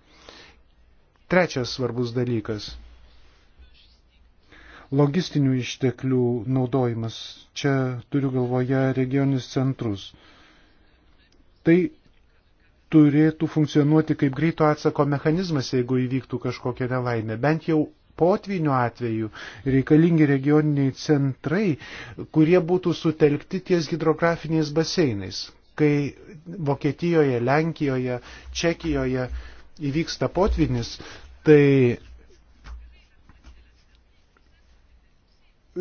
Trečias svarbus dalykas logistinių išteklių naudojimas. Čia turiu galvoje regionius centrus. Tai turėtų funkcionuoti kaip greito atsako mechanizmas, jeigu įvyktų kažkokia nelaimė. Bent jau potvinio atveju reikalingi regioniniai centrai, kurie būtų sutelkti ties hidrografiniais baseinais. Kai Vokietijoje, Lenkijoje, Čekijoje įvyksta potvinis, tai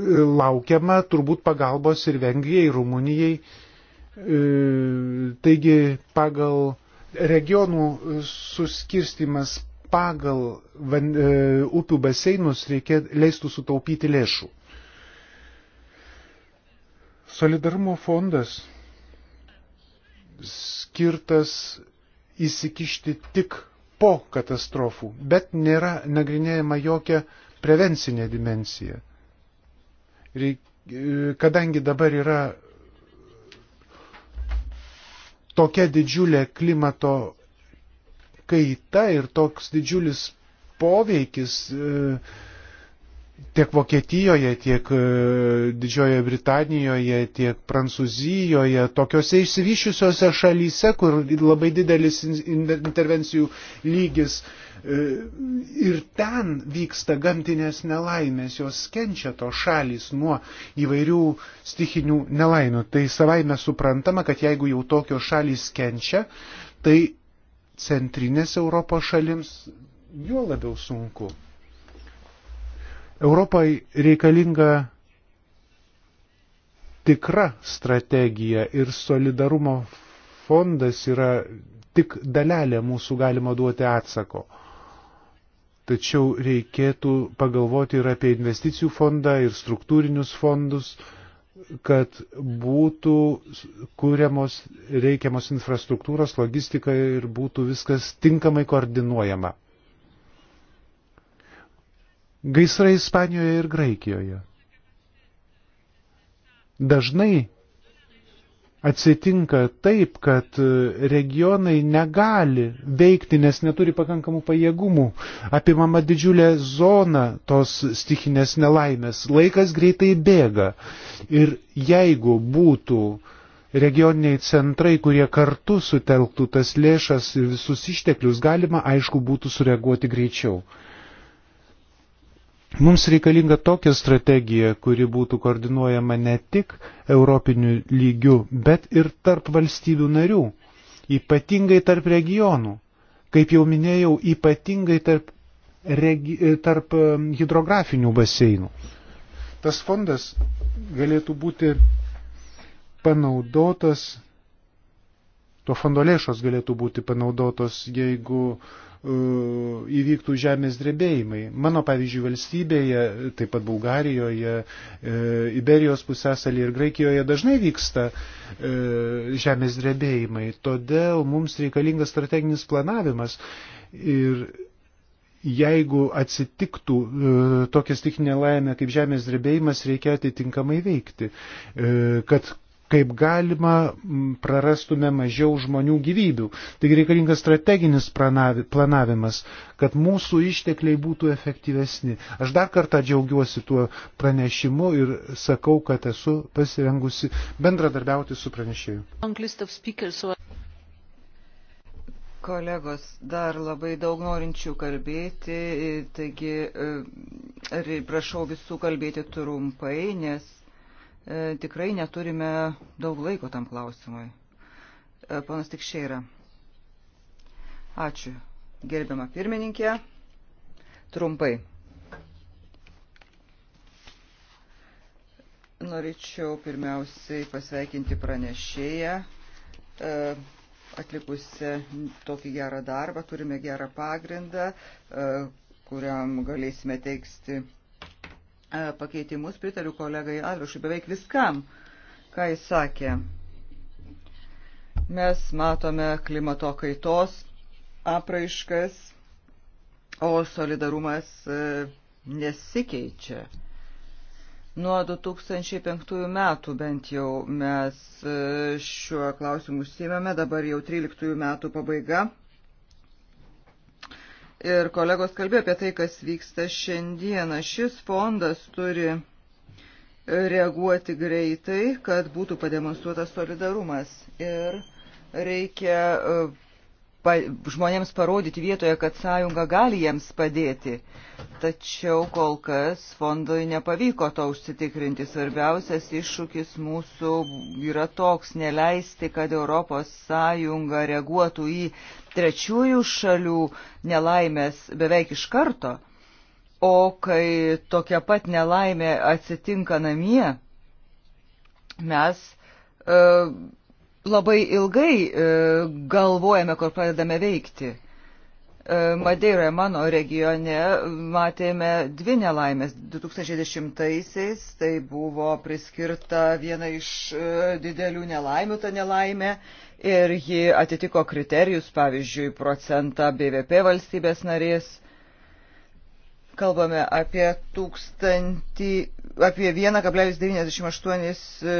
laukiama turbūt pagalbos ir Vengrijai, ir Rumunijai. E, taigi pagal regionų suskirstimas pagal van, e, upių baseinus reikia, leistų sutaupyti lėšų. Solidarumo fondas skirtas įsikišti tik po katastrofų, bet nėra nagrinėjama jokia prevencinė dimensija. E, kadangi dabar yra tokia didžiulė klimato kaita ir toks didžiulis poveikis e, tiek Vokietijoje, tiek e, Didžiojoje Britanijoje, tiek Prancūzijoje, tokiuose išsivyšiusiuose šalyse, kur labai didelis intervencijų lygis e, ir ten vyksta gamtinės nelaimės, jos kenčia to šalis nuo įvairių stichinių nelaimių. Tai savai mes suprantama, kad jeigu jau tokios šalis kenčia, tai centrinės Europos šalims juo labiau sunku. Europai reikalinga tikra strategija ir solidarumo fondas yra tik dalelė mūsų galima duoti atsako. Tačiau reikėtų pagalvoti ir apie investicijų fondą ir struktūrinius fondus, kad būtų kūriamos reikiamos infrastruktūros, logistika ir būtų viskas tinkamai koordinuojama gaisrai Ispanijoje ir Graikijoje. Dažnai atsitinka taip, kad regionai negali veikti, nes neturi pakankamų pajėgumų. Apimama didžiulė zona tos stichinės nelaimės. Laikas greitai bėga. Ir jeigu būtų regioniniai centrai, kurie kartu sutelktų tas lėšas ir visus išteklius, galima aišku būtų sureaguoti greičiau. Mums reikalinga tokia strategija, kuri būtų koordinuojama ne tik europiniu lygiu, bet ir tarp valstybių narių, ypatingai tarp regionų. Kaip jau minėjau, ypatingai tarp, regi, tarp um, hidrografinių baseinų. Tas fondas galėtų būti panaudotas, to fondo lėšos galėtų būti panaudotos, jeigu uh, E, įvyktų žemės drebėjimai. Mano, pavyzdžiui, valstybėje, taip pat Bulgarijoje, e, Iberijos pusėsalį ir Graikijoje dažnai vyksta e, žemės drebėjimai. Todėl mums reikalingas strateginis planavimas. Ir jeigu atsitiktų e, tokia stichinė laimė kaip žemės drebėjimas, reikia atitinkamai veikti, e, kad kaip galima prarastume mažiau žmonių gyvybių. Taigi reikalingas strateginis planavimas, kad mūsų ištekliai būtų efektyvesni. Aš dar kartą džiaugiuosi tuo pranešimu ir sakau, kad esu pasirengusi bendradarbiauti su pranešėju. Kolegos, dar labai daug norinčių kalbėti, taigi e, prašau visų kalbėti trumpai, nes E, tikrai neturime daug laiko tam klausimui. E, ponas Tikšėra. Ačiū. Gerbiama pirmininkė. Trumpai. Norėčiau pirmiausiai pasveikinti pranešėją e, atlikusi tokį gerą darbą. Turime gerą pagrindą, kuriam galėsime teiksti E, pakeitimus, pritariu kolegai Adrašui beveik viskam, ką jis sakė. Mes matome klimato kaitos apraiškas, o solidarumas e, nesikeičia. Nuo 2005 metų bent jau mes e, šiuo klausimu užsiemėme, dabar jau 13 metų pabaiga ir kolegos kalbėjo apie tai, kas vyksta šiandieną. Šis fondas turi reaguoti greitai, kad būtų pademonstruotas solidarumas. Ir reikia e, pa, žmonėms parodyti vietoje, kad sąjunga gali jiems padėti. Tačiau kol kas fondui nepavyko to užsitikrinti. Svarbiausias iššūkis mūsų yra toks - neleisti, kad Europos sąjunga reaguotų į trečiųjų šalių nelaimės beveik iš karto, o kai tokia pat nelaimė atsitinka namie, mes e, labai ilgai e, galvojame, kur pradedame veikti. E, Madeiroje, mano regione, matėme dvi nelaimės. 2010-aisiais tai buvo priskirta viena iš e, didelių nelaimių ta nelaimė ir ji atitiko kriterijus, pavyzdžiui, procentą BVP valstybės narės. Kalbame apie, 1000, apie 1,98 e,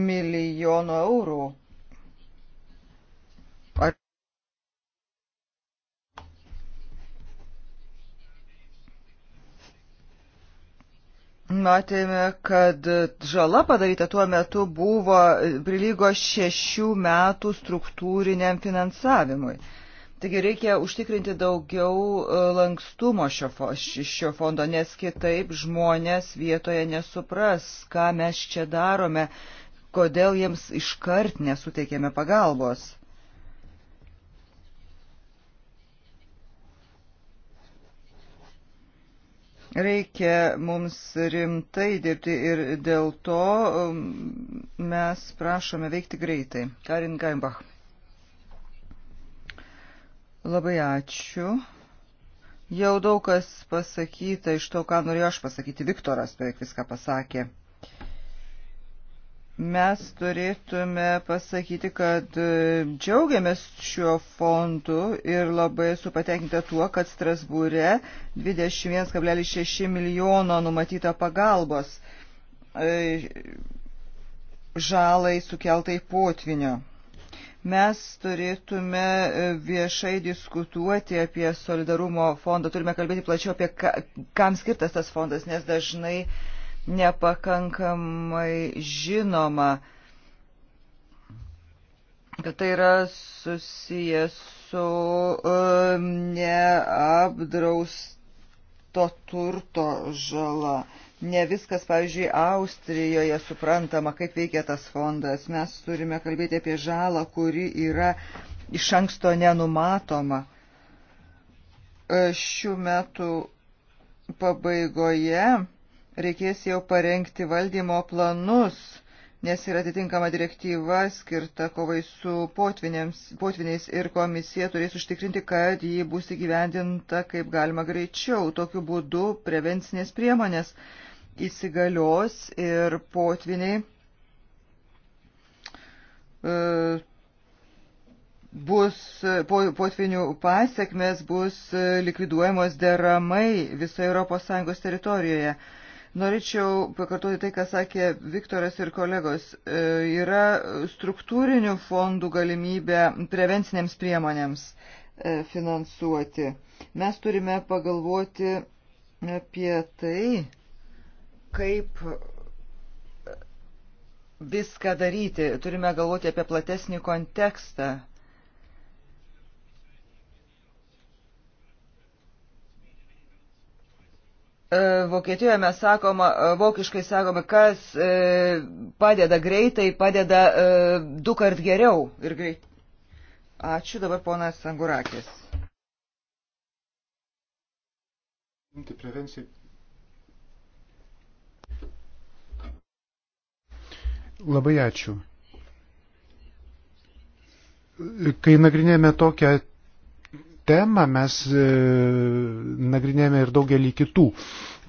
milijono eurų Matėme, kad žala padaryta tuo metu buvo prilygo šešių metų struktūriniam finansavimui. Taigi reikia užtikrinti daugiau e, lankstumo šio, šio fondo, nes kitaip žmonės vietoje nesupras, ką mes čia darome, kodėl jiems iškart nesuteikėme pagalbos. Reikia mums rimtai dirbti ir dėl to um, mes prašome veikti greitai. Karin Gaimbach. Labai ačiū. Jau daug kas pasakyta iš to, ką norėjau aš pasakyti. Viktoras beveik viską pasakė. Uh, mes turėtume pasakyti, kad e, džiaugiamės šiuo fondu ir labai supatenkinta tuo, kad Strasbūre 21,6 milijono numatyta pagalbos e, žalai sukeltai potvinio. Mes turėtume e, viešai diskutuoti apie solidarumo fondą, turime kalbėti plačiau apie kam skirtas tas fondas, nes dažnai uh, nepakankamai žinoma, kad tai yra susijęs su um, neapdrausto turto žala ne viskas, pavyzdžiui, Austrijoje suprantama, kaip veikia tas fondas. Mes turime kalbėti apie žalą, kuri yra iš anksto nenumatoma. E, šių metų pabaigoje reikės jau parengti valdymo planus, nes yra atitinkama direktyva skirta kovai su potviniais ir komisija turės užtikrinti, kad ji bus įgyvendinta kaip galima greičiau. Tokiu būdu prevencinės priemonės įsigalios ir potviniai e, bus potvinių pasiekmes bus likviduojamos deramai visoje ES teritorijoje. Norėčiau pakartoti tai, ką sakė Viktoras ir kolegos. E, yra struktūrinių fondų galimybė prevencinėms priemonėms e, finansuoti. Mes turime pagalvoti apie tai, kaip viską daryti. Turime galvoti apie platesnį kontekstą E, Vokietijoje mes sakoma, e, vokiškai sakoma, kas e, padeda greitai, padeda du kart geriau ir greitai. Ačiū dabar ponas Angurakis. Prevencijai. Labai ačiū. Kai nagrinėjame tokią temą mes e, nagrinėjame ir daugelį kitų.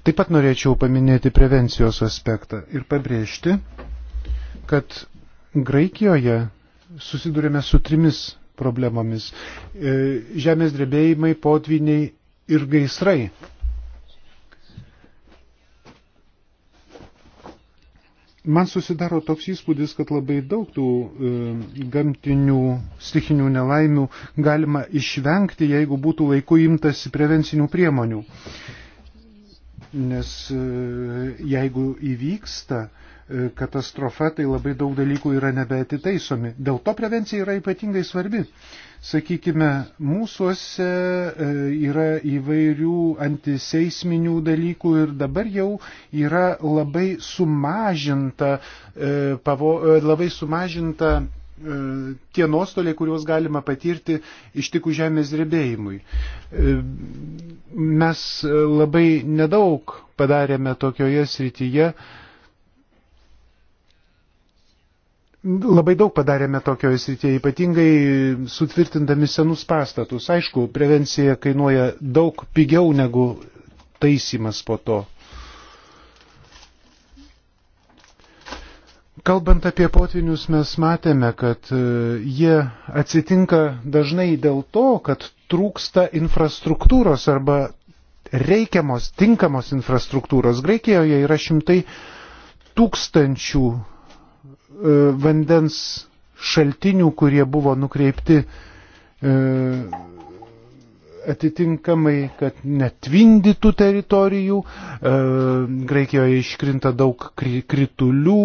Taip pat norėčiau paminėti prevencijos aspektą ir pabrėžti, kad Graikijoje susidurėme su trimis problemomis. E, žemės drebėjimai, potviniai ir gaisrai. Man susidaro toks įspūdis, kad labai daug tų e, gamtinių stichinių nelaimių galima išvengti, jeigu būtų laiku imtasi prevencinių priemonių. Nes e, jeigu įvyksta e, katastrofa, tai labai daug dalykų yra nebeatitaisomi. Dėl to prevencija yra ypatingai svarbi. E, Sakykime, mūsųse e, yra įvairių antiseisminių dalykų ir dabar jau yra labai sumažinta, e, pavo, e, labai sumažinta tie nuostoliai, kuriuos galima patirti ištikų žemės drebėjimui. Mes labai nedaug padarėme tokioje srityje, Labai daug padarėme tokioje srityje, ypatingai sutvirtindami senus pastatus. Aišku, prevencija kainuoja daug pigiau negu taisimas po to. Kalbant apie potvinius, mes matėme, kad e, jie atsitinka dažnai dėl to, kad trūksta infrastruktūros arba reikiamos, tinkamos infrastruktūros. Graikijoje yra šimtai tūkstančių E, vandens šaltinių, kurie buvo nukreipti e, atitinkamai, kad netvindytų teritorijų. E, Graikijoje iškrinta daug kritulių.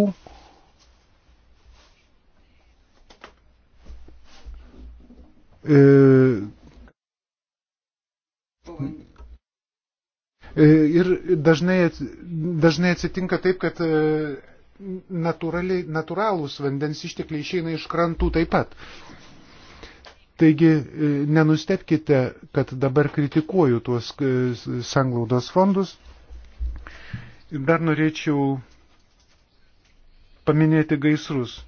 Ir dažnai, dažnai atsitinka taip, kad natūralūs vandens ištekliai išeina iš krantų taip pat. Taigi e, nenustepkite, kad dabar kritikuoju tuos e, sanglaudos fondus. Ir dar norėčiau paminėti gaisrus.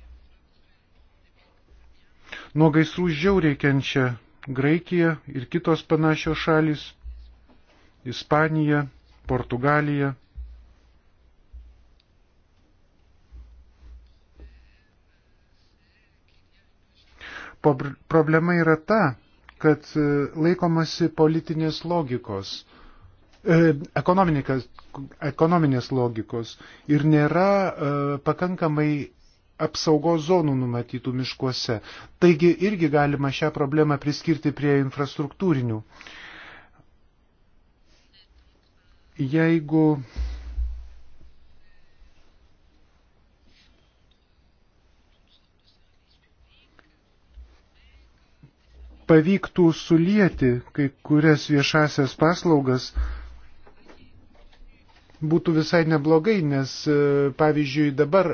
Nuo gaisrų žiauriai kenčia Graikija ir kitos panašios šalis - Ispanija, Portugalija. Problema yra ta, kad e, laikomasi politinės logikos, e, ekonominės logikos ir nėra e, pakankamai apsaugos zonų numatytų miškuose. Taigi irgi galima šią problemą priskirti prie infrastruktūrinių. Jeigu pavyktų sulieti kai kurias viešasias paslaugas, būtų visai neblogai, nes e, pavyzdžiui dabar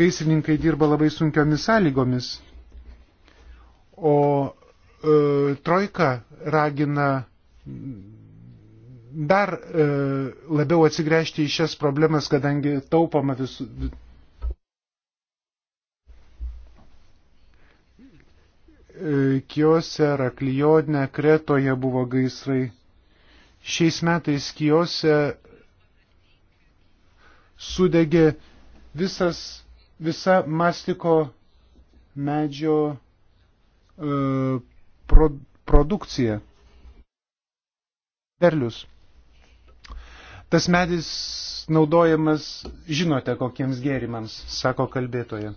gaisininkai dirba labai sunkiomis sąlygomis, o e, trojka ragina dar e, labiau atsigręžti į šias problemas, kadangi taupoma vis, Kijose, Raklijodne, Kretoje buvo gaisrai. Šiais metais Kijose sudegė visas, visa mastiko medžio e, pro, produkcija. Perlius. Tas medis naudojamas, žinote, kokiems gėrimams, sako kalbėtoja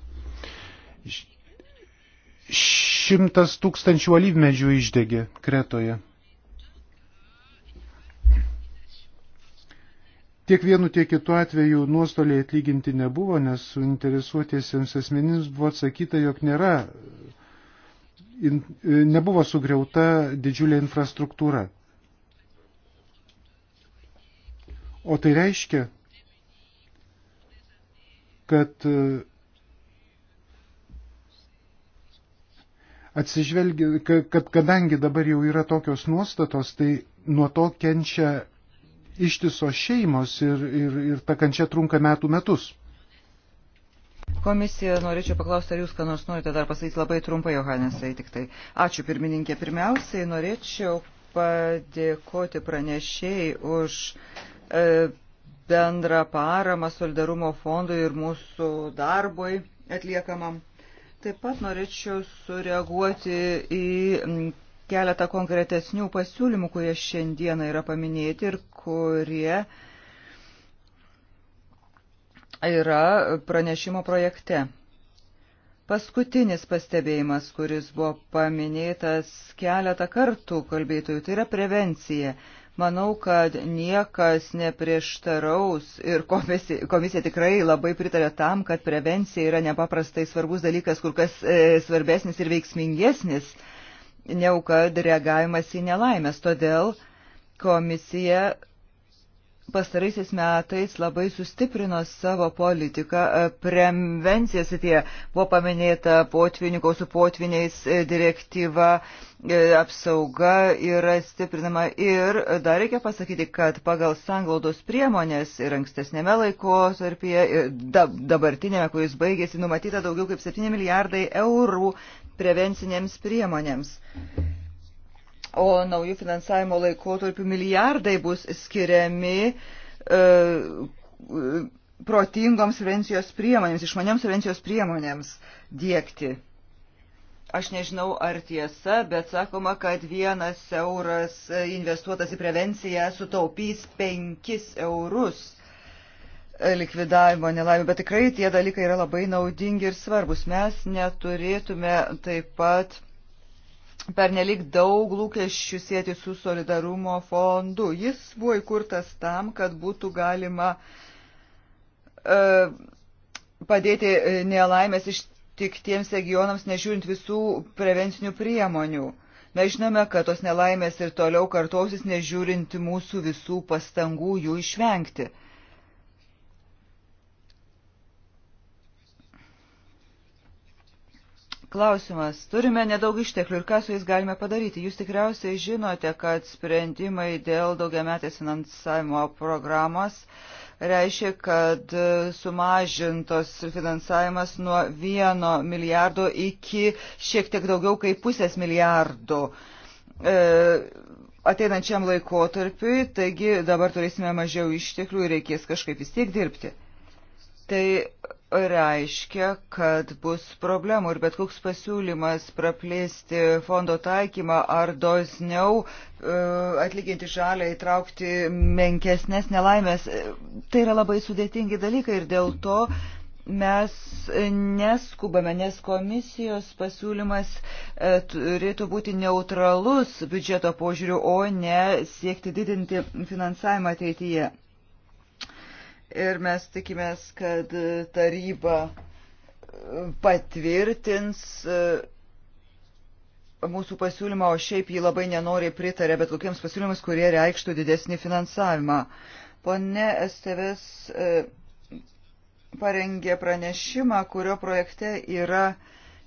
šimtas tūkstančių alyvmedžių išdegė Kretoje. Tiek vienu, tiek kitu atveju nuostoliai atlyginti nebuvo, nes suinteresuotiesiems asmenims buvo atsakyta, jog nėra, in, nebuvo sugriauta didžiulė infrastruktūra. O tai reiškia, kad atsižvelgia, kad kadangi dabar jau yra tokios nuostatos, tai nuo to kenčia ištisos šeimos ir, ir, ir ta kančia trunka metų metus. Komisija, norėčiau paklausti, ar jūs ką nors norite dar pasakyti labai trumpai, Johanesai, tik tai. Ačiū pirmininkė. Pirmiausiai norėčiau padėkoti pranešėjai už e, bendrą paramą solidarumo fondui ir mūsų darbui atliekamam. Taip pat norėčiau sureaguoti į keletą konkretesnių pasiūlymų, kurie šiandieną yra paminėti ir kurie yra pranešimo projekte. Paskutinis pastebėjimas, kuris buvo paminėtas keletą kartų kalbėtojų, tai yra prevencija. Manau, kad niekas neprieštaraus ir komisija, komisija tikrai labai pritarė tam, kad prevencija yra nepaprastai svarbus dalykas, kur kas e, svarbesnis ir veiksmingesnis, negu kad reagavimas į nelaimės. Todėl komisija pastaraisiais metais labai sustiprino savo politiką e, prevenciją sitie. Buvo paminėta potvininkų su potviniais e, direktyva, e, apsauga yra stiprinama ir dar reikia pasakyti, kad pagal sanglaudos priemonės ir ankstesnėme laikotarpyje, dabartinėme, kuris baigėsi, numatyta daugiau kaip 7 milijardai eurų prevencinėms priemonėms o naujų finansavimo laikotarpių milijardai bus skiriami e, protingoms prevencijos priemonėms, išmanioms prevencijos priemonėms dėkti. Aš nežinau, ar tiesa, bet sakoma, kad vienas euras investuotas į prevenciją sutaupys penkis eurus likvidavimo nelaimė, bet tikrai tie dalykai yra labai naudingi ir svarbus. Mes neturėtume taip pat uh, pernelik daug lūkesčių sėti su solidarumo fondu. Jis buvo įkurtas tam, kad būtų galima e, padėti e, nelaimės ištiktiems regionams, nežiūrint visų prevencinių priemonių. Mes žinome, kad tos nelaimės ir toliau kartosis, nežiūrint mūsų visų pastangų jų išvengti. Klausimas, turime nedaug išteklių ir ką su jais galime padaryti? Jūs tikriausiai žinote, kad sprendimai dėl daugiametės finansavimo programos reiškia, kad sumažintos finansavimas nuo vieno milijardo iki šiek tiek daugiau kaip pusės milijardo. E, ateinančiam laikotarpiui, taigi dabar turėsime mažiau išteklių ir reikės kažkaip vis tiek dirbti. Tai reiškia, kad bus problemų ir bet koks pasiūlymas praplėsti fondo taikymą ar dosniau e, atlyginti žalę, įtraukti menkesnės nelaimės, e, tai yra labai sudėtingi dalykai ir dėl to mes neskubame, nes komisijos pasiūlymas e, turėtų būti neutralus biudžeto požiūriu, o ne siekti didinti finansavimą ateityje ir mes tikimės, kad taryba e, patvirtins e, mūsų pasiūlymą, o šiaip jį labai nenoriai pritarė, bet kokiems pasiūlymus, kurie reikštų didesnį finansavimą. Pone Esteves e, parengė pranešimą, kurio projekte yra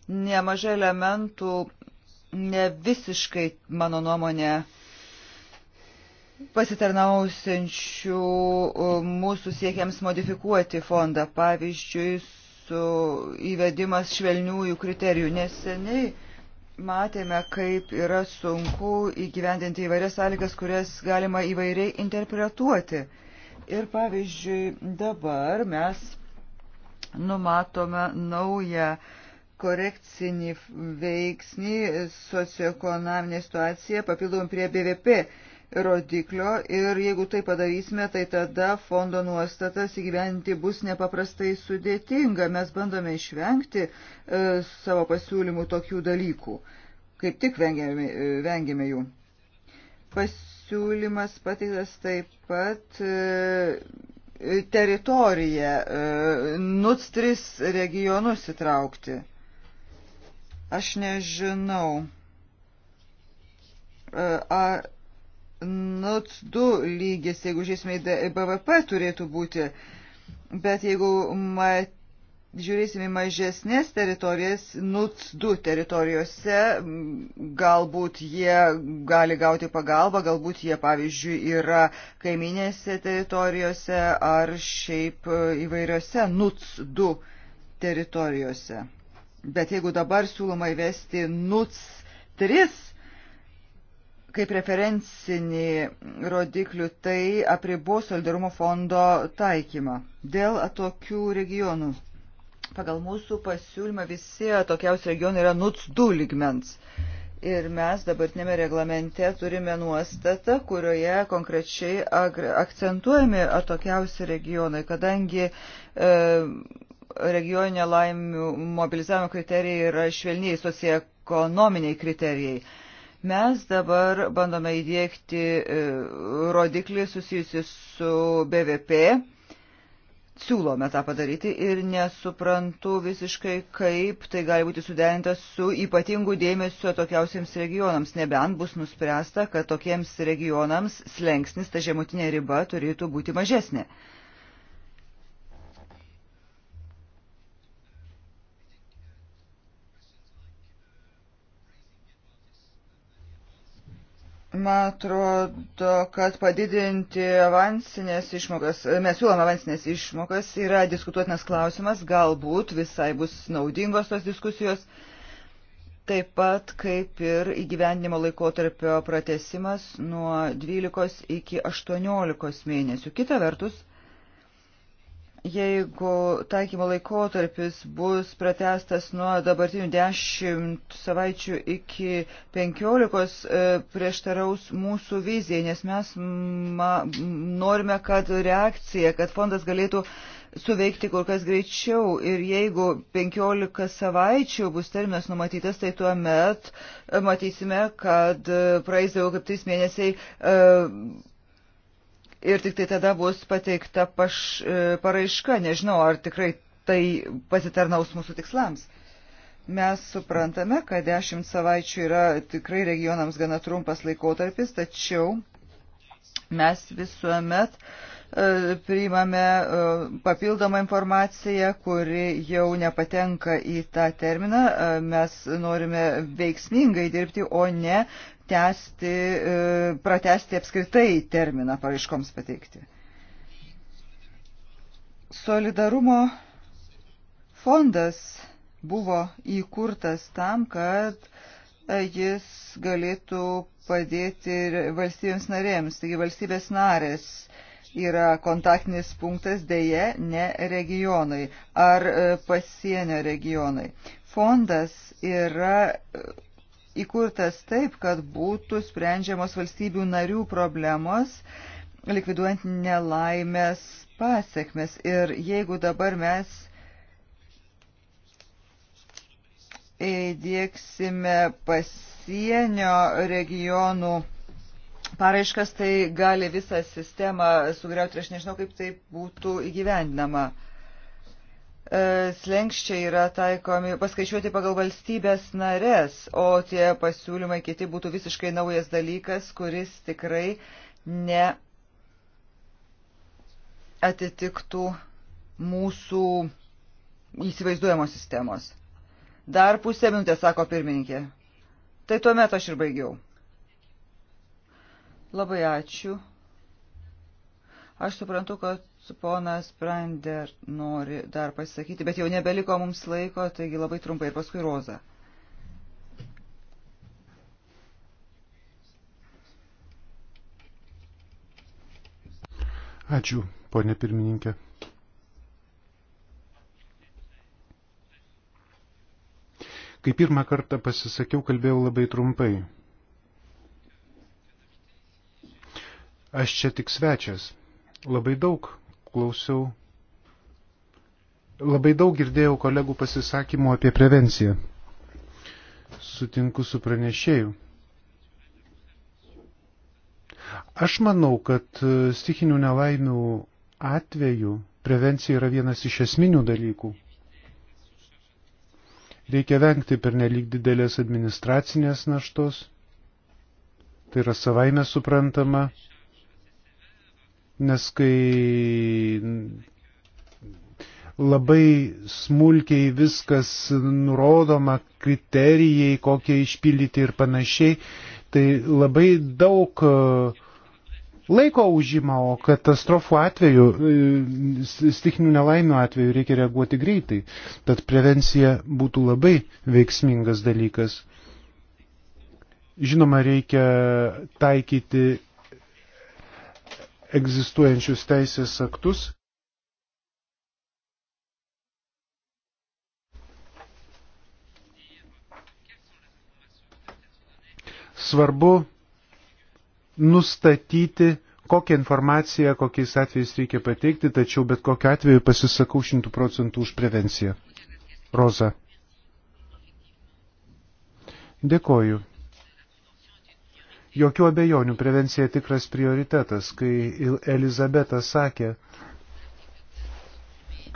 nemažai elementų ne visiškai, mano nuomonė, pasitarnausiančių e, mūsų siekiams modifikuoti fondą, pavyzdžiui, su įvedimas švelniųjų kriterijų. Neseniai matėme, kaip yra sunku įgyvendinti įvairias sąlygas, kurias galima įvairiai interpretuoti. Ir pavyzdžiui, dabar mes numatome naują korekcinį veiksnį socioekonominė situacija papildom prie BVP rodiklio ir jeigu tai padarysime, tai tada fondo nuostatas įgyventi bus nepaprastai sudėtinga. Mes bandome išvengti e, savo pasiūlymų tokių dalykų. Kaip tik vengėme, vengėme jų. Pasiūlymas pateiktas taip pat e, e, teritoriją, e, nuts tris regionus įtraukti. Aš nežinau. E, a, NUTS 2 lygis, jeigu žiūrėsime į BVP, turėtų būti. Bet jeigu mat, žiūrėsime į mažesnės teritorijas, NUTS 2 teritorijose, galbūt jie gali gauti pagalbą, galbūt jie, pavyzdžiui, yra kaiminėse teritorijose ar šiaip e, įvairiose NUTS 2 teritorijose. Bet jeigu dabar siūloma įvesti NUTS 3, kaip referencinį rodiklių, tai apribos solidarumo fondo taikymą dėl tokių regionų. Pagal mūsų pasiūlymą visi tokiausi regionai yra NUTS 2 ligmens. Ir mes dabartinėme reglamente turime nuostatą, kurioje konkrečiai akcentuojami atokiausi regionai, kadangi e, regioninė laimių mobilizavimo kriterijai yra švelniai socioekonominiai kriterijai. E, Mes dabar bandome įdėkti e, rodiklį susijusi su BVP, siūlome tą padaryti ir nesuprantu visiškai, kaip tai gali būti suderinta su ypatingu dėmesiu tokiausiams regionams, nebent bus nuspręsta, kad tokiems regionams slengsnis, ta žemutinė riba turėtų būti mažesnė. Man atrodo, kad padidinti avansinės išmokas, mes siūlom avansinės išmokas, yra diskutuotinas klausimas, galbūt visai bus naudingos tos diskusijos, taip pat kaip ir įgyvendinimo laikotarpio pratesimas nuo 12 iki 18 mėnesių. Kita vertus, jeigu taikymo laikotarpis bus pratestas nuo dabartinių 10 savaičių iki 15, e, prieštaraus mūsų vizijai, nes mes ma, norime, kad reakcija, kad fondas galėtų suveikti kur kas greičiau ir jeigu 15 savaičių bus terminas numatytas, tai tuo met matysime, kad e, praeis daugiau kaip 3 mėnesiai. E, ir tik tai tada bus pateikta paš, e, paraiška. Nežinau, ar tikrai tai pasitarnaus mūsų tikslams. Mes suprantame, kad dešimt savaičių yra tikrai regionams gana trumpas laikotarpis, tačiau mes visuomet e, priimame e, papildomą informaciją, kuri jau nepatenka į tą terminą. Mes norime veiksmingai dirbti, o ne tęsti, e, pratesti apskritai terminą paraiškoms pateikti. Solidarumo fondas buvo įkurtas tam, kad e, jis galėtų padėti ir valstybėms narėms. Taigi valstybės narės yra kontaktinis punktas dėje ne regionai ar e, pasienio regionai. Fondas yra įkurtas taip, kad būtų sprendžiamos valstybių narių problemos, likviduojant nelaimės pasiekmes. Ir jeigu dabar mes įdėksime pasienio regionų paraiškas, tai gali visą sistemą sugriauti. Aš nežinau, kaip tai būtų įgyvendinama. E, slengščiai yra taikomi paskaičiuoti pagal valstybės narės, o tie pasiūlymai kiti būtų visiškai naujas dalykas, kuris tikrai ne atitiktų mūsų įsivaizduojamos sistemos. Dar pusę minutės, sako pirmininkė. Tai tuomet aš ir baigiau. Labai ačiū. Aš suprantu, kad ponas Brander nori dar pasisakyti, bet jau nebeliko mums laiko, taigi labai trumpai ir paskui Roza. Ačiū, ponė pirmininkė. Kai pirmą kartą pasisakiau, kalbėjau labai trumpai. Aš čia tik svečias. Labai daug klausiau, labai daug girdėjau kolegų pasisakymų apie prevenciją. Sutinku su pranešėju. Aš manau, kad e, stikinių nelaimių atveju prevencija yra vienas iš esminių dalykų. Reikia vengti per nelik didelės administracinės naštos. Tai yra savaime suprantama nes kai labai smulkiai viskas nurodoma, kriterijai, kokie išpildyti ir panašiai, tai labai daug e, laiko užima, o katastrofų atveju, e, stikinių nelaimių atveju reikia reaguoti greitai. Tad prevencija būtų labai veiksmingas dalykas. Žinoma, reikia taikyti egzistuojančius teisės aktus. Svarbu nustatyti, kokią informaciją, kokiais atvejais reikia pateikti, tačiau bet kokiu atveju pasisakau šimtų procentų už prevenciją. Roza. Dėkoju. Jokių abejonių prevencija tikras prioritetas, kai Elizabeta sakė,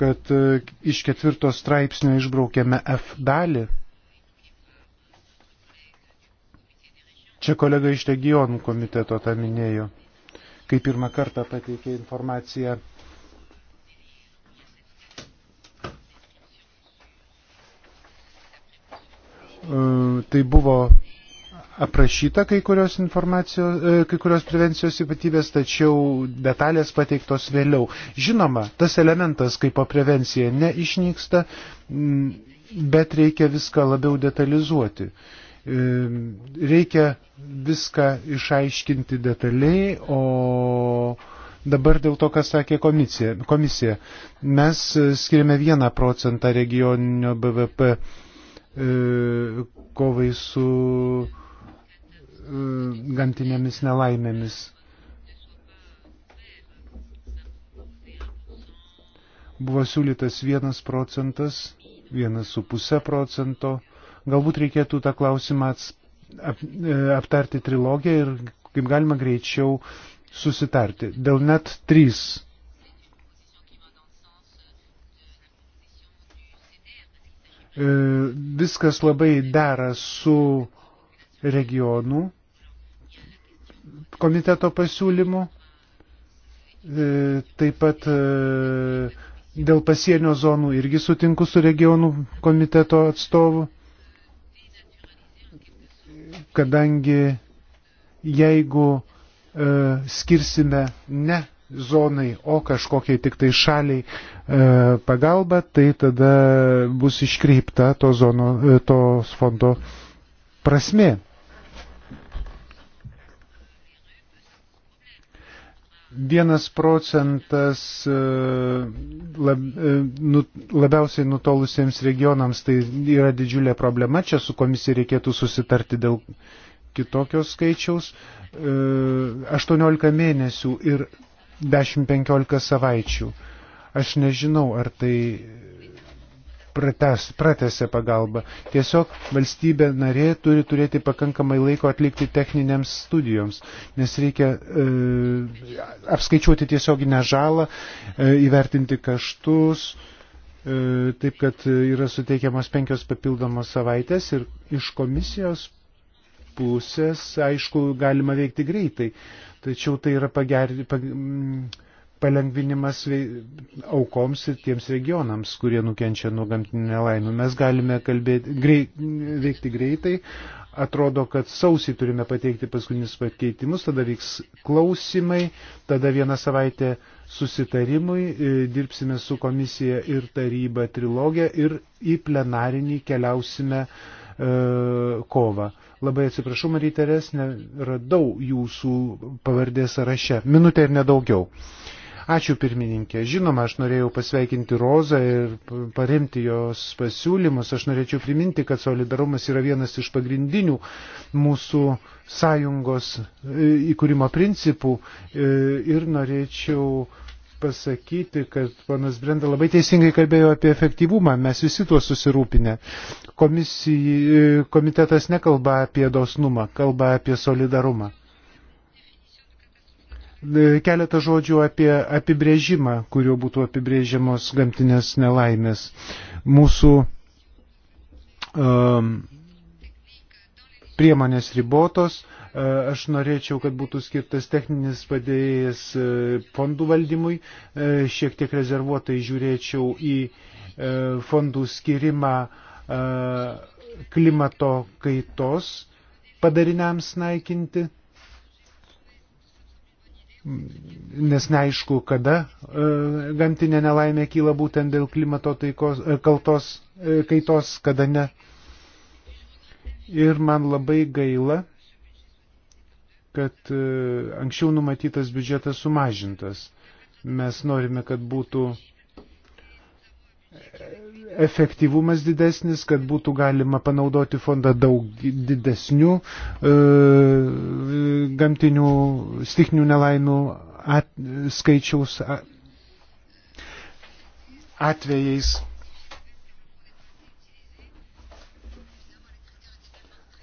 kad e, iš ketvirto straipsnio išbraukėme F dalį. Čia kolega iš regionų komiteto tą minėjo, kai pirmą kartą pateikė informaciją. E, tai buvo aprašyta kai kurios, e, kai kurios prevencijos ypatybės, tačiau detalės pateiktos vėliau. Žinoma, tas elementas kaip o prevencija neišnyksta, bet reikia viską labiau detalizuoti. E, reikia viską išaiškinti detaliai, o Dabar dėl to, kas sakė komisija, komisija. mes e, skiriame vieną procentą regioninio BVP kovai su E, gamtinėmis nelaimėmis. Buvo siūlytas 1 procentas, 1,5 procento. Galbūt reikėtų tą klausimą ats, ap, e, aptarti trilogiją ir kaip galima greičiau susitarti. Dėl net 3 e, viskas labai dera su regionų komiteto pasiūlymų, e, taip pat e, dėl pasienio zonų irgi sutinku su regionų komiteto atstovu, kadangi jeigu e, skirsime ne zonai, o kažkokiai tik tai šaliai e, pagalba, tai tada bus iškreipta to, zono, to fondo prasme. Vienas procentas e, lab, e, nu, labiausiai nutolusiems regionams tai yra didžiulė problema. Čia su komisija reikėtų susitarti dėl kitokios skaičiaus. 18 e, mėnesių ir 10-15 savaičių. Aš nežinau, ar tai prates, pratese pagalbą. Tiesiog valstybė narė turi turėti pakankamai laiko atlikti techniniams studijoms, nes reikia e, apskaičiuoti tiesioginę žalą, e, įvertinti kaštus, e, taip kad yra suteikiamos penkios papildomos savaitės ir iš komisijos pusės, aišku, galima veikti greitai, tačiau tai yra pager, pag, m, palengvinimas aukoms ir tiems regionams, kurie nukenčia nuo gamtinių nelaimių. Mes galime kalbėti, grei, veikti greitai. Atrodo, kad sausį turime pateikti paskutinius pakeitimus, tada vyks klausimai, tada vieną savaitę susitarimui, e, dirbsime su komisija ir taryba trilogija ir į plenarinį keliausime e, kovą. Labai atsiprašau, Maryterės, neradau jūsų pavardės sąraše. Minutė ir nedaugiau. Ačiū pirmininkė. Žinoma, aš norėjau pasveikinti Rozą ir paremti jos pasiūlymus. Aš norėčiau priminti, kad solidarumas yra vienas iš pagrindinių mūsų sąjungos e, įkūrimo principų. E, ir norėčiau pasakyti, kad panas Brenda labai teisingai kalbėjo apie efektyvumą, mes visi tuo susirūpinę. Komisijai, e, komitetas nekalba apie dosnumą, kalba apie solidarumą. E, keletą žodžių apie apibrėžimą, kuriuo būtų apibrėžiamos gamtinės nelaimės. Mūsų um, priemonės ribotos. E, aš norėčiau, kad būtų skirtas techninis padėjėjas e, fondų valdymui. Šiek tiek rezervuotai žiūrėčiau į fondų skirimą klimato kaitos padariniams naikinti nes neaišku, kada e, gamtinė nelaimė kyla būtent dėl klimato taikos, e, kaltos, e, kaitos, kada ne. Ir man labai gaila, kad anksčiau numatytas biudžetas sumažintas. Mes norime, kad būtų efektyvumas didesnis, kad būtų galima panaudoti fondą daug didesnių e, gamtinių stiknių nelaimių at, skaičiaus atvejais.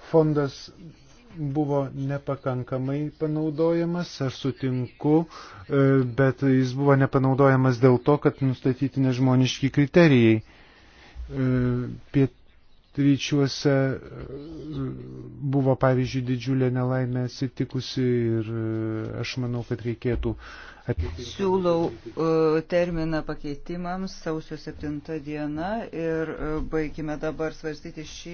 Fondas buvo nepakankamai panaudojamas, aš sutinku, e, bet jis buvo nepanaudojamas dėl to, kad nustatyti nežmoniški kriterijai. E, pietryčiuose e, buvo, pavyzdžiui, didžiulė nelaimė atsitikusi ir e, aš manau, kad reikėtų atlikti. Siūlau terminą pakeitimams sausio 7 diena ir baigime dabar svarstyti šį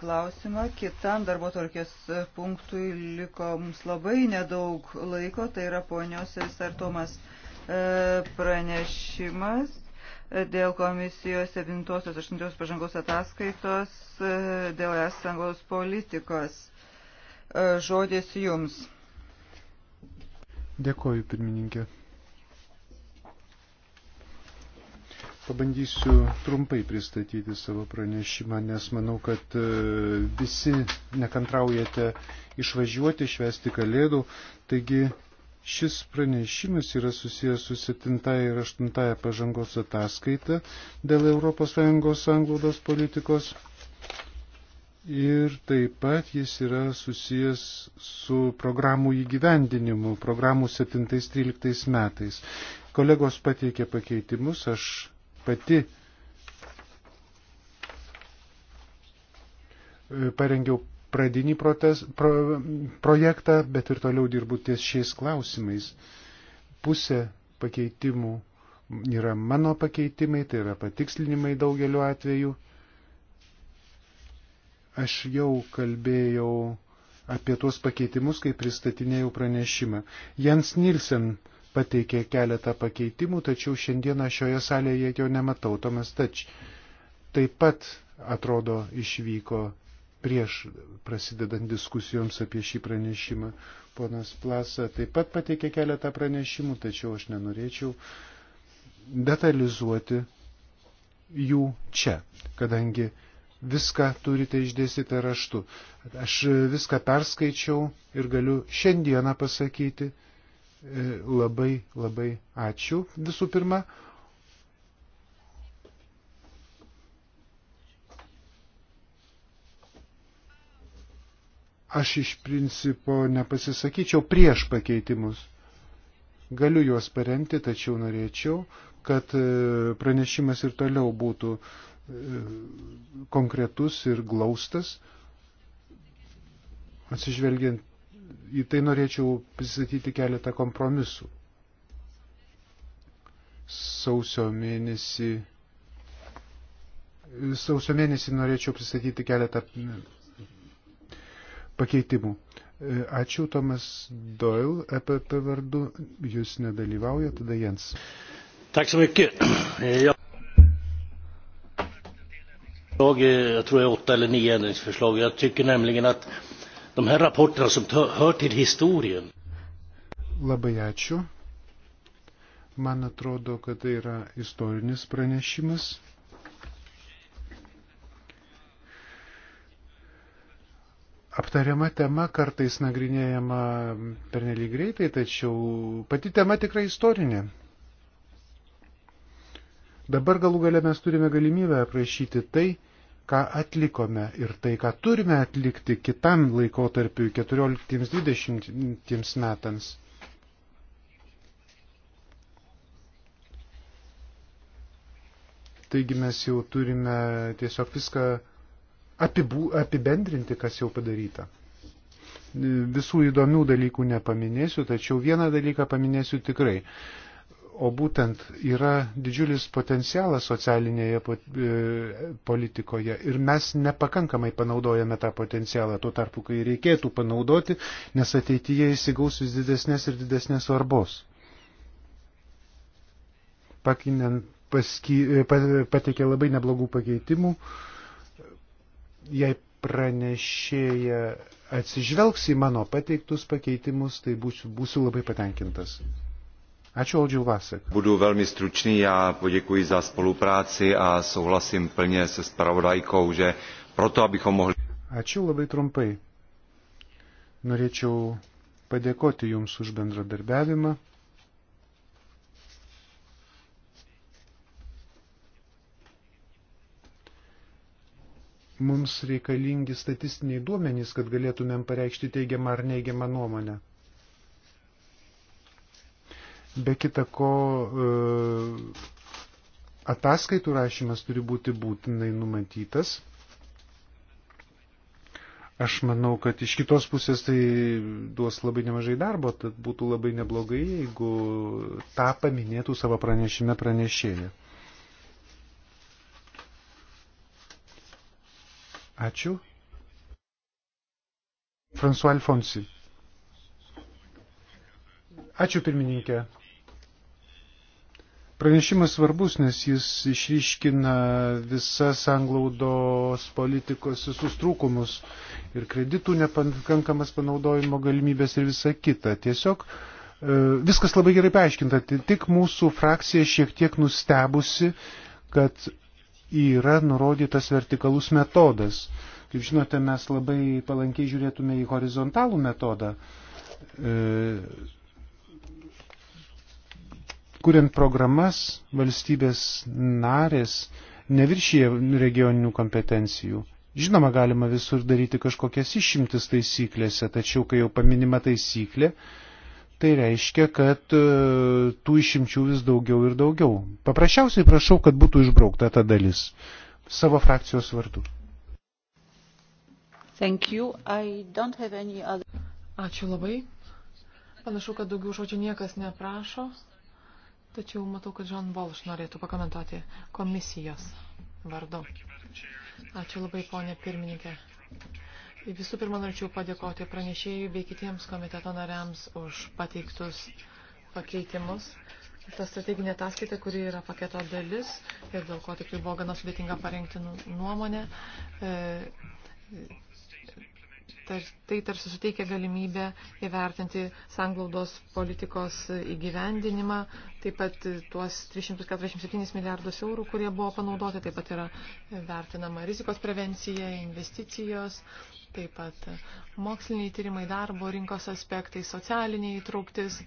klausimą. Kitam darbo tvarkės punktui liko mums labai nedaug laiko, tai yra ponios ir sartomas pranešimas dėl komisijos 7-8 pažangos ataskaitos e, dėl esangos politikos. E, žodis jums. Dėkoju, pirmininkė. Pabandysiu trumpai pristatyti savo pranešimą, nes manau, kad e, visi nekantraujate išvažiuoti, švesti kalėdų, taigi Šis pranešimas yra susijęs su 7 ir 8 pažangos ataskaita dėl ES anglaudos politikos ir taip pat jis yra susijęs su programų įgyvendinimu, programų 7-13 metais. Kolegos pateikė pakeitimus, aš pati e, parengiau pradinį protes, pro, projektą, bet ir toliau dirbu ties šiais klausimais. Pusė pakeitimų yra mano pakeitimai, tai yra patikslinimai daugeliu atveju. Aš jau kalbėjau apie tuos pakeitimus, kai pristatinėjau pranešimą. Jens Nilsen pateikė keletą pakeitimų, tačiau šiandieną šioje salėje jo nematau. Tomas Tač taip pat atrodo išvyko prieš prasidedant diskusijoms apie šį pranešimą. Ponas Plasa taip pat pateikė keletą pranešimų, tačiau aš nenorėčiau detalizuoti jų čia, kadangi viską turite išdėstyti raštu. Aš viską perskaičiau ir galiu šiandieną pasakyti e, labai labai ačiū visų pirma Aš iš principo nepasisakyčiau prieš pakeitimus. Galiu juos paremti, tačiau norėčiau, kad e, pranešimas ir toliau būtų e, konkretus ir glaustas. Atsižvelgiant į tai norėčiau pristatyti keletą kompromisų. Sausio mėnesį, sausio mėnesį norėčiau pristatyti keletą pakeitimų. E, ačiū Tomas Doyle, EPP vardu, jūs nedalyvauja, tada Jens. Jag tror jag åtta eller nio ändringsförslag. Jag tycker nämligen att de här rapporterna som hör till historien. Labai ačiū. Man atrodo, kad tai yra istorinis pranešimas. Aptariama tema kartais nagrinėjama pernelyg greitai, tačiau pati tema tikrai istorinė. Dabar galų gale mes turime galimybę aprašyti tai, ką atlikome ir tai, ką turime atlikti kitam laikotarpiu 14-20 metams. Taigi mes jau turime tiesiog viską apibū, apibendrinti, kas jau padaryta. Visų įdomių dalykų nepaminėsiu, tačiau vieną dalyką paminėsiu tikrai. O būtent yra didžiulis potencialas socialinėje e, politikoje ir mes nepakankamai panaudojame tą potencialą, tuo tarpu, kai reikėtų panaudoti, nes ateityje įsigaus vis didesnės ir didesnės svarbos. Pakinant paski, pateikė labai neblogų pakeitimų, jei pranešėja atsižvelgs į mano pateiktus pakeitimus, tai būsiu, būsiu labai patenkintas. Ačiū, Oldžiau Vasek. Budu velmi stručný, já poděkuji za spolupráci a souhlasím plně se spravodajkou, že proto, abychom mohli. Ačiū labai trumpai. Norėčiau padėkoti Jums už bendradarbiavimą. mums reikalingi statistiniai duomenys, kad galėtumėm pareikšti teigiamą ar neigiamą nuomonę. Be kita ko, e, ataskaitų rašymas turi būti būtinai numatytas. Aš manau, kad iš kitos pusės tai duos labai nemažai darbo, tad būtų labai neblogai, jeigu tą paminėtų savo pranešime pranešėją. Ačiū. François Alfonsi. Ačiū pirmininkė. Pranešimas svarbus, nes jis išryškina visas anglaudos politikos visus trūkumus ir kreditų nepakankamas panaudojimo galimybės ir visa kita. Tiesiog e, viskas labai gerai paaiškinta, tik mūsų frakcija šiek tiek nustebusi, kad yra nurodytas vertikalus metodas. Kaip žinote, mes labai palankiai žiūrėtume į horizontalų metodą. E, kuriant programas, valstybės narės neviršyje regioninių kompetencijų. Žinoma, galima visur daryti kažkokias išimtis taisyklėse, tačiau kai jau paminima taisyklė, tai reiškia, kad e, tų išimčių vis daugiau ir daugiau. Paprasčiausiai prašau, kad būtų išbraukta ta dalis savo frakcijos vardu. Other... Ačiū labai. Panašu, kad daugiau žodžių niekas neprašo, tačiau matau, kad Žan Volš norėtų pakomentuoti komisijos vardu. Ačiū labai, ponė pirmininkė. Visų pirma, norėčiau padėkoti pranešėjai bei kitiems komiteto nariams už pateiktus pakeitimus. Ta strateginė ataskaita, kuri yra paketo dalis ir dėl ko tikrai buvo gana sudėtinga parengti nu- nuomonę, e, tai tarsi suteikia galimybę įvertinti sanglaudos politikos įgyvendinimą, taip pat tuos 347 milijardus eurų, kurie buvo panaudoti, taip pat yra vertinama rizikos prevencija, investicijos, taip pat moksliniai tyrimai darbo rinkos aspektai, socialiniai įtrauktis.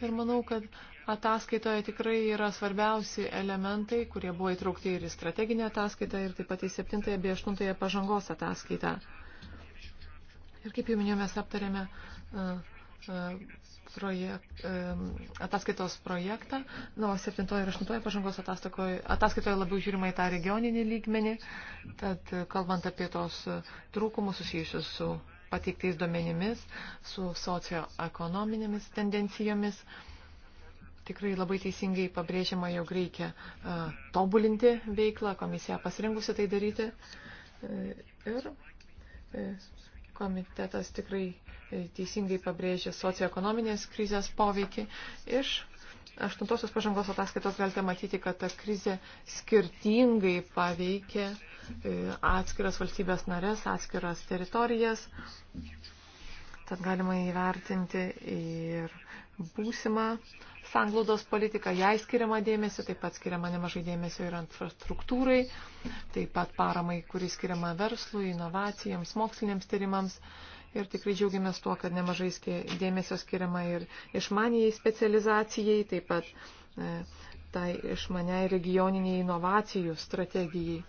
Ir manau, kad ataskaitoje tikrai yra svarbiausi elementai, kurie buvo įtraukti ir į strateginę ataskaitą, ir taip pat į 7 bei 8 pažangos ataskaitą. Ir kaip jau minėjau, mes aptarėme e, e, projekt, e, ataskaitos projektą. Na, o 7 ir 8 pažangos ataskaitoje, ataskaitoje labiau žiūrima į tą regioninį lygmenį. Tad kalbant apie tos trūkumus susijusius su pateiktais duomenimis, su socioekonominėmis tendencijomis, tikrai labai teisingai pabrėžiama, jog reikia uh, tobulinti veiklą, komisija pasirengusi tai daryti. Uh, ir uh, Komitetas tikrai e, teisingai pabrėžė socioekonominės krizės poveikį. Iš aštuntosios pažangos ataskaitos galite matyti, kad ta krizė skirtingai paveikė e, atskiras valstybės narės, atskiras teritorijas. Tad galima įvertinti ir būsimą sanglaudos politiką, jai skiriama dėmesio, taip pat skiriama nemažai dėmesio ir infrastruktūrai, taip pat paramai, kuris skiriama verslui, inovacijams, moksliniams tyrimams. Ir tikrai džiaugiamės tuo, kad nemažai dėmesio skiriama ir išmanijai specializacijai, taip pat e, tai išmaniai regioniniai inovacijų strategijai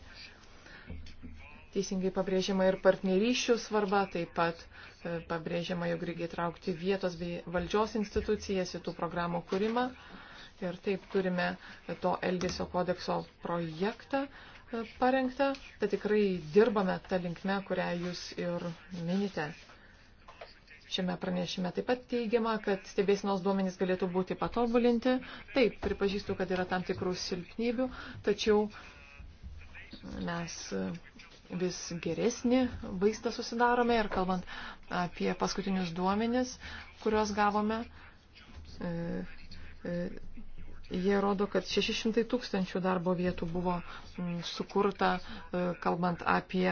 teisingai pabrėžiama ir partnerysčių svarba, taip pat e, pabrėžiama, jog reikia įtraukti vietos bei valdžios institucijas į tų programų kūrimą. Ir taip turime to Elgesio kodekso projektą e, parengtą, tad tikrai dirbame tą linkmę, kurią jūs ir minite. Šiame pranešime taip pat teigiama, kad stebėsinos duomenys galėtų būti patobulinti. Taip, pripažįstu, kad yra tam tikrų silpnybių, tačiau mes vis geresnį vaizdą susidarome ir kalbant apie paskutinius duomenis, kuriuos gavome, e, e, jie rodo, kad 600 tūkstančių darbo vietų buvo sukurta, e, kalbant apie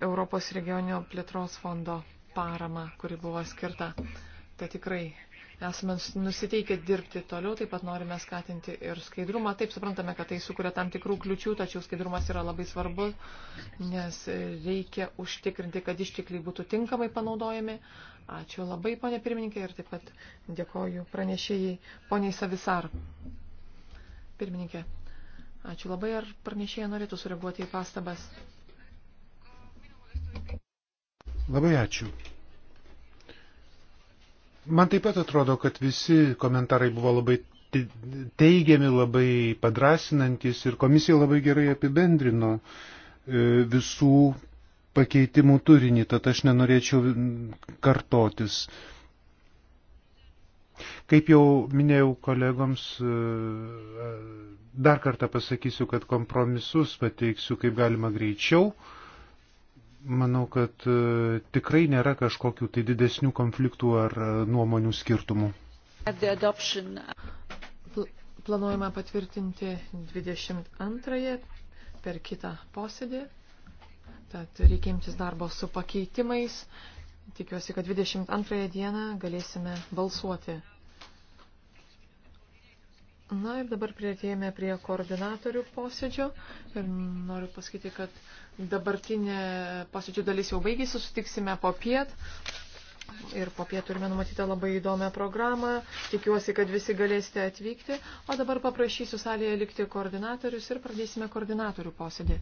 Europos regioninio plėtros fondo paramą, kuri buvo skirta. Tai tikrai esame nusiteikę dirbti toliau, taip pat norime skatinti ir skaidrumą. Taip suprantame, kad tai sukuria tam tikrų kliučių, tačiau skaidrumas yra labai svarbu, nes reikia užtikrinti, kad ištikliai būtų tinkamai panaudojami. Ačiū labai, ponė pirmininkė, ir taip pat dėkoju pranešėjai, poniai Savisar. Pirmininkė, ačiū labai, ar pranešėja norėtų sureaguoti į pastabas. Labai ačiū. Man taip pat atrodo, kad visi komentarai buvo labai teigiami, labai padrasinantis ir komisija labai gerai apibendrino e, visų pakeitimų turinį, tad aš nenorėčiau kartotis. Kaip jau minėjau kolegoms, e, e, dar kartą pasakysiu, kad kompromisus pateiksiu kaip galima greičiau Manau, kad e, tikrai nėra kažkokių tai didesnių konfliktų ar e, nuomonių skirtumų. Planuojama patvirtinti 22 per kitą posėdį. Tad reikia imtis darbo su pakeitimais. Tikiuosi, kad 22 dieną galėsime balsuoti. Na ir dabar prieartėjame prie koordinatorių posėdžio ir noriu pasakyti, kad Dabartinė posėdžių dalis jau baigėsi, sutiksime po piet. Ir po pietų turime numatytą labai įdomią programą. Tikiuosi, kad visi galėsite atvykti. O dabar paprašysiu salėje likti koordinatorius ir pradėsime koordinatorių posėdį.